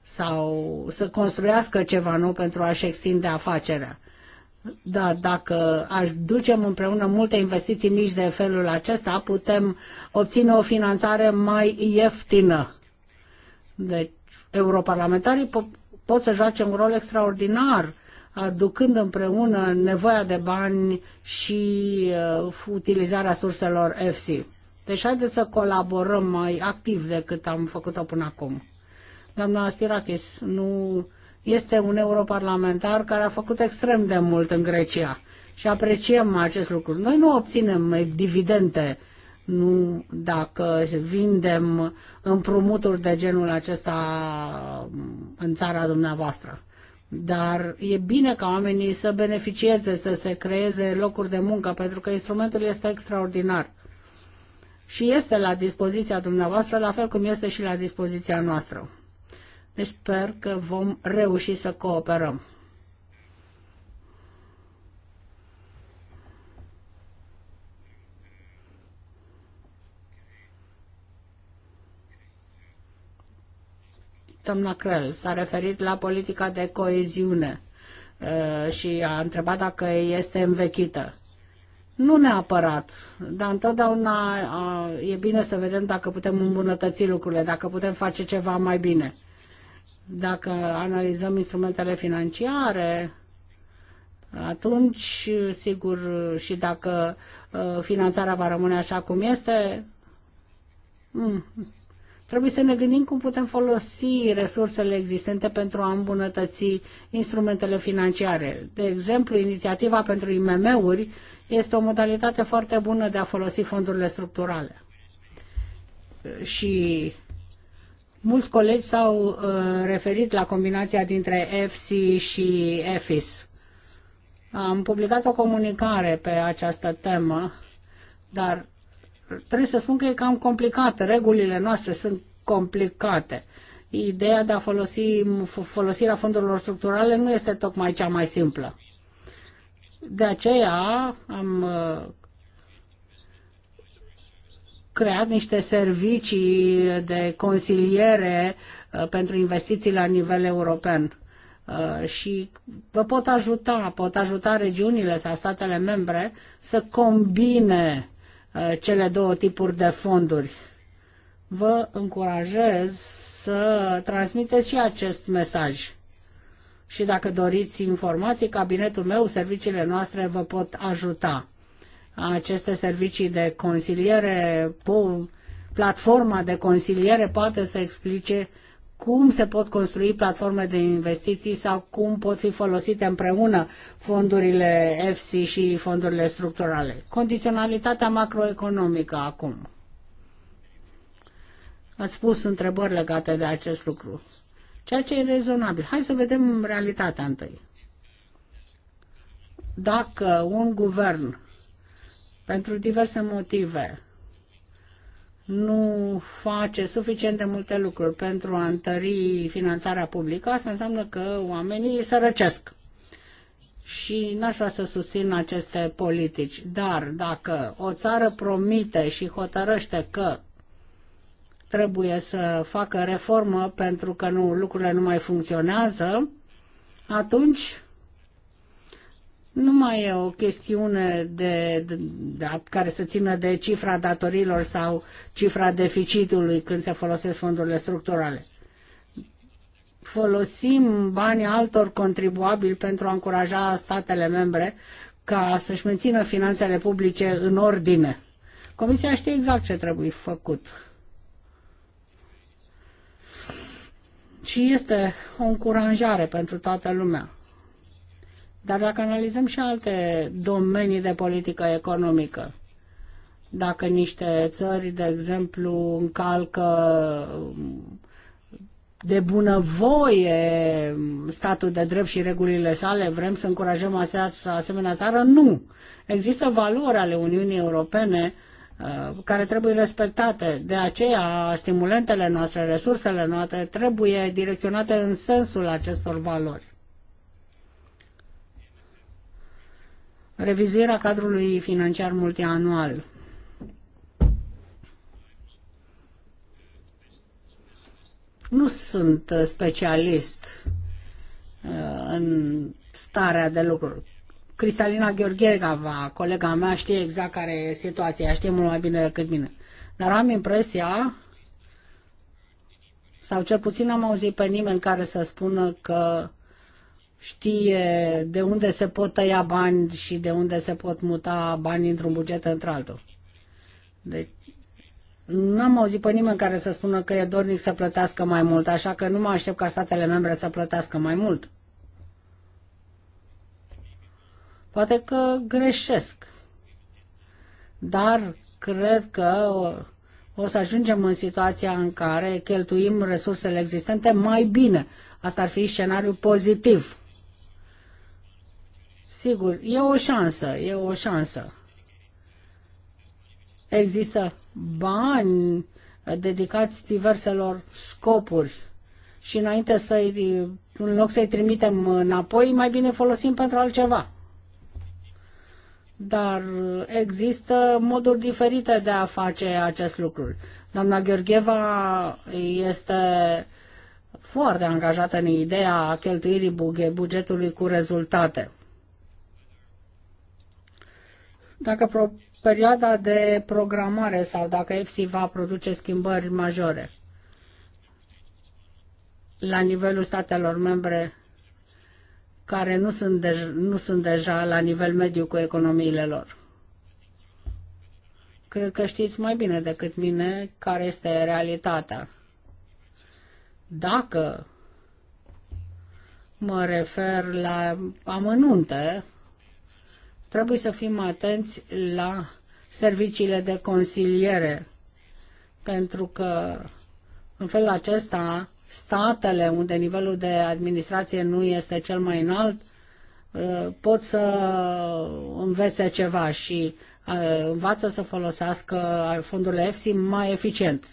sau să construiască ceva nou pentru a-și extinde afacerea. Da, dacă aș ducem împreună multe investiții mici de felul acesta, putem obține o finanțare mai ieftină. Deci, europarlamentarii po- pot să joace un rol extraordinar aducând împreună nevoia de bani și uh, utilizarea surselor FC. Deci haideți să colaborăm mai activ decât am făcut-o până acum. Doamna Aspirakis nu este un europarlamentar care a făcut extrem de mult în Grecia și apreciem acest lucru. Noi nu obținem dividende nu dacă vindem împrumuturi de genul acesta în țara dumneavoastră. Dar e bine ca oamenii să beneficieze, să se creeze locuri de muncă, pentru că instrumentul este extraordinar. Și este la dispoziția dumneavoastră, la fel cum este și la dispoziția noastră. Deci sper că vom reuși să cooperăm. Doamna Crăl s-a referit la politica de coeziune uh, și a întrebat dacă este învechită. Nu neapărat, dar întotdeauna uh, e bine să vedem dacă putem îmbunătăți lucrurile, dacă putem face ceva mai bine. Dacă analizăm instrumentele financiare, atunci, sigur, și dacă uh, finanțarea va rămâne așa cum este, mm, Trebuie să ne gândim cum putem folosi resursele existente pentru a îmbunătăți instrumentele financiare. De exemplu, inițiativa pentru IMM-uri este o modalitate foarte bună de a folosi fondurile structurale. Și mulți colegi s-au uh, referit la combinația dintre EFSI și EFIS. Am publicat o comunicare pe această temă, dar trebuie să spun că e cam complicat. Regulile noastre sunt complicate. Ideea de a folosi folosirea fondurilor structurale nu este tocmai cea mai simplă. De aceea am uh, creat niște servicii de consiliere uh, pentru investiții la nivel european uh, și vă pot ajuta, pot ajuta regiunile sau statele membre să combine Uh, cele două tipuri de fonduri. Vă încurajez să transmiteți și acest mesaj. Și dacă doriți informații, cabinetul meu, serviciile noastre vă pot ajuta. Aceste servicii de consiliere, platforma de consiliere poate să explice cum se pot construi platforme de investiții sau cum pot fi folosite împreună fondurile EFSI și fondurile structurale. Condiționalitatea macroeconomică acum. Ați spus întrebări legate de acest lucru. Ceea ce e rezonabil. Hai să vedem realitatea întâi. Dacă un guvern, pentru diverse motive, nu face suficient de multe lucruri pentru a întări finanțarea publică, asta înseamnă că oamenii sărăcesc. Și n-aș vrea să susțin aceste politici, dar dacă o țară promite și hotărăște că trebuie să facă reformă pentru că nu, lucrurile nu mai funcționează, atunci nu mai e o chestiune de, de, de, care să țină de cifra datorilor sau cifra deficitului când se folosesc fondurile structurale. Folosim banii altor contribuabili pentru a încuraja statele membre ca să-și mențină finanțele publice în ordine. Comisia știe exact ce trebuie făcut. Și este o încurajare pentru toată lumea dar dacă analizăm și alte domenii de politică economică, dacă niște țări, de exemplu, încalcă um, de bunăvoie um, statul de drept și regulile sale, vrem să încurajăm asemenea țară? Nu. Există valori ale Uniunii Europene uh, care trebuie respectate. De aceea, stimulentele noastre, resursele noastre trebuie direcționate în sensul acestor valori. revizuirea cadrului financiar multianual. Nu sunt uh, specialist uh, în starea de lucruri. Cristalina Gheorgheva, colega mea, știe exact care e situația, știe mult mai bine decât mine. Dar am impresia, sau cel puțin am auzit pe nimeni care să spună că știe de unde se pot tăia bani și de unde se pot muta bani într-un buget într-altul. Deci, nu am auzit pe nimeni care să spună că e dornic să plătească mai mult, așa că nu mă aștept ca statele membre să plătească mai mult. Poate că greșesc, dar cred că o să ajungem în situația în care cheltuim resursele existente mai bine. Asta ar fi scenariul pozitiv. Sigur, e o șansă, e o șansă. Există bani dedicați diverselor scopuri și înainte să în loc să-i trimitem înapoi, mai bine folosim pentru altceva. Dar există moduri diferite de a face acest lucru. Doamna Gheorgheva este foarte angajată în ideea cheltuirii bugetului cu rezultate dacă pro- perioada de programare sau dacă EFSI va produce schimbări majore la nivelul statelor membre care nu sunt, de, nu sunt deja la nivel mediu cu economiile lor. Cred că știți mai bine decât mine care este realitatea. Dacă mă refer la amănunte, Trebuie să fim atenți la serviciile de consiliere, pentru că în felul acesta statele unde nivelul de administrație nu este cel mai înalt uh, pot să învețe ceva și uh, învață să folosească fondurile EFSI mai eficient.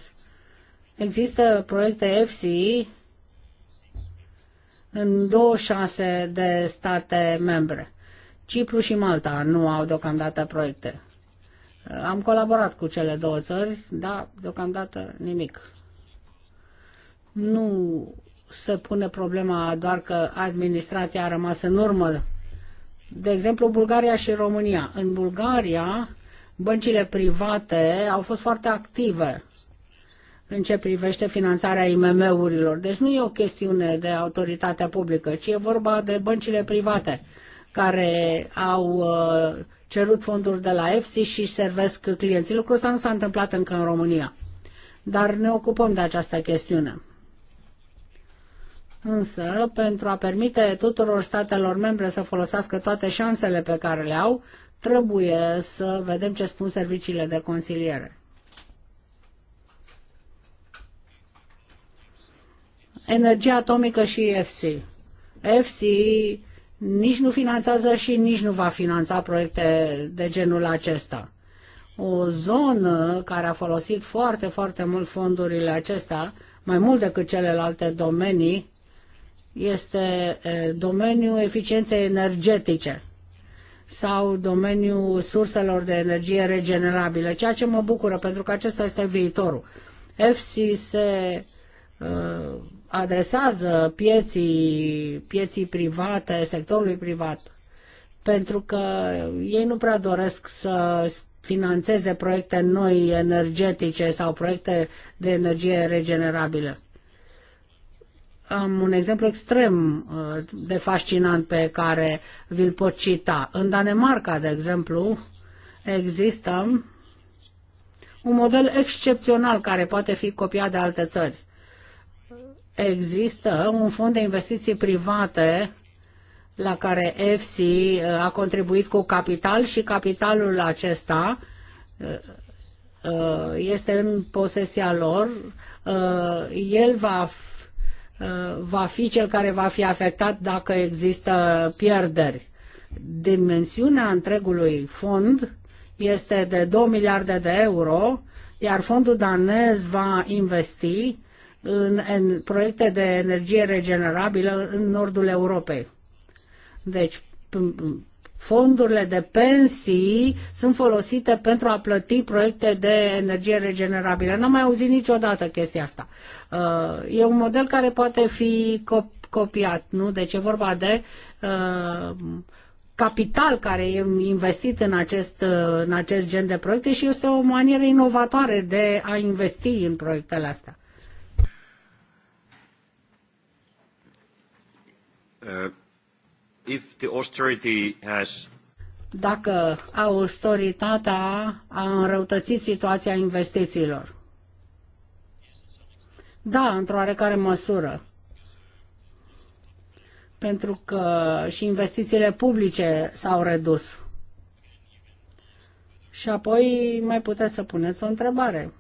Există proiecte EFSI în 26 de state membre. Cipru și Malta nu au deocamdată proiecte. Am colaborat cu cele două țări, dar deocamdată nimic. Nu se pune problema doar că administrația a rămas în urmă. De exemplu, Bulgaria și România. În Bulgaria, băncile private au fost foarte active în ce privește finanțarea IMM-urilor. Deci nu e o chestiune de autoritatea publică, ci e vorba de băncile private care au uh, cerut fonduri de la EFSI și servesc clienții. Lucrul ăsta nu s-a întâmplat încă în România, dar ne ocupăm de această chestiune. Însă, pentru a permite tuturor statelor membre să folosească toate șansele pe care le au, trebuie să vedem ce spun serviciile de consiliere. Energia atomică și EFSI. EFSI nici nu finanțează și nici nu va finanța proiecte de genul acesta. O zonă care a folosit foarte, foarte mult fondurile acestea, mai mult decât celelalte domenii, este domeniul eficienței energetice sau domeniul surselor de energie regenerabile, ceea ce mă bucură, pentru că acesta este viitorul. FC se uh, adresează pieții, pieții private, sectorului privat, pentru că ei nu prea doresc să financeze proiecte noi energetice sau proiecte de energie regenerabilă. Am un exemplu extrem uh, de fascinant pe care vi-l pot cita. În Danemarca, de exemplu, există un model excepțional care poate fi copiat de alte țări există un fond de investiții private la care EFSI uh, a contribuit cu capital și capitalul acesta uh, uh, este în posesia lor, el va, va fi cel care va fi afectat dacă există pierderi. Dimensiunea întregului fond este de 2 miliarde de euro, iar fondul danez va investi în, în proiecte de energie regenerabilă în nordul Europei. Deci, fondurile de pensii sunt folosite pentru a plăti proiecte de energie regenerabilă. N-am mai auzit niciodată chestia asta. Uh, e un model care poate fi copiat, nu? Deci e vorba de uh, capital care e investit în acest, uh, în acest gen de proiecte și este o manieră inovatoare de a investi în proiectele astea. Uh, if the austerity has dacă austeritatea a înrăutățit situația investițiilor. Da, într-o oarecare măsură. Pentru că și investițiile publice s-au redus. Și apoi mai puteți să puneți o întrebare.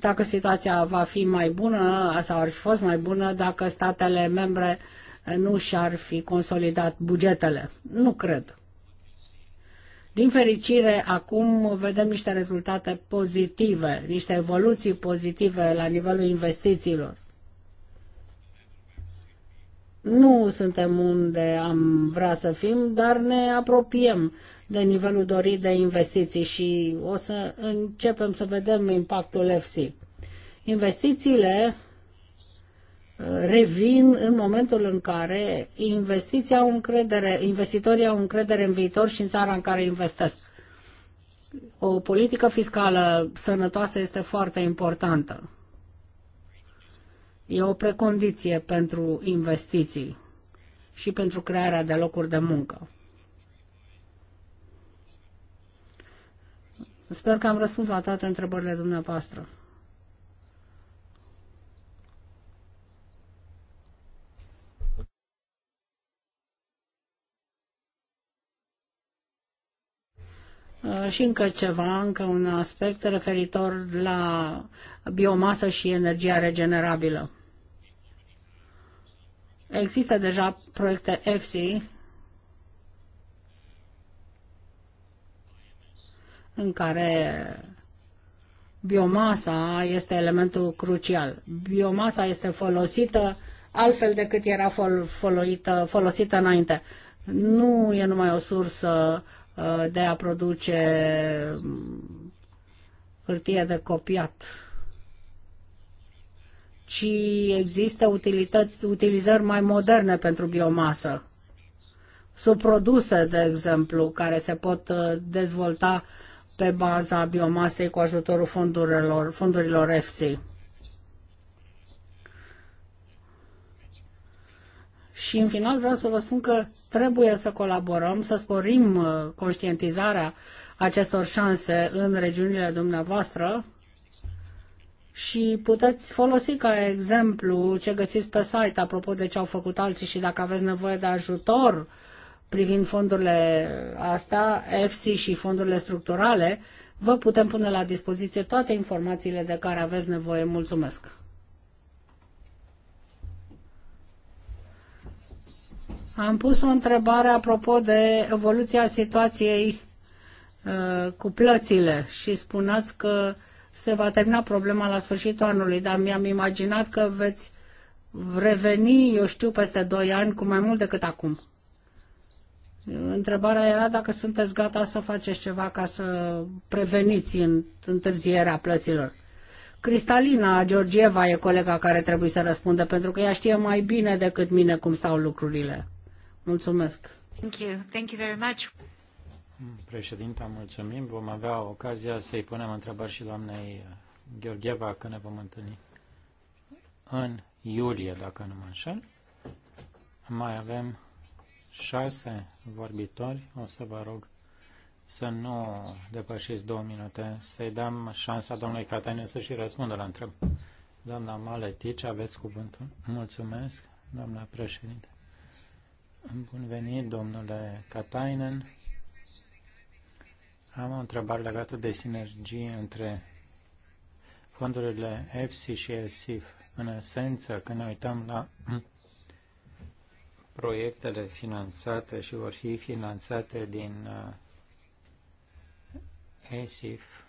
Dacă situația va fi mai bună sau ar fi fost mai bună dacă statele membre nu și-ar fi consolidat bugetele. Nu cred. Din fericire, acum vedem niște rezultate pozitive, niște evoluții pozitive la nivelul investițiilor. Nu suntem unde am vrea să fim, dar ne apropiem de nivelul dorit de investiții și o să începem să vedem impactul FC. Investițiile revin în momentul în care investiția au încredere, investitorii au încredere în viitor și în țara în care investesc. O politică fiscală sănătoasă este foarte importantă. E o precondiție pentru investiții și pentru crearea de locuri de muncă. Sper că am răspuns la toate întrebările dumneavoastră. Uh, și încă ceva, încă un aspect referitor la biomasă și energia regenerabilă. Există deja proiecte EFSI în care biomasa este elementul crucial. Biomasa este folosită altfel decât era fol folosită, folosită înainte. Nu e numai o sursă Uh, de a produce hârtie de copiat, ci există utilități, utilizări mai moderne pentru biomasă, subproduse, de exemplu, care se pot uh, dezvolta pe baza biomasei cu ajutorul fondurilor, fondurilor EFSI. Și în final vreau să vă spun că trebuie să colaborăm, să sporim uh, conștientizarea acestor șanse în regiunile dumneavoastră și puteți folosi ca exemplu ce găsiți pe site apropo de ce au făcut alții și dacă aveți nevoie de ajutor privind fondurile astea, FC și fondurile structurale, vă putem pune la dispoziție toate informațiile de care aveți nevoie. Mulțumesc! Am pus o întrebare apropo de evoluția situației uh, cu plățile și spuneați că se va termina problema la sfârșitul anului, dar mi-am imaginat că veți reveni, eu știu, peste 2 ani cu mai mult decât acum. Întrebarea era dacă sunteți gata să faceți ceva ca să preveniți întârzierea plăților. Cristalina Georgieva e colega care trebuie să răspundă, pentru că ea știe mai bine decât mine cum stau lucrurile. Președinte, mulțumim. Vom avea ocazia să-i punem întrebări și doamnei Gheorgheva când ne vom întâlni în iulie, dacă nu mă înșel. Mai avem șase vorbitori. O să vă rog să nu depășiți două minute, să-i dăm șansa domnului Catania să și răspundă la întrebări. Doamna Maletici, aveți cuvântul. Mulțumesc, doamna președinte. Bun venit, domnule Katainen. Am o întrebare legată de sinergie între fondurile EFSI și ESIF. În esență, când ne uităm la *clears throat* proiectele finanțate și vor fi finanțate din ESIF, uh,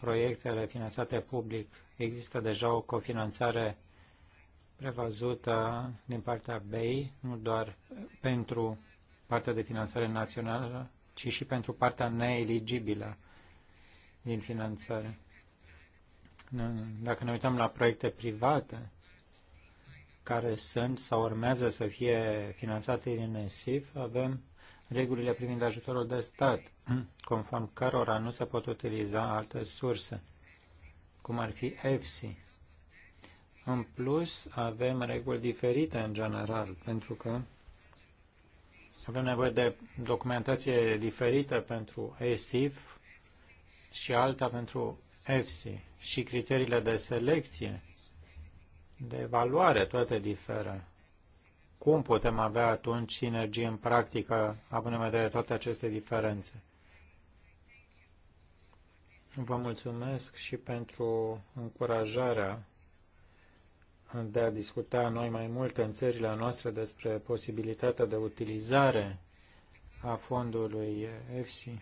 proiectele finanțate public, există deja o cofinanțare prevăzută din partea BEI, nu doar pentru partea de finanțare națională, ci și pentru partea neeligibilă din finanțare. Dacă ne uităm la proiecte private care sunt sau urmează să fie finanțate din ESIF, avem regulile privind ajutorul de stat, *clears throat* conform cărora nu se pot utiliza alte surse, cum ar fi EFSI în plus, avem reguli diferite în general, pentru că avem nevoie de documentație diferită pentru ESIF și alta pentru EFSI și criteriile de selecție, de evaluare, toate diferă. Cum putem avea atunci sinergie în practică, având în vedere toate aceste diferențe? Vă mulțumesc și pentru încurajarea de a discuta noi mai mult în țările noastre despre posibilitatea de utilizare a fondului EFSI.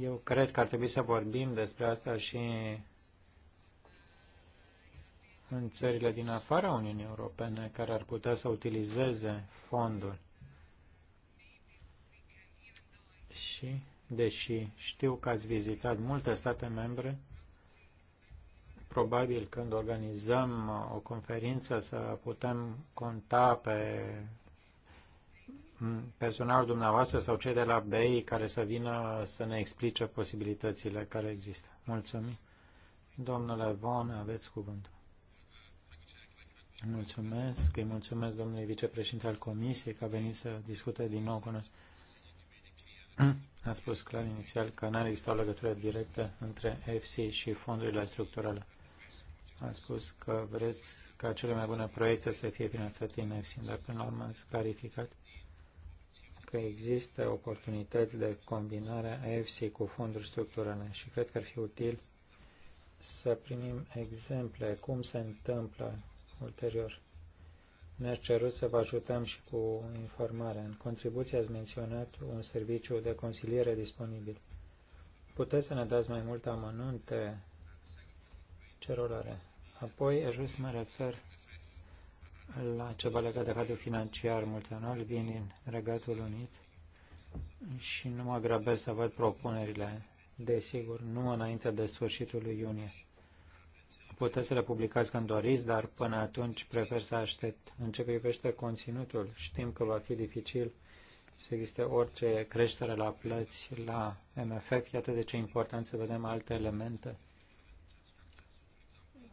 Eu cred că ar trebui să vorbim despre asta și în țările din afara Uniunii Europene care ar putea să utilizeze fondul. Și, deși știu că ați vizitat multe state membre, probabil când organizăm o conferință să putem conta pe personalul dumneavoastră sau cei de la BEI care să vină să ne explice posibilitățile care există. Mulțumim. Domnule Von, aveți cuvântul. Mulțumesc, îi mulțumesc domnului vicepreședinte al Comisiei că a venit să discute din nou cu noi. A spus clar inițial că n-ar exista o legătură directă între FC și fondurile structurale a spus că vreți ca cele mai bune proiecte să fie finanțate în EFSIM, dar până la urmă ați clarificat că există oportunități de combinare a EFSI cu fonduri structurale și cred că ar fi util să primim exemple cum se întâmplă ulterior. ne aș cerut să vă ajutăm și cu informare. În contribuție ați menționat un serviciu de consiliere disponibil. Puteți să ne dați mai multe amănunte? cerulare. Apoi aș vrea să mă refer la ceva legat de cadrul financiar multianual. Vin din Regatul Unit și nu mă grăbesc să văd propunerile. Desigur, nu înainte de sfârșitul lui iunie. Puteți să le publicați când doriți, dar până atunci prefer să aștept. În ce privește conținutul, știm că va fi dificil să existe orice creștere la plăți la MFF, iată de ce e important să vedem alte elemente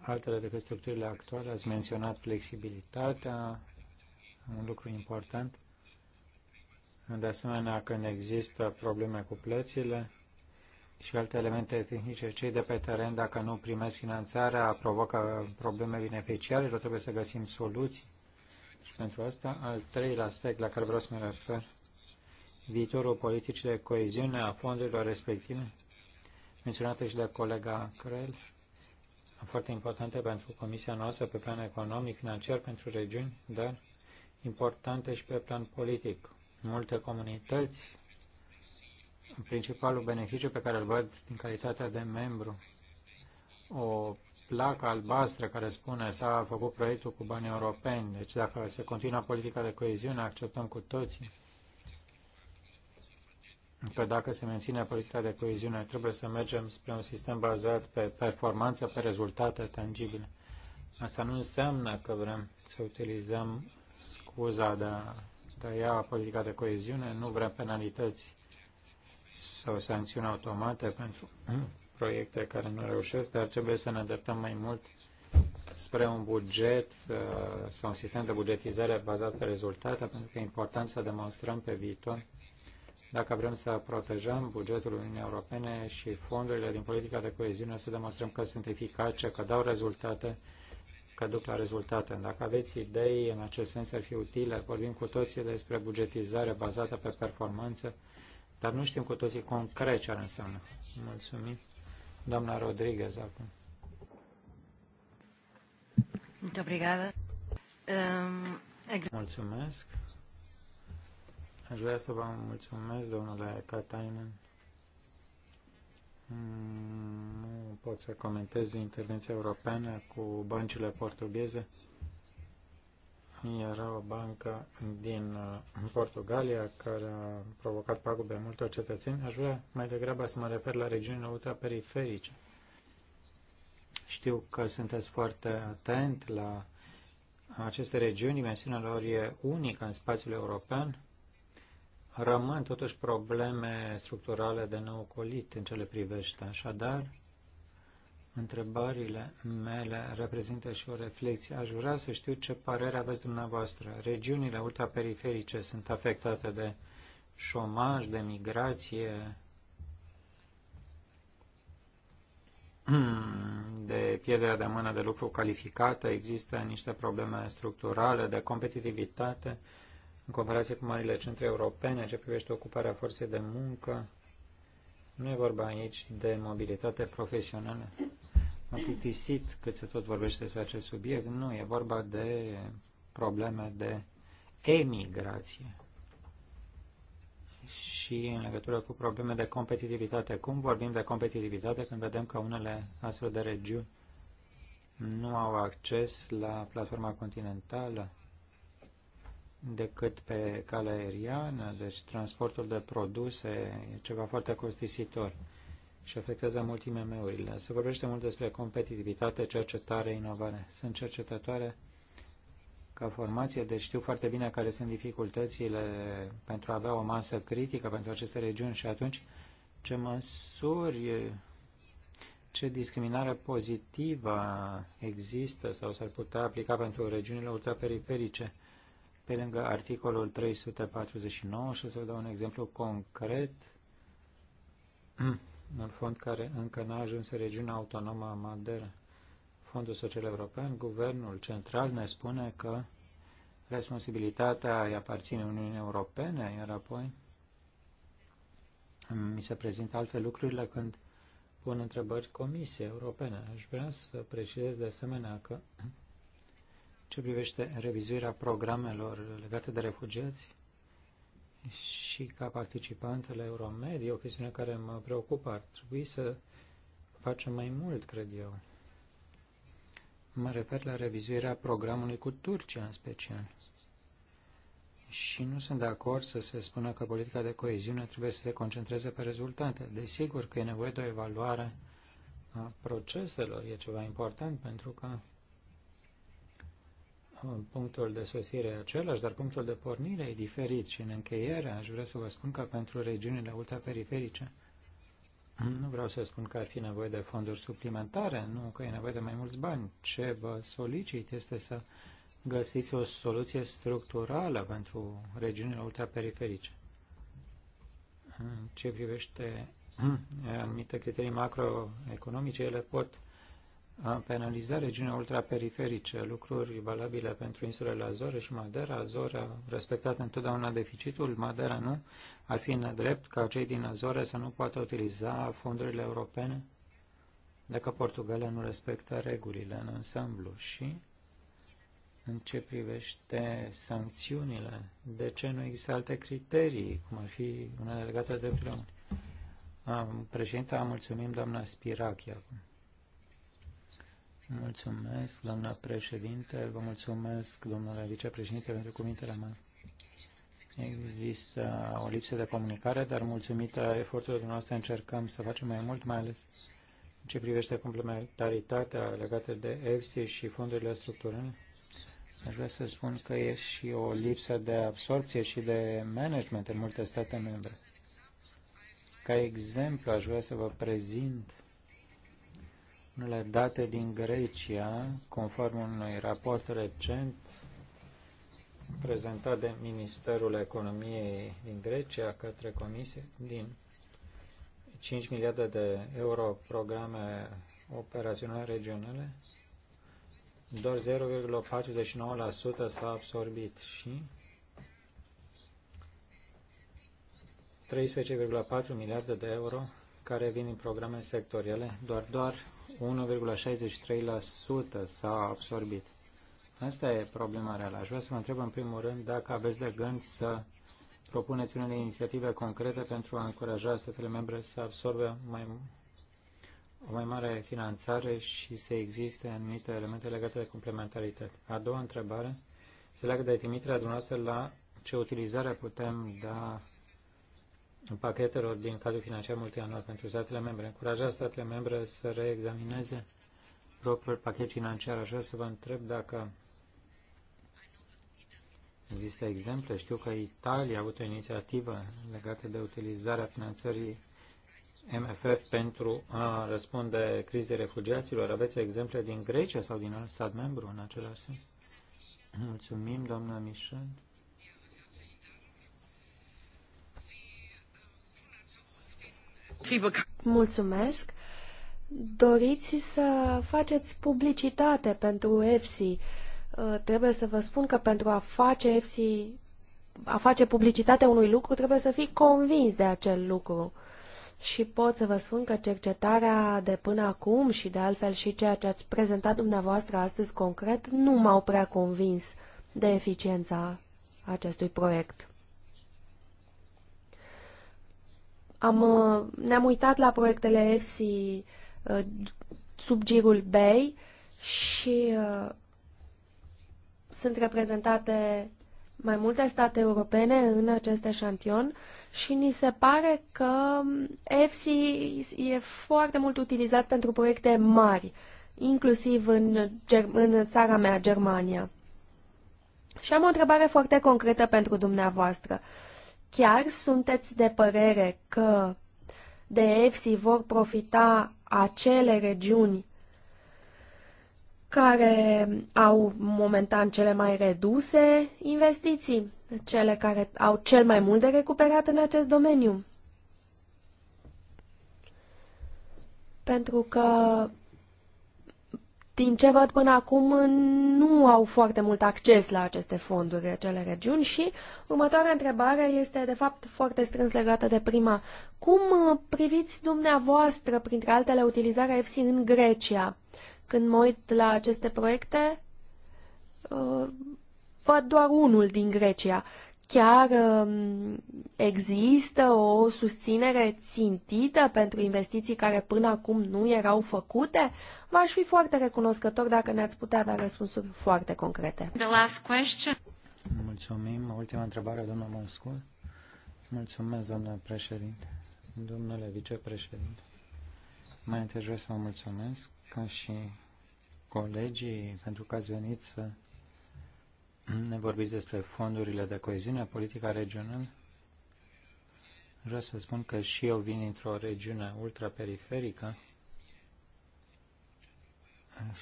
altele decât structurile actuale. Ați menționat flexibilitatea, un lucru important. De asemenea, când există probleme cu plățile și alte elemente tehnice, cei de pe teren, dacă nu primesc finanțarea, provocă probleme și trebuie să găsim soluții. Și pentru asta, al treilea aspect la care vreau să mă refer, viitorul politicii de coeziune a fondurilor respective, menționată și de colega Crel, foarte importante pentru Comisia noastră pe plan economic, financiar, pentru regiuni, dar importante și pe plan politic. Multe comunități, principalul beneficiu pe care îl văd din calitatea de membru, o placă albastră care spune s-a făcut proiectul cu bani europeni, deci dacă se continuă politica de coeziune, acceptăm cu toții că dacă se menține politica de coeziune, trebuie să mergem spre un sistem bazat pe performanță, pe rezultate tangibile. Asta nu înseamnă că vrem să utilizăm scuza de a tăia politica de coeziune, nu vrem penalități sau sancțiuni automate pentru *clears throat* proiecte care nu reușesc, dar trebuie să ne adaptăm mai mult spre un buget uh, sau un sistem de bugetizare bazat pe rezultate, pentru că e important să demonstrăm pe viitor dacă vrem să protejăm bugetul Uniunii Europene și fondurile din politica de coeziune, să demonstrăm că sunt eficace, că dau rezultate, că duc la rezultate. Dacă aveți idei în acest sens, ar fi utile. Vorbim cu toții despre bugetizare bazată pe performanță, dar nu știm cu toții concret ce ar înseamnă. Mulțumim. Doamna Rodriguez acum. Ehm, Mulțumesc. Aș vrea să vă mulțumesc, domnule Katainen. Nu pot să comentez intervenția europeană cu băncile portugheze. Era o bancă din uh, Portugalia care a provocat pagube multor cetățeni. Aș vrea mai degrabă să mă refer la regiunile ultraperiferice. Știu că sunteți foarte atent la aceste regiuni. Dimensiunea lor e unică în spațiul european Rămân totuși probleme structurale de neocolit în ce le privește. Așadar, întrebările mele reprezintă și o reflexie. Aș vrea să știu ce părere aveți dumneavoastră. Regiunile ultraperiferice sunt afectate de șomaj, de migrație, *clears throat* de pierderea de mână de lucru calificată, există niște probleme structurale de competitivitate, în comparație cu marile centre europene ce privește ocuparea forței de muncă. Nu e vorba aici de mobilitate profesională. M-a plictisit cât se tot vorbește despre acest subiect. Nu, e vorba de probleme de emigrație și în legătură cu probleme de competitivitate. Cum vorbim de competitivitate când vedem că unele astfel de regiuni nu au acces la platforma continentală? decât pe calea aeriană, deci transportul de produse e ceva foarte costisitor și afectează mult IMM-urile. Se vorbește mult despre competitivitate, cercetare, inovare. Sunt cercetătoare ca formație, deci știu foarte bine care sunt dificultățile pentru a avea o masă critică pentru aceste regiuni și atunci ce măsuri, ce discriminare pozitivă există sau s-ar putea aplica pentru regiunile ultraperiferice pe lângă articolul 349 și o să vă dau un exemplu concret în fond care încă n-a ajuns în regiunea autonomă a Madera, Fondul Social European, guvernul central ne spune că responsabilitatea îi aparține Uniunii Europene, iar apoi mi se prezintă altfel lucrurile când pun întrebări Comisiei Europene. Aș vrea să precizez de asemenea că ce privește revizuirea programelor legate de refugiați și ca participant la Euromed, e o chestiune care mă preocupă. Ar trebui să facem mai mult, cred eu. Mă refer la revizuirea programului cu Turcia în special. Și nu sunt de acord să se spună că politica de coeziune trebuie să se concentreze pe rezultate. Desigur că e nevoie de o evaluare a proceselor, e ceva important pentru că punctul de sosire e același, dar punctul de pornire e diferit și în încheiere aș vrea să vă spun că pentru regiunile ultraperiferice nu vreau să spun că ar fi nevoie de fonduri suplimentare, nu că e nevoie de mai mulți bani. Ce vă solicit este să găsiți o soluție structurală pentru regiunile ultraperiferice. În ce privește *clears throat* anumite criterii macroeconomice, ele pot a penaliza regiunea ultraperiferice, lucruri valabile pentru insulele Azore și Madeira. Azore a respectat întotdeauna deficitul, Madeira nu. Ar fi nedrept ca cei din Azore să nu poată utiliza fondurile europene dacă Portugalia nu respectă regulile în ansamblu și în ce privește sancțiunile, de ce nu există alte criterii, cum ar fi una legată de drepturile omului. Președinte, mulțumim doamna Spirachi acum. Mulțumesc, doamna președinte, vă mulțumesc, domnule vicepreședinte, pentru cuvintele mele. Există o lipsă de comunicare, dar mulțumită eforturilor noastre încercăm să facem mai mult, mai ales în ce privește complementaritatea legată de EFSI și fondurile structurale. Aș vrea să spun că e și o lipsă de absorpție și de management în multe state membre. Ca exemplu, aș vrea să vă prezint unele date din Grecia, conform unui raport recent prezentat de Ministerul Economiei din Grecia către Comisie, din 5 miliarde de euro programe operaționale regionale, doar 0,49% s-a absorbit și 13,4 miliarde de euro care vin din programe sectoriale, doar, doar 1,63% s-a absorbit. Asta e problema reală. Aș vrea să vă întreb în primul rând dacă aveți de gând să propuneți unele inițiative concrete pentru a încuraja statele membre să absorbe mai, o mai mare finanțare și să existe anumite elemente legate de complementaritate. A doua întrebare se leagă de trimiterea dumneavoastră la ce utilizare putem da pachetelor din cadrul financiar multianual pentru statele membre. Încuraja statele membre să reexamineze propriul pachet financiar. Așa să vă întreb dacă există exemple. Știu că Italia a avut o inițiativă legată de utilizarea finanțării MFF pentru a răspunde crizei refugiaților. Aveți exemple din Grecia sau din alt stat membru în același sens? Mulțumim, doamna Michel. Mulțumesc. Doriți să faceți publicitate pentru EFSI. Uh, trebuie să vă spun că pentru a face EFSI, a face publicitate unui lucru, trebuie să fii convins de acel lucru. Și pot să vă spun că cercetarea de până acum și de altfel și ceea ce ați prezentat dumneavoastră astăzi concret nu m-au prea convins de eficiența acestui proiect. Am, uh, ne-am uitat la proiectele EFSI uh, sub girul BEI și uh, sunt reprezentate mai multe state europene în acest eșantion și ni se pare că EFSI e foarte mult utilizat pentru proiecte mari, inclusiv în, în țara mea, Germania. Și am o întrebare foarte concretă pentru dumneavoastră. Uh, Chiar sunteți de părere că de EFSI vor profita acele regiuni care au momentan cele mai reduse investiții, cele care au cel mai mult de recuperat în acest domeniu. Pentru că din ce văd până acum, nu au foarte mult acces la aceste fonduri, acele regiuni și următoarea întrebare este, de fapt, foarte strâns legată de prima. Cum uh, priviți dumneavoastră, printre altele, utilizarea EFSI în Grecia? Când mă uit la aceste proiecte, uh, văd doar unul din Grecia Chiar um, există o susținere țintită pentru investiții care până acum nu erau făcute? V-aș fi foarte recunoscător dacă ne-ați putea da răspunsuri foarte concrete. The last question. Mulțumim. Ultima întrebare, domnul Măscur. Mulțumesc, doamna președinte. Domnule vicepreședinte, mai întâi vreau să vă mulțumesc ca și colegii pentru că ați venit să ne vorbiți despre fondurile de coeziune, politica regională. Vreau să spun că și eu vin într-o regiune ultraperiferică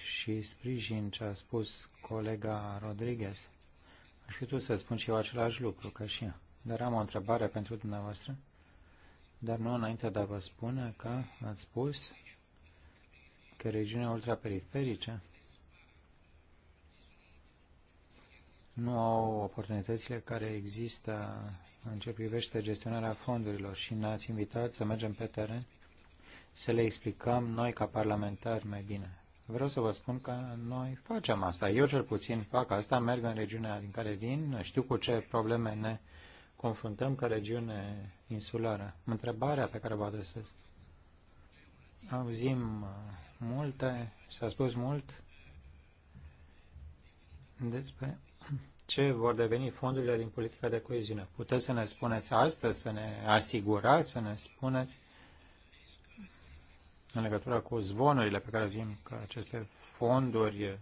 și sprijin ce a spus colega Rodriguez. Aș fi tu să spun și eu același lucru ca și ea. Dar am o întrebare pentru dumneavoastră, dar nu înainte de a vă spune că ați spus că regiunea ultraperiferică nu au oportunitățile care există în ce privește gestionarea fondurilor și ne-ați invitat să mergem pe teren să le explicăm noi ca parlamentari mai bine. Vreau să vă spun că noi facem asta. Eu cel puțin fac asta, merg în regiunea din care vin, știu cu ce probleme ne confruntăm ca regiune insulară. Întrebarea pe care vă adresez. Auzim multe, s-a spus mult, despre ce vor deveni fondurile din politica de coeziune. Puteți să ne spuneți astăzi, să ne asigurați, să ne spuneți în legătură cu zvonurile pe care zicem că aceste fonduri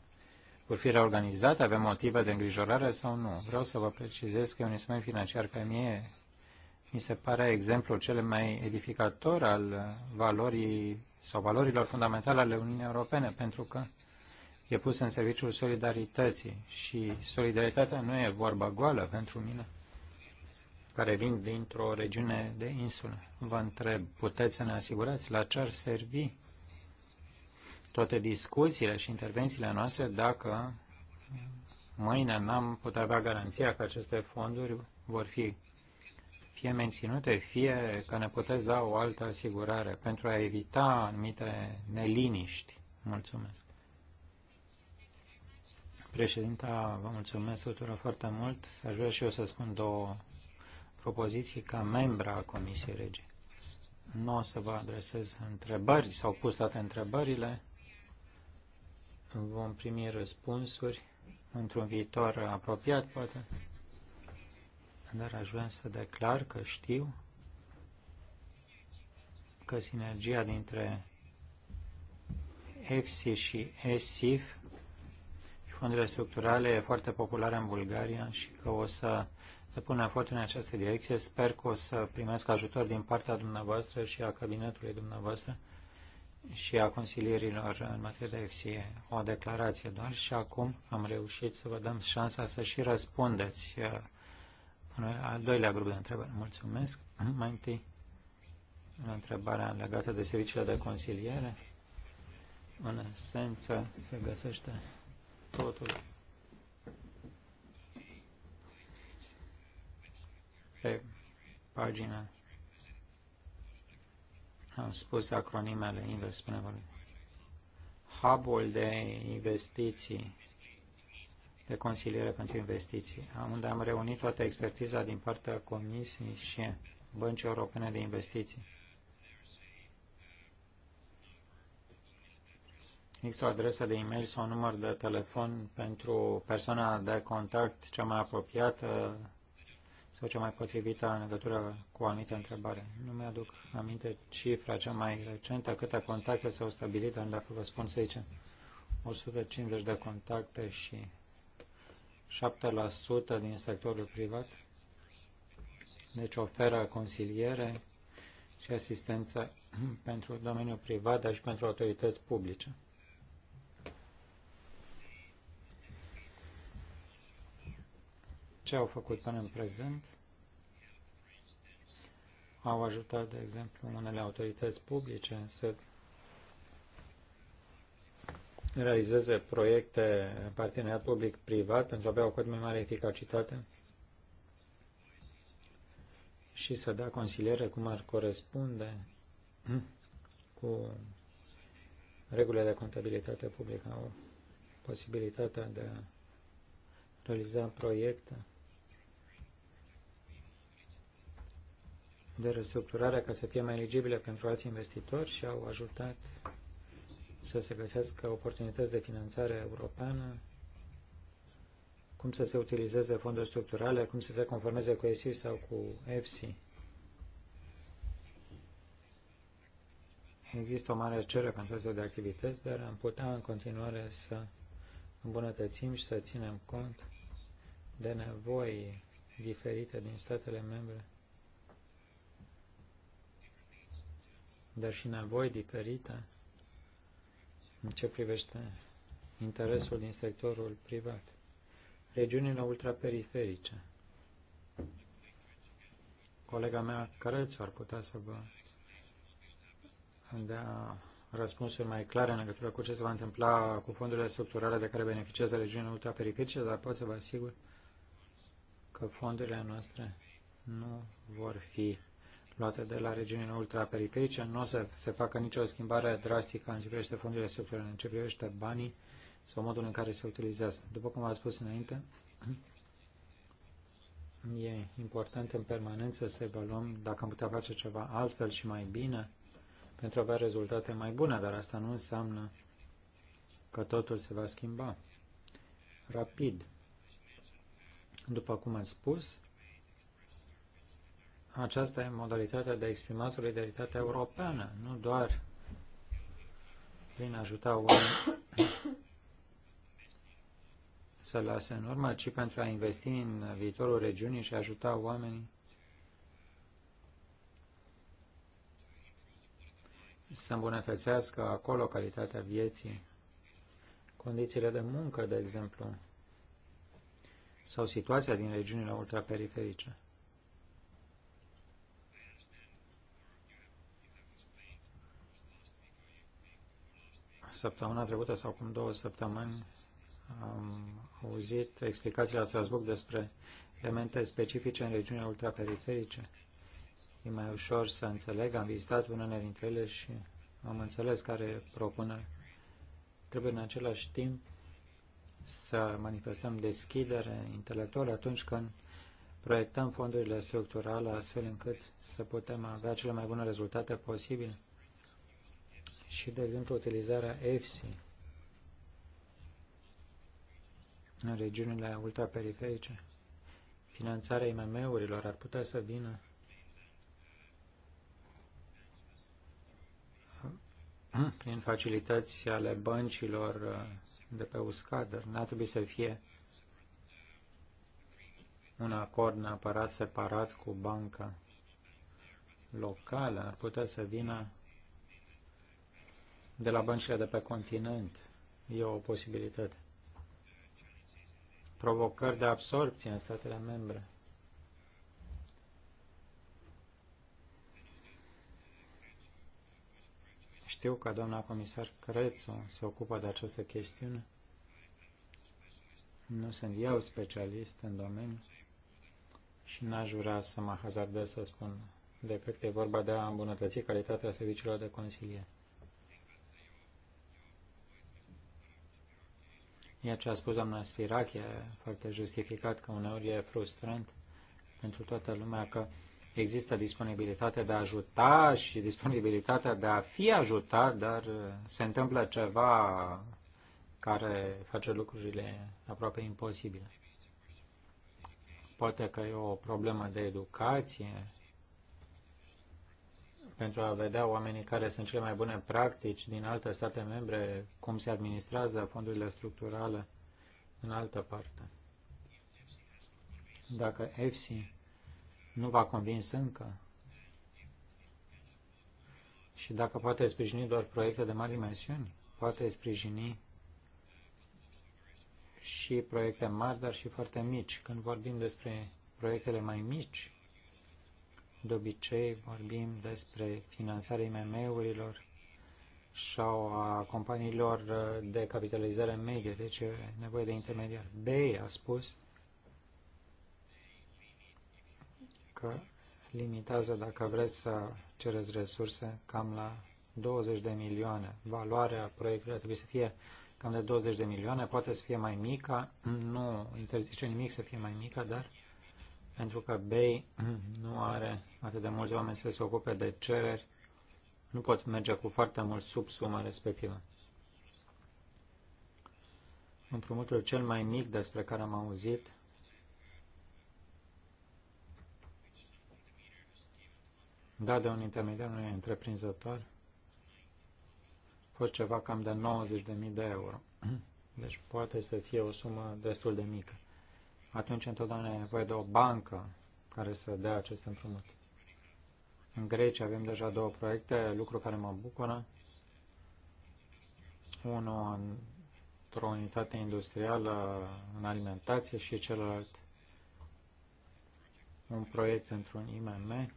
vor fi reorganizate, avem motive de îngrijorare sau nu. Vreau să vă precizez că e un instrument financiar care mie mi se pare exemplul cel mai edificator al valorii sau valorilor fundamentale ale Uniunii Europene, pentru că e pusă în serviciul solidarității și solidaritatea nu e vorba goală pentru mine, care vin dintr-o regiune de insulă. Vă întreb, puteți să ne asigurați la ce ar servi toate discuțiile și intervențiile noastre dacă mâine n-am putea avea garanția că aceste fonduri vor fi fie menținute, fie că ne puteți da o altă asigurare pentru a evita anumite neliniști. Mulțumesc. Președinta, vă mulțumesc tuturor foarte mult. Aș vrea și eu să spun două propoziții ca membra a Comisiei Rege. Nu o să vă adresez întrebări, s-au pus toate întrebările, vom primi răspunsuri într-un viitor apropiat, poate, dar aș vrea să declar că știu că sinergia dintre EFSI și ESIF fondurile structurale e foarte populară în Bulgaria și că o să depun efort în această direcție. Sper că o să primesc ajutor din partea dumneavoastră și a cabinetului dumneavoastră și a consilierilor în materie de FCE. O declarație doar și acum am reușit să vă dăm șansa să și răspundeți uh, al doilea grup de întrebări. Mulțumesc. *clears throat* Mai întâi la întrebarea legată de serviciile de consiliere. În esență se găsește totul. Pe pagină am spus acronimele invers, Hubul de investiții, de consiliere pentru investiții, unde am reunit toată expertiza din partea Comisiei și Băncii Europene de Investiții Există o adresă de e-mail sau un număr de telefon pentru persoana de contact cea mai apropiată sau cea mai potrivită în legătură cu o anumită întrebare. Nu mi-aduc aminte cifra cea mai recentă, câte contacte s-au stabilit, dar dacă vă spun, să zicem, 150 de contacte și 7% din sectorul privat. Deci oferă consiliere și asistență *clears throat* pentru domeniul privat, dar și pentru autorități publice. ce au făcut până în prezent. Au ajutat, de exemplu, unele autorități publice să realizeze proiecte în parteneriat public-privat pentru a avea o cât mai mare eficacitate și să dea consiliere cum ar corespunde *clears throat* cu regulile de contabilitate publică, au posibilitatea de a realiza proiecte de restructurare ca să fie mai eligibile pentru alți investitori și au ajutat să se găsească oportunități de finanțare europeană, cum să se utilizeze fonduri structurale, cum să se conformeze cu ESI sau cu EFSI. Există o mare cerere pentru astfel de activități, dar am putea în continuare să îmbunătățim și să ținem cont de nevoi diferite din statele membre dar și nevoi diferite în ce privește interesul din sectorul privat. Regiunile ultraperiferice. Colega mea Crețu ar putea să vă dea răspunsuri mai clare în legătură cu ce se va întâmpla cu fondurile structurale de care beneficiază regiunile ultraperiferice, dar pot să vă asigur că fondurile noastre nu vor fi luate de la regiunile ultraperiferice, nu o să se facă nicio schimbare drastică în ce privește fondurile structurale, în ce privește banii sau modul în care se utilizează. După cum am spus înainte, e important în permanență să evaluăm dacă am putea face ceva altfel și mai bine pentru a avea rezultate mai bune, dar asta nu înseamnă că totul se va schimba rapid. După cum am spus, aceasta e modalitatea de a exprima solidaritatea europeană, nu doar prin a ajuta oameni să lase în urmă, ci pentru a investi în viitorul regiunii și a ajuta oamenii să îmbunătățească acolo calitatea vieții, condițiile de muncă, de exemplu, sau situația din regiunile ultraperiferice. Săptămâna trecută sau acum două săptămâni am auzit explicațiile la Strasburg despre elemente specifice în regiunea ultraperiferice. E mai ușor să înțeleg. Am vizitat unele dintre ele și am înțeles care propune. Trebuie în același timp să manifestăm deschidere intelectuală atunci când proiectăm fondurile structurale astfel încât să putem avea cele mai bune rezultate posibile și, de exemplu, utilizarea EFSI în regiunile ultraperiferice. Finanțarea IMM-urilor ar putea să vină prin facilități ale băncilor uh, de pe dar N-ar trebui să fie un acord neapărat separat cu banca locală. Ar putea să vină de la băncile de pe continent. E o posibilitate. Provocări de absorpție în statele membre. Știu că doamna comisar Crețu se ocupă de această chestiune. Nu sunt eu specialist în domeniu și n-aș vrea să mă hazardez să spun decât că e vorba de a îmbunătăți calitatea serviciilor de consiliere. Ia ce a spus doamna Spirac e foarte justificat că uneori e frustrant pentru toată lumea că există disponibilitatea de a ajuta și disponibilitatea de a fi ajutat, dar uh, se întâmplă ceva care face lucrurile aproape imposibile. Poate că e o problemă de educație pentru a vedea oamenii care sunt cele mai bune practici din alte state membre, cum se administrează fondurile structurale în altă parte. Dacă EFSI nu va convins încă și dacă poate sprijini doar proiecte de mari dimensiuni, poate sprijini și proiecte mari, dar și foarte mici. Când vorbim despre proiectele mai mici, de obicei vorbim despre finanțarea IMM-urilor sau a companiilor uh, de capitalizare medie, deci e uh, nevoie de intermediar. B a spus că limitează, dacă vreți să cereți resurse, cam la 20 de milioane. Valoarea proiectului trebuie să fie cam de 20 de milioane, poate să fie mai mică, nu interzice nimic să fie mai mică, dar pentru că BEI nu are atât de mulți oameni să se ocupe de cereri, nu pot merge cu foarte mult sub suma respectivă. Împrumutul cel mai mic despre care am auzit dat de un intermediar unui întreprinzător fost ceva cam de 90.000 de euro. *clears throat* Deci poate să fie o sumă destul de mică atunci întotdeauna e nevoie de o bancă care să dea acest împrumut. În Grecia avem deja două proiecte, lucru care mă bucură. Unul într-o unitate industrială în alimentație și celălalt un proiect într-un IMM.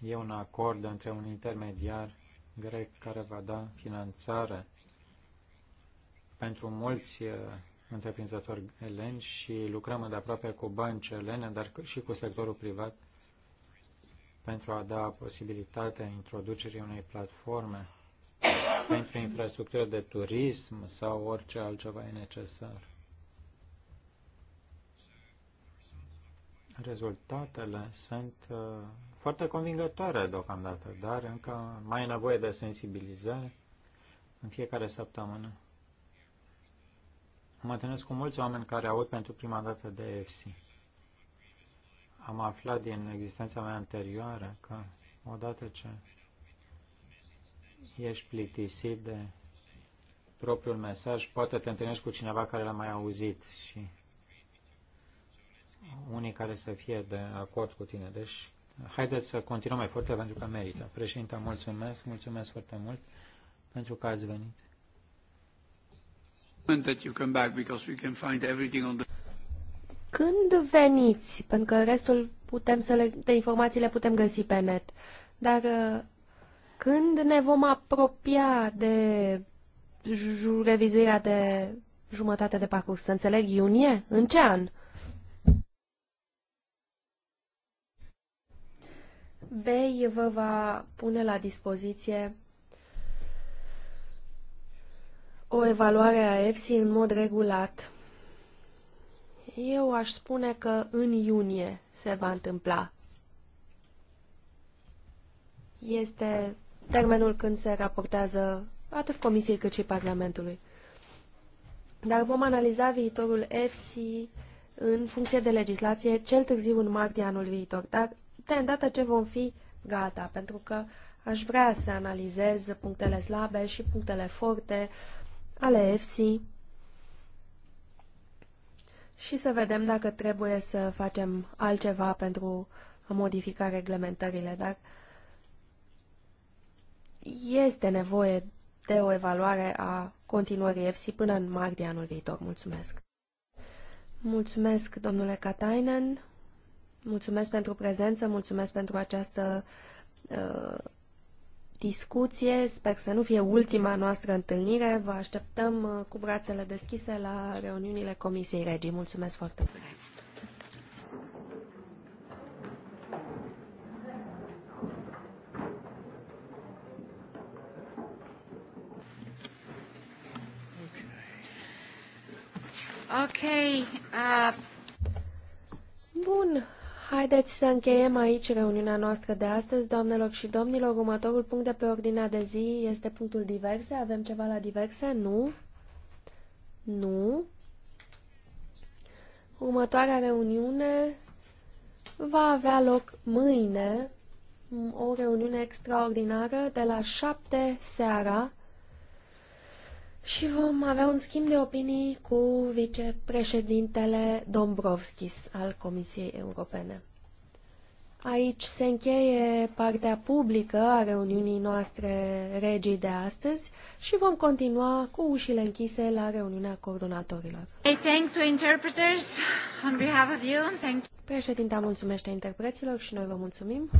E un acord între un intermediar grec care va da finanțare pentru mulți întreprinzători eleni și lucrăm aproape cu bănci elene, dar și cu sectorul privat pentru a da posibilitatea introducerii unei platforme pentru infrastructură de turism sau orice altceva e necesar. Rezultatele sunt uh, foarte convingătoare deocamdată, dar încă mai e nevoie de sensibilizare în fiecare săptămână. Mă întâlnesc cu mulți oameni care aud pentru prima dată de EFSI. Am aflat din existența mea anterioară că odată ce ești plictisit de propriul mesaj, poate te întâlnești cu cineva care l-a mai auzit și unii care să fie de acord cu tine. Deci, haideți să continuăm foarte pentru că merită. Președinte, mulțumesc, mulțumesc foarte mult pentru că ați venit. Când veniți? Pentru că restul putem să le, de informații le putem găsi pe net. Dar uh, când ne vom apropia de revizuirea de jumătate de parcurs? Să înțeleg, iunie? În ce an? BEI vă va pune la dispoziție o evaluare a EFSI în mod regulat. Eu aș spune că în iunie se va întâmpla. Este termenul când se raportează atât Comisiei cât și Parlamentului. Dar vom analiza viitorul EFSI în funcție de legislație cel târziu în martie anul viitor, dar de îndată ce vom fi gata, pentru că aș vrea să analizez punctele slabe și punctele forte ale F.C. și să vedem dacă trebuie să facem altceva pentru a modifica reglementările, dar este nevoie de o evaluare a continuării F.C. până în martie anul viitor. Mulțumesc! Mulțumesc, domnule Katainen, mulțumesc pentru prezență, mulțumesc pentru această uh, discuție. Sper să nu fie ultima noastră întâlnire. Vă așteptăm uh, cu brațele deschise la reuniunile Comisiei Regii. Mulțumesc foarte mult! Okay, uh... Bun, Haideți să încheiem aici reuniunea noastră de astăzi, doamnelor și domnilor. Următorul punct de pe ordinea de zi este punctul diverse. Avem ceva la diverse? Nu? Nu? Următoarea reuniune va avea loc mâine, o reuniune extraordinară de la 7 seara și vom avea un schimb de opinii cu vicepreședintele Dombrovskis al Comisiei Europene. Aici se încheie partea publică a reuniunii noastre regii de astăzi și vom continua cu ușile închise la reuniunea coordonatorilor. thank to interpreters on behalf of you. Thank Președinta mulțumește interpreților și noi vă mulțumim.